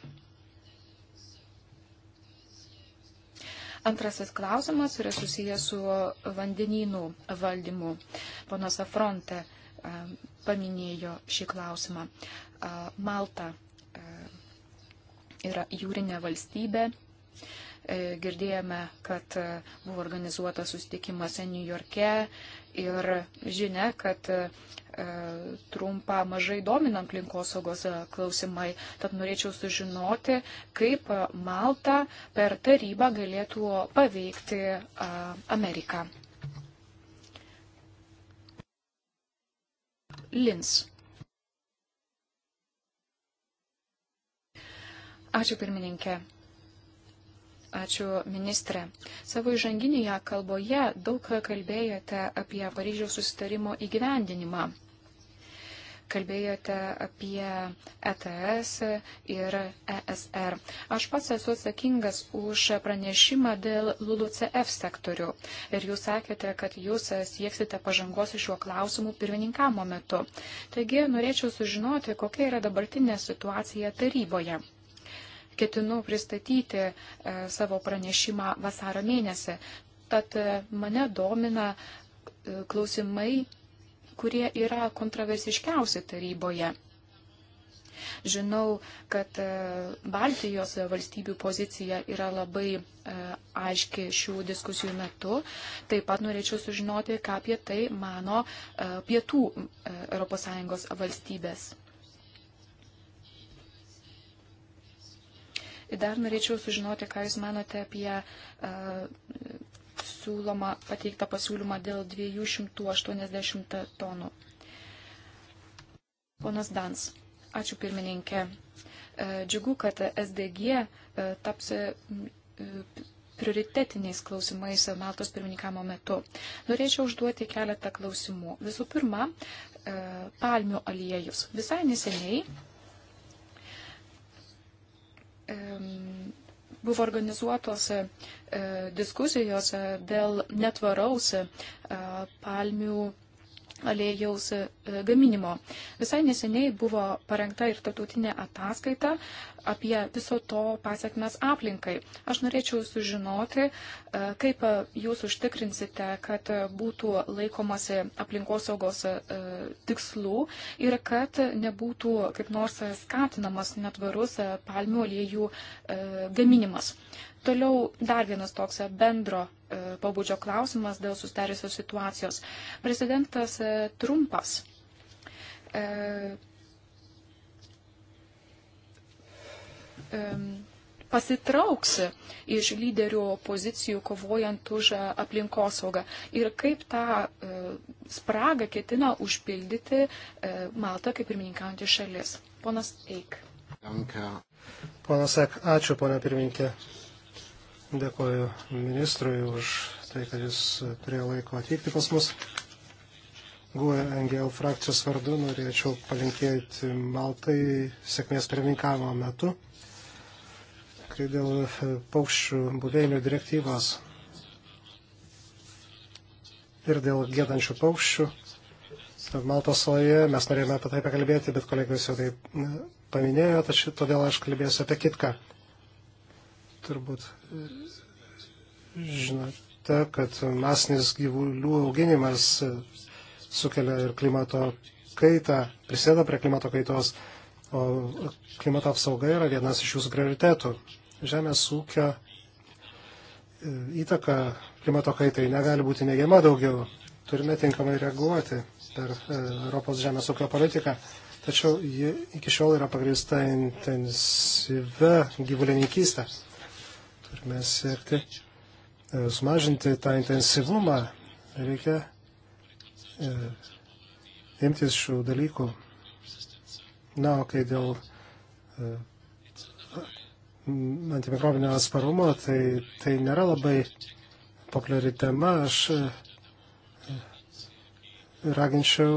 Antrasis klausimas yra susijęs su vandenynų valdymu. Ponas Afronte. E, paminėjo šį klausimą. Malta yra jūrinė valstybė. E, girdėjome, kad buvo organizuotas susitikimas New Yorke ir žinia, kad trumpą mažai domina aplinkosaugos klausimai. Tad norėčiau sužinoti, kaip Malta per tarybą galėtų paveikti Ameriką. Lins. Ačiū pirmininkė. Ačiū ministrė. Savo įžanginėje kalboje daug kalbėjote apie Paryžiaus susitarimo įgyvendinimą kalbėjote apie ETS ir ESR. Aš pats esu atsakingas už pranešimą dėl LULUCF sektorių. Ir jūs sakėte, kad jūs sieksite pažangos šiuo klausimu pirmininkamo metu. Taigi norėčiau sužinoti, kokia yra dabartinė situacija taryboje. Ketinu pristatyti e, savo pranešimą vasaro mėnesį. Tad e, mane domina e, klausimai kurie yra kontroversiškiausi taryboje. Žinau, kad e, Baltijos valstybių pozicija yra labai e, aiški šių diskusijų metu. Taip pat norėčiau sužinoti, ką apie tai mano e, pietų ES valstybės. Dar norėčiau sužinoti, ką Jūs manote apie siūloma, pateiktą pasiūlymą dėl 280 tonų. Ponas Dans, ačiū pirmininkė. E, džiugu, kad SDG e, taps e, prioritetiniais klausimais Maltos pirmininkamo metu. Norėčiau užduoti keletą klausimų. Visų pirma, palmių aliejus. Visai neseniai Buvo organizuotos e, diskusijos e, dėl netvaraus e, palmių aliejaus e, gaminimo. Visai neseniai buvo parengta ir tarptautinė ataskaita apie viso to pasiekmes aplinkai. Aš norėčiau sužinoti, e, kaip jūs užtikrinsite, kad būtų laikomasi aplinkosaugos e, tikslų ir kad nebūtų kaip nors skatinamas netvarus palmių aliejų gaminimas. Toliau dar vienas toks bendro e, pobūdžio klausimas dėl sustarysios situacijos. Prezidentas e, Trumpas e, pasitrauks iš lyderių pozicijų kovojant už aplinkosaugą ir kaip tą spragą ketina užpildyti Malta kaip pirmininkaujantį šalis. Ponas Eik. Ponas Ek, ačiū, ponia pirmininkė. Dėkoju ministrui už tai, kad jis turėjo laiko atvykti pas mus. GUE NGL frakcijos vardu norėčiau palinkėti Maltai sėkmės pirmininkavimo metu, kai dėl paukščių buveinių direktyvos ir dėl gėdančių paukščių. Maltos saloje mes norėjome apie tai pakalbėti, bet kolegos jau tai e, paminėjo, tačiau todėl aš kalbėsiu apie kitką. Turbūt žinote, kad masinis gyvulių auginimas sukelia ir klimato kaitą, prisėda prie klimato kaitos, o klimato apsauga yra vienas iš jūsų prioritetų. Žemės ūkio e, įtaka klimato kaitai negali būti neigiama daugiau. Turime tinkamai reaguoti per e, Europos žemės ūkio politiką. Tačiau ji iki šiol yra pagrįsta intensyve gyvulininkystė turime siekti e, sumažinti tą intensyvumą. Reikia e, imtis šių dalykų. Na, o kai dėl e, antimikrobinio atsparumo, tai, tai nėra labai populiari tema. Aš raginčiau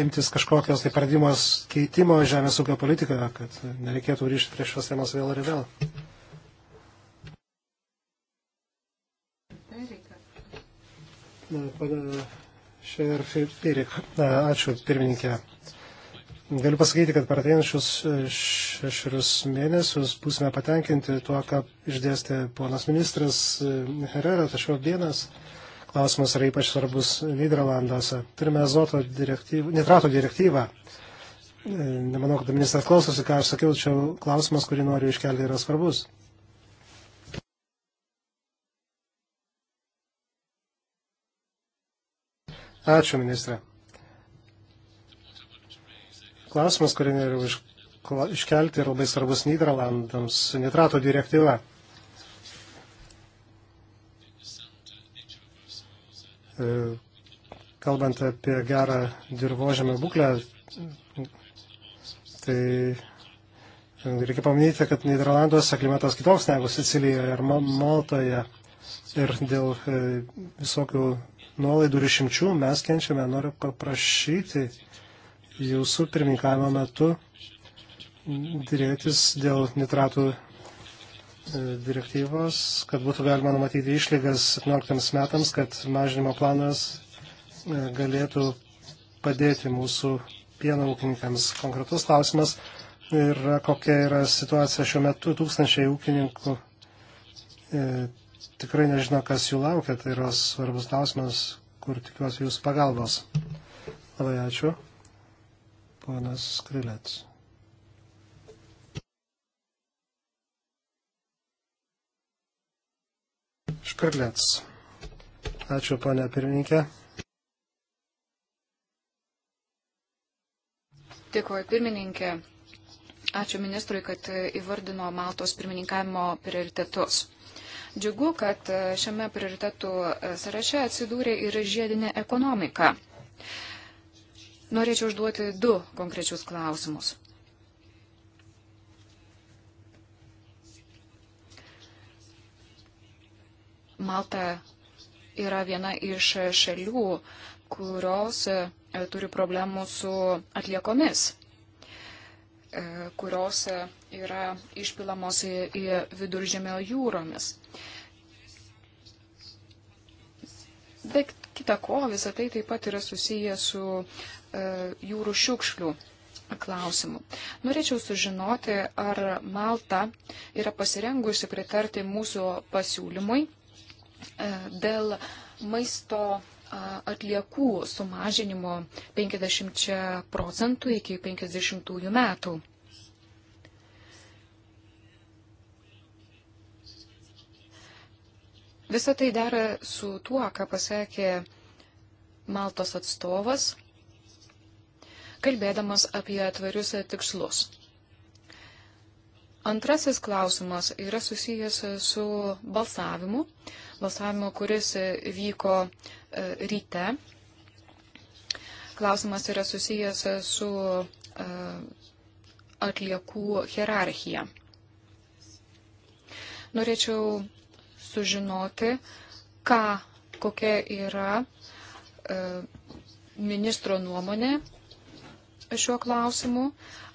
imtis kažkokios tai pradimos keitimo žemės ūkio politikoje, kad nereikėtų grįžti prie šios temos vėl ir vėl. Pane Šeir Pirik, ačiū pirmininkė. Galiu pasakyti, kad per ateinančius e, šešerius mėnesius būsime patenkinti tuo, ką išdėstė ponas ministras e, Herrera, tačiau vienas klausimas yra ypač svarbus Niderlanduose. Turime azoto direktyvą, nitrato direktyvą. E, nemanau, kad ministras klausosi, ką aš sakiau, tačiau klausimas, kurį noriu iškelti, yra svarbus. Ačiū, ministrė. Klausimas, kurį noriu iškelti, yra labai svarbus Niderlandams - nitrato direktyva. E, kalbant apie gerą dirbožėmio būklę, tai e, reikia paminėti, kad Niderlanduose klimatas kitoks negu Sicilijoje ar Maltoje. Ir dėl e, visokių nuolaidų ir išimčių mes kenčiame. Noriu paprašyti jūsų pirmininkavimo metu dėrėtis dėl nitratų e, direktyvos, kad būtų galima numatyti išlygas 17 metams, kad mažinimo planas e, galėtų padėti mūsų pieno ūkininkams. Konkretus klausimas yra, kokia yra situacija šiuo metu. Tūkstančiai ūkininkų e, tikrai nežino, kas jų laukia. Tai yra svarbus klausimas, kur tikiuosi jūsų pagalbos. Labai ačiū. Ponas Skrilets. Škarlets. Ačiū, ponė pirmininkė. Dėkuoju, pirmininkė. Ačiū ministrui, kad įvardino Maltos pirmininkavimo prioritetus. Džiugu, kad e, šiame prioritetų e, sąraše atsidūrė ir žiedinė ekonomika. Norėčiau užduoti du konkrečius klausimus. Malta yra viena iš šalių, kurios e, turi problemų su atliekomis. E, kurios e, yra išpilamos į, į viduržėmio jūromis. Be kita ko, visą tai taip pat yra susiję su e, jūrų šiukšlių klausimų. Norėčiau sužinoti, ar Malta yra pasirengusi pritarti mūsų pasiūlymui dėl maisto atliekų sumažinimo 50 procentų iki 50 metų. Visą tai dera su tuo, ką pasakė Maltos atstovas, kalbėdamas apie tvarius tikslus. Antrasis klausimas yra susijęs su balsavimu, balsavimo, kuris e, vyko e, ryte. Klausimas yra susijęs e, su atliekų hierarchija. Norėčiau sužinoti, ką, kokia yra ministro nuomonė šiuo klausimu,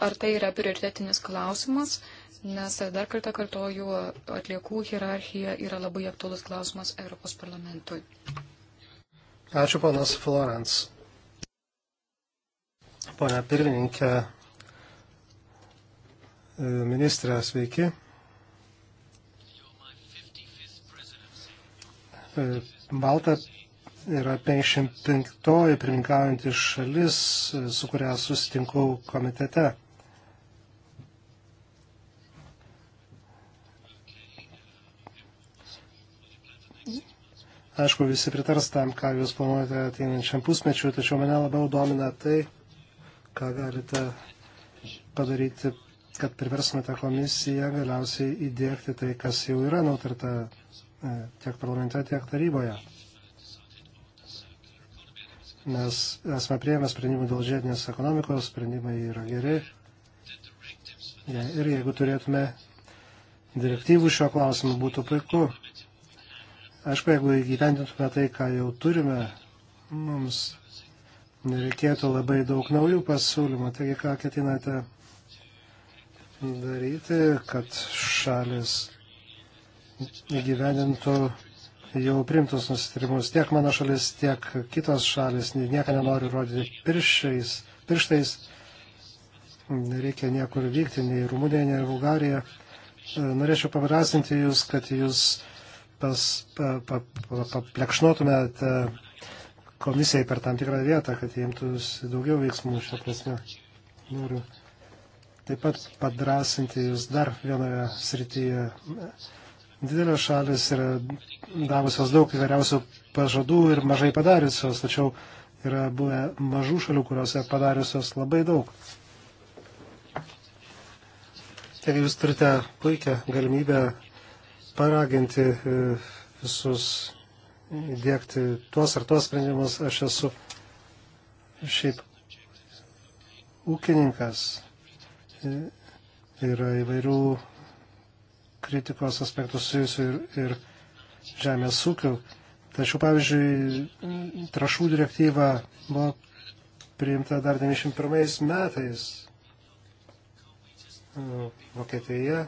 ar tai yra prioritetinis klausimas nes dar kartą kartoju, atliekų hierarchija yra labai aktuolus klausimas Europos parlamentui. Ačiū, ponas Florence. Pone pirmininkė, e, ministrė, sveiki. E, Malta yra 55-oji pirmininkaujantis šalis, e, su kuria susitinkau komitete. Aišku, visi pritars tam, ką jūs planuojate ateinančiam pusmečiu, tačiau mane labiau domina tai, ką galite padaryti, kad priversumėte komisiją galiausiai įdėkti tai, kas jau yra nutarta e, tiek parlamente, tiek taryboje. Mes esame prieėmę sprendimų dėl žiedinės ekonomikos, sprendimai yra geri. Ja, ir jeigu turėtume direktyvų šio klausimu, būtų puiku. Aišku, jeigu įgyvendintume tai, ką jau turime, mums nereikėtų labai daug naujų pasiūlymų. Taigi, ką ketinate daryti, kad šalis įgyvendintų jau primtus nusitarimus. Tiek mano šalis, tiek kitos šalis nieką nenori rodyti pirščiais, pirštais. Nereikia niekur vykti, nei Rumunijoje, nei Bulgarijoje. Norėčiau padrasinti jūs, kad jūs paplekšnotumėte pa, pa, pa, e, komisijai per tam tikrą vietą, kad jie imtųsi daugiau veiksmų šią prasme. Noriu taip pat padrasinti jūs dar vienoje srityje. Didelės šalis yra davusios daug įvairiausių pažadų ir mažai padariusios, tačiau yra buvę mažų šalių, kuriuose padariusios labai daug. Taigi jūs turite puikią galimybę paraginti e, visus įdėkti tuos ar tuos sprendimus. Aš esu šiaip ūkininkas. E, yra įvairių kritikos aspektų susijusių ir, ir žemės ūkių. Tačiau, pavyzdžiui, trašų direktyva buvo priimta dar 91 metais e, Vokietijoje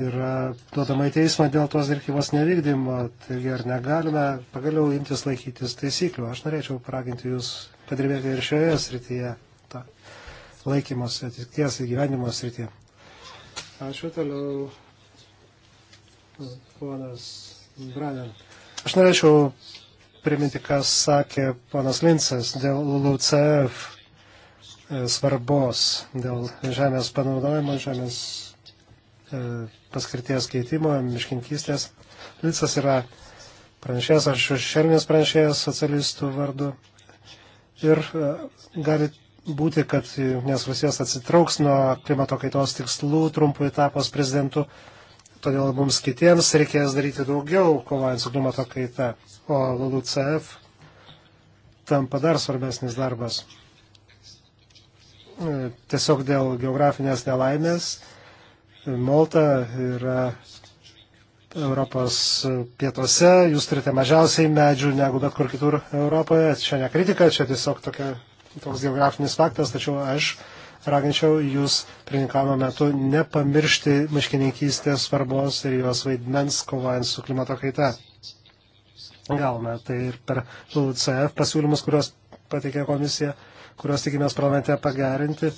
yra duodama į teismą dėl tos direktyvos nevykdymo. Taigi ar negalime pagaliau imtis laikytis taisyklių? Aš norėčiau paraginti Jūs padirbėti ir šioje srityje, ta, laikymos atitikties įgyvenimo srityje. Ačiū toliau, ponas Branen. Aš norėčiau priminti, kas sakė ponas Lincas dėl LUCF e, svarbos, dėl žemės panaudojimo, žemės E, paskirties keitimo, miškinkystės. Licas yra pranešėjas, aš šešėlinis pranešėjas socialistų vardu. Ir e, gali būti, kad Junktinės Rusijos atsitrauks nuo klimato kaitos tikslų trumpui tapos prezidentu. Todėl mums kitiems reikės daryti daugiau kovojant su klimato kaita. O LULUCF tampa dar svarbesnis darbas. E, tiesiog dėl geografinės nelaimės Malta yra Europos pietuose, jūs turite mažiausiai medžių negu bet kur kitur Europoje. Čia ne kritika, čia tiesiog tokia, toks geografinis faktas, tačiau aš raginčiau jūs prinikavimo metu nepamiršti miškininkystės svarbos ir jos vaidmens kovojant su klimato kaita. Galime tai ir per LUCF pasiūlymus, kuriuos pateikė komisija, kuriuos tikimės parlamente pagerinti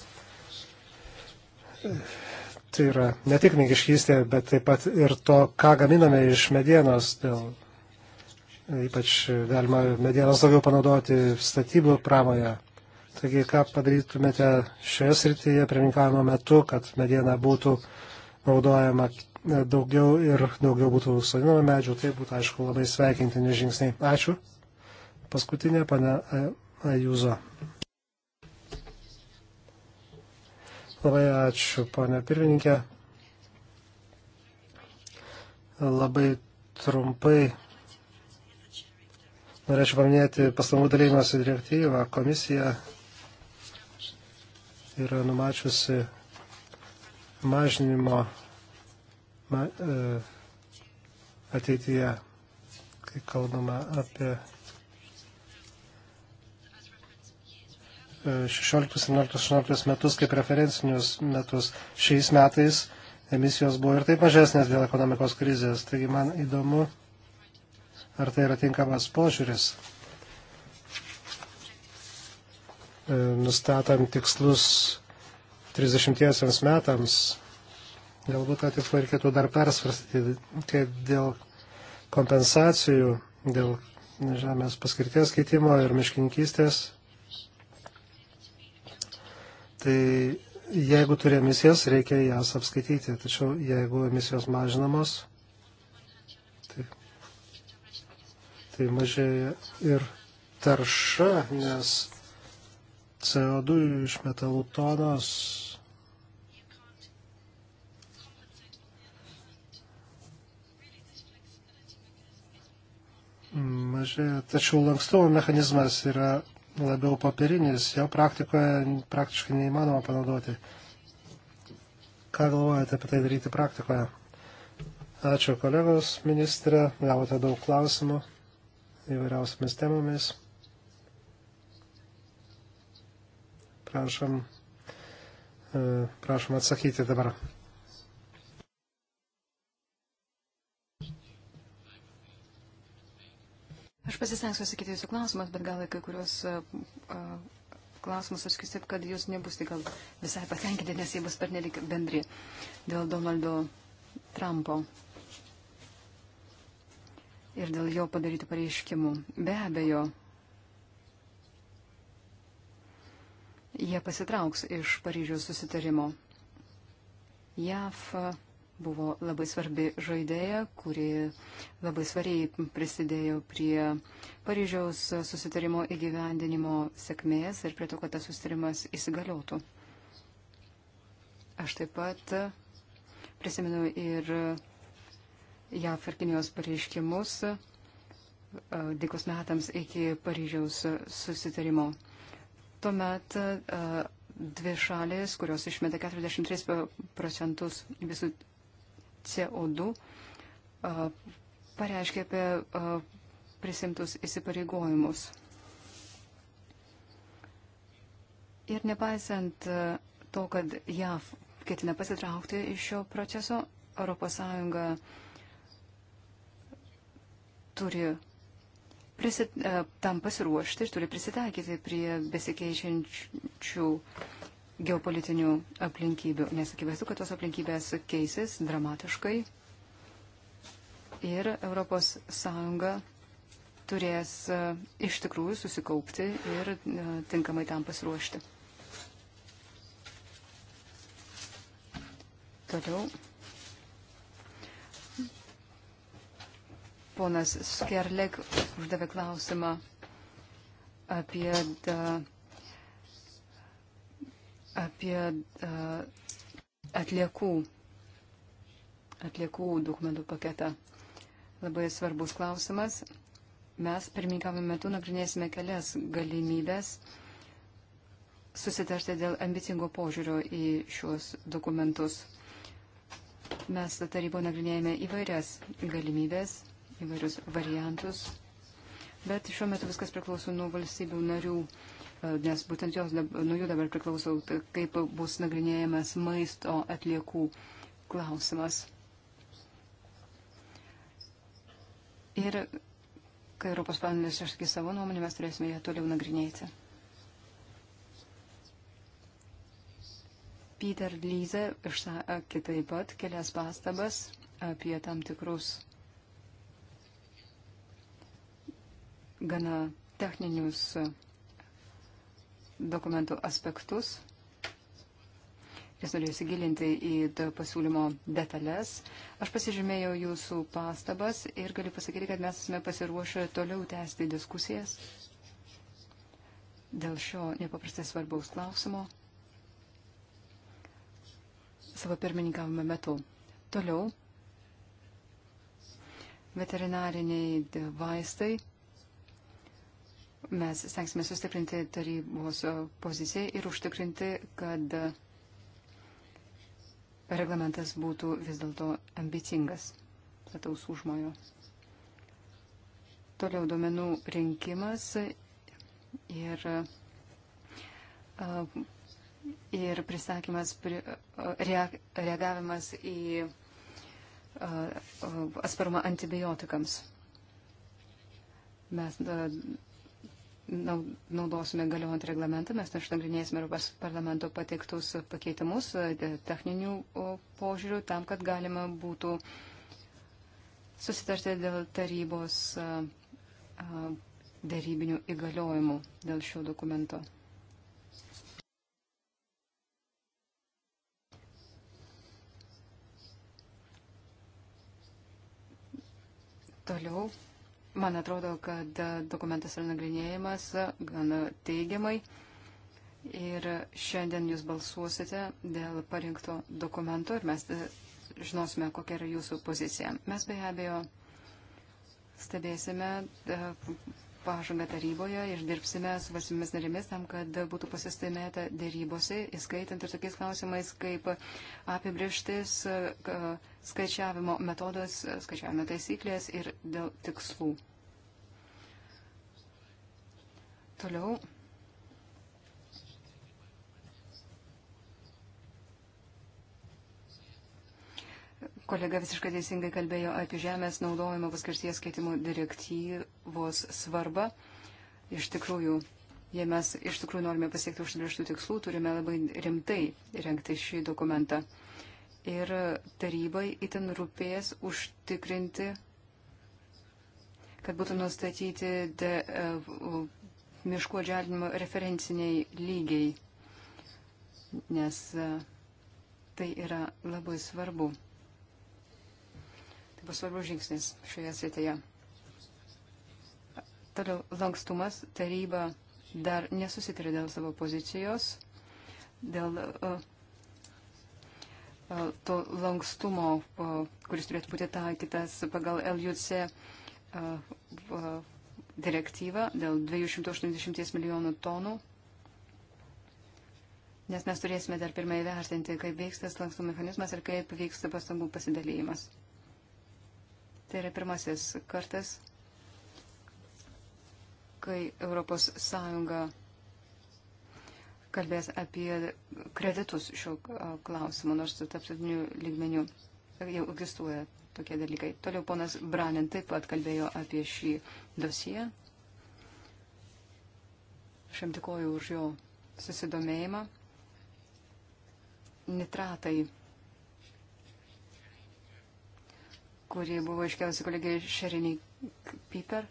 tai yra ne tik minkiškystė, bet taip pat ir to, ką gaminame iš medienos. Dėl, ypač galima medienos daugiau panaudoti statybų pramoje. Taigi, ką padarytumėte šioje srityje pirmininkavimo metu, kad mediena būtų naudojama daugiau ir daugiau būtų sodinama medžių, tai būtų, aišku, labai sveikintini žingsniai. Ačiū. Paskutinė, pane Ajuzo. Labai ačiū, ponė pirmininkė. Labai trumpai norėčiau paminėti pastangų dalymosi direktyvą. Komisija yra numačiusi mažinimo ma, e, ateityje, kai kalbama apie 16, 17, 18 metus kaip referencinius metus. Šiais metais emisijos buvo ir taip mažesnės dėl ekonomikos krizės. Taigi man įdomu, ar tai yra tinkamas požiūris. E, nustatant tikslus 30 metams, galbūt tą tikslą reikėtų dar persvarstyti, kaip dėl kompensacijų, dėl žemės paskirties keitimo ir miškininkystės Tai jeigu turi emisijas, reikia jas apskaityti. Tačiau jeigu emisijos mažinamos, tai, tai mažėja ir tarša, nes CO2 iš metalų tonos mažėja. Tačiau lankstumo mechanizmas yra labiau popierinis, jo praktikoje praktiškai neįmanoma panaudoti. Ką galvojate apie tai daryti praktikoje? Ačiū kolegos ministrė, gavote daug klausimų įvairiausiamis temomis. Prašom, e, prašom atsakyti dabar. Aš pasisengsiu atsakyti jūsų klausimas, bet gal kai kurios klausimus atsakysiu taip, kad jūs nebusite gal visai patenkinti, nes jie bus pernelik bendri dėl Donaldo Trumpo ir dėl jo padarytų pareiškimų. Be abejo, jie pasitrauks iš Paryžiaus susitarimo. JAF buvo labai svarbi žaidėja, kuri labai svariai prisidėjo prie Paryžiaus susitarimo įgyvendinimo sėkmės ir prie to, kad tas susitarimas įsigaliotų. Aš taip pat prisimenu ir JAF ir Kinijos pareiškimus e, likus metams iki Paryžiaus susitarimo. Tuomet e, dvi šalis, kurios išmeta 43 procentus visų CO2 pareiškė apie prisimtus įsipareigojimus. Ir nepaisant to, kad JAV ketina pasitraukti iš šio proceso, ES turi prisit, tam pasiruošti ir turi prisitaikyti prie besikeičiančių uh, geopolitinių aplinkybių, nes akivaizdu, kad tos aplinkybės keisis dramatiškai ir ES turės e, iš tikrųjų susikaupti ir e, tinkamai tam pasiruošti. Toliau. Ponas Skerlek uždavė klausimą apie da, e, apie atliekų, atliekų dokumentų paketą. Labai svarbus klausimas. Mes pirmininkavimo metu nagrinėsime kelias galimybės susitarti dėl ambicingo požiūrio į šiuos dokumentus. Mes tarybo nagrinėjame įvairias galimybės, įvairius variantus, bet šiuo metu viskas priklauso nuo valstybių narių nes būtent jos, nuo jų dabar priklauso, tai kaip bus nagrinėjamas maisto atliekų klausimas. Ir kai Europos parlamentas išsakys savo nuomonę, mes turėsime ją toliau nagrinėti. Peter Lyze išsakė taip pat kelias pastabas apie tam tikrus gana techninius dokumentų aspektus. Jis norėjo įsigilinti į pasiūlymo detalės. Aš pasižymėjau jūsų pastabas ir galiu pasakyti, kad mes esame pasiruošę toliau tęsti diskusijas dėl šio nepaprastai svarbaus klausimo savo pirmininkavimo metu. Toliau veterinariniai vaistai Mes stengsime sustiprinti tarybos poziciją ir užtikrinti, kad reglamentas būtų vis dėlto ambicingas, plataus užmojo. Toliau duomenų rinkimas ir, ir prisakymas, reagavimas į atsparumą antibiotikams. Mes naudosime galiojant reglamentą, mes išnagrinėsime Europos parlamento pateiktus pakeitimus e, techninių požiūrių tam, kad galima būtų susitarti dėl tarybos e, e, dėrybinių įgaliojimų dėl šio dokumento. Toliau Man atrodo, kad dokumentas yra nagrinėjimas gan teigiamai. Ir šiandien jūs balsuosite dėl parinkto dokumento ir mes e, žinosime, kokia yra jūsų pozicija. Mes be abejo stebėsime e, pažangą taryboje ir dirbsime su valstybėmis narėmis tam, kad būtų pasistumėta dėrybose, įskaitant ir tokiais klausimais, kaip apibrieštis skaičiavimo metodas, skaičiavimo taisyklės ir dėl tikslų. Toliau Kolega visiškai teisingai kalbėjo apie žemės naudojimo paskirties keitimo direktyvos svarbą. Iš tikrųjų, jei mes iš tikrųjų norime pasiekti užsibrieštų tikslų, turime labai rimtai renkti šį dokumentą. Ir tarybai itin rūpės užtikrinti, kad būtų nustatyti de, uh, miškų atželdinimo referenciniai lygiai, nes uh, tai yra labai svarbu. Tai bus svarbus žingsnis šioje srityje. Toliau lankstumas. Taryba dar nesusitarė dėl savo pozicijos, dėl uh, to lankstumo, uh, kuris turėtų būti taikytas pagal LJC uh, direktyvą dėl 280 milijonų tonų nes mes turėsime dar pirmai vertinti, kaip veiks tas lankstų mechanizmas ir kaip veiks pastangų pasidalymas. Tai yra pirmasis kartas, kai Europos Sąjunga kalbės apie kreditus šio klausimu, nors tapsatiniu lygmeniu jau egzistuoja tokie dalykai. Toliau ponas Branin taip pat kalbėjo apie šį dosiją. Aš jam dėkoju už jo susidomėjimą. Nitratai kurį buvo iškelusi kolegė Šerinį Piper.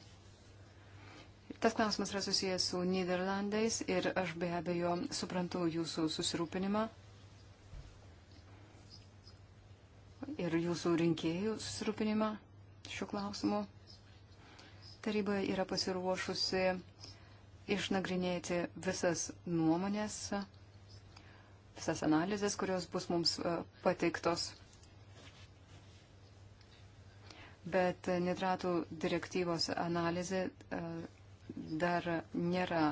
Tas klausimas yra susijęs su Niderlandais ir aš be abejo suprantu jūsų susirūpinimą ir jūsų rinkėjų susirūpinimą šiuo klausimu. Taryba yra pasiruošusi išnagrinėti visas nuomonės, visas analizės, kurios bus mums e, pateiktos bet nitratų direktyvos analizė e, dar nėra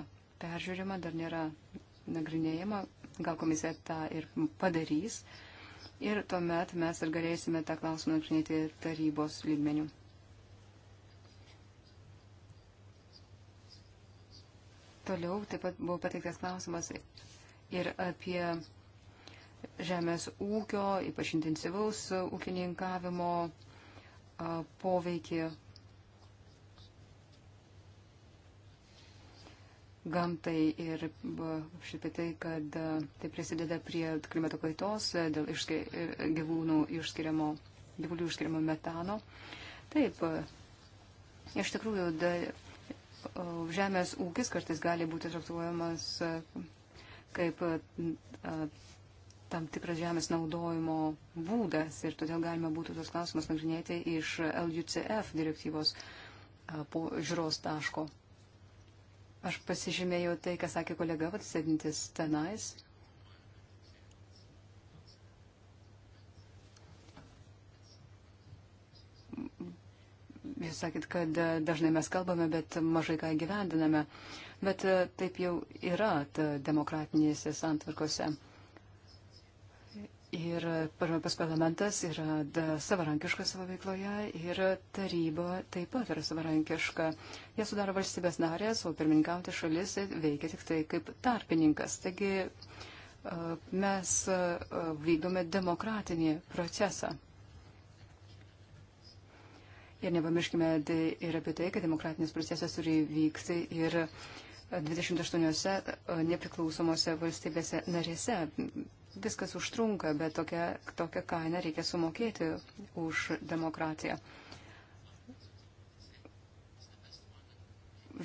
peržiūrima, dar nėra nagrinėjama, gal komisija tą ir padarys. Ir tuomet mes ir galėsime tą klausimą nagrinėti tarybos lygmenių. Toliau taip pat buvo pateiktas klausimas ir apie žemės ūkio, ypač intensyvaus ūkininkavimo poveikį gamtai ir šiaip tai, kad tai prisideda prie klimato kaitos dėl išski, gyvūnų išskiriamo, gyvulių išskiriamo metano. Taip, iš tikrųjų, da, žemės ūkis kartais gali būti traktuojamas kaip tam tikras žemės naudojimo būdas ir todėl galima būtų tos klausimus nagrinėti iš LUCF direktyvos po žiūros taško. Aš pasižymėjau tai, ką sakė kolega, vat sėdintis tenais. Jūs sakėt, kad dažnai mes kalbame, bet mažai ką gyvendiname. Bet taip jau yra demokratinėse santvarkose. Ir Europos parlamentas yra savarankiškas savo veikloje ir taryba taip pat yra savarankiška. Jie sudaro valstybės narės, o pirmininkauti šalis veikia tik tai kaip tarpininkas. Taigi mes vykdome demokratinį procesą. Ir nepamirškime ir apie tai, kad demokratinis procesas turi vykti ir 28 nepriklausomose valstybėse narėse viskas užtrunka, bet tokią, tokią kainą reikia sumokėti už demokratiją.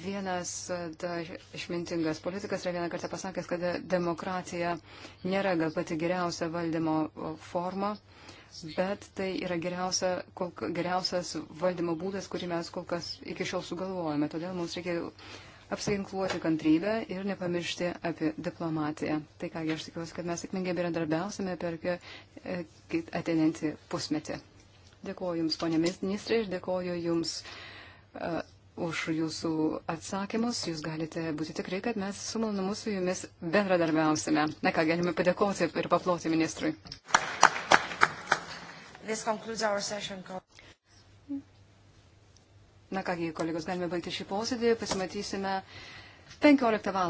Vienas da, išmintingas politikas yra vieną kartą pasakęs, kad demokratija nėra gal pati geriausia valdymo forma, bet tai yra geriausia, kol, geriausias valdymo būdas, kurį mes kol kas iki šiol sugalvojame. Todėl mums reikia apsiginkluoti kantrybę ir nepamiršti apie diplomatiją. Tai kągi aš tikiuosi, kad mes sėkmingai bendradarbiausime per e, e, ateinantį pusmetį. Dėkuoju Jums, ponė ministrė, ir dėkuoju Jums uh, už Jūsų atsakymus. Jūs galite būti tikrai, kad mes su malonumu su Jumis bendradarbiausime. Na ką, galime padėkoti ir paploti ministrui. Na kągi, kolegos, galime baigti šį posėdį, pasimatysime 15 val.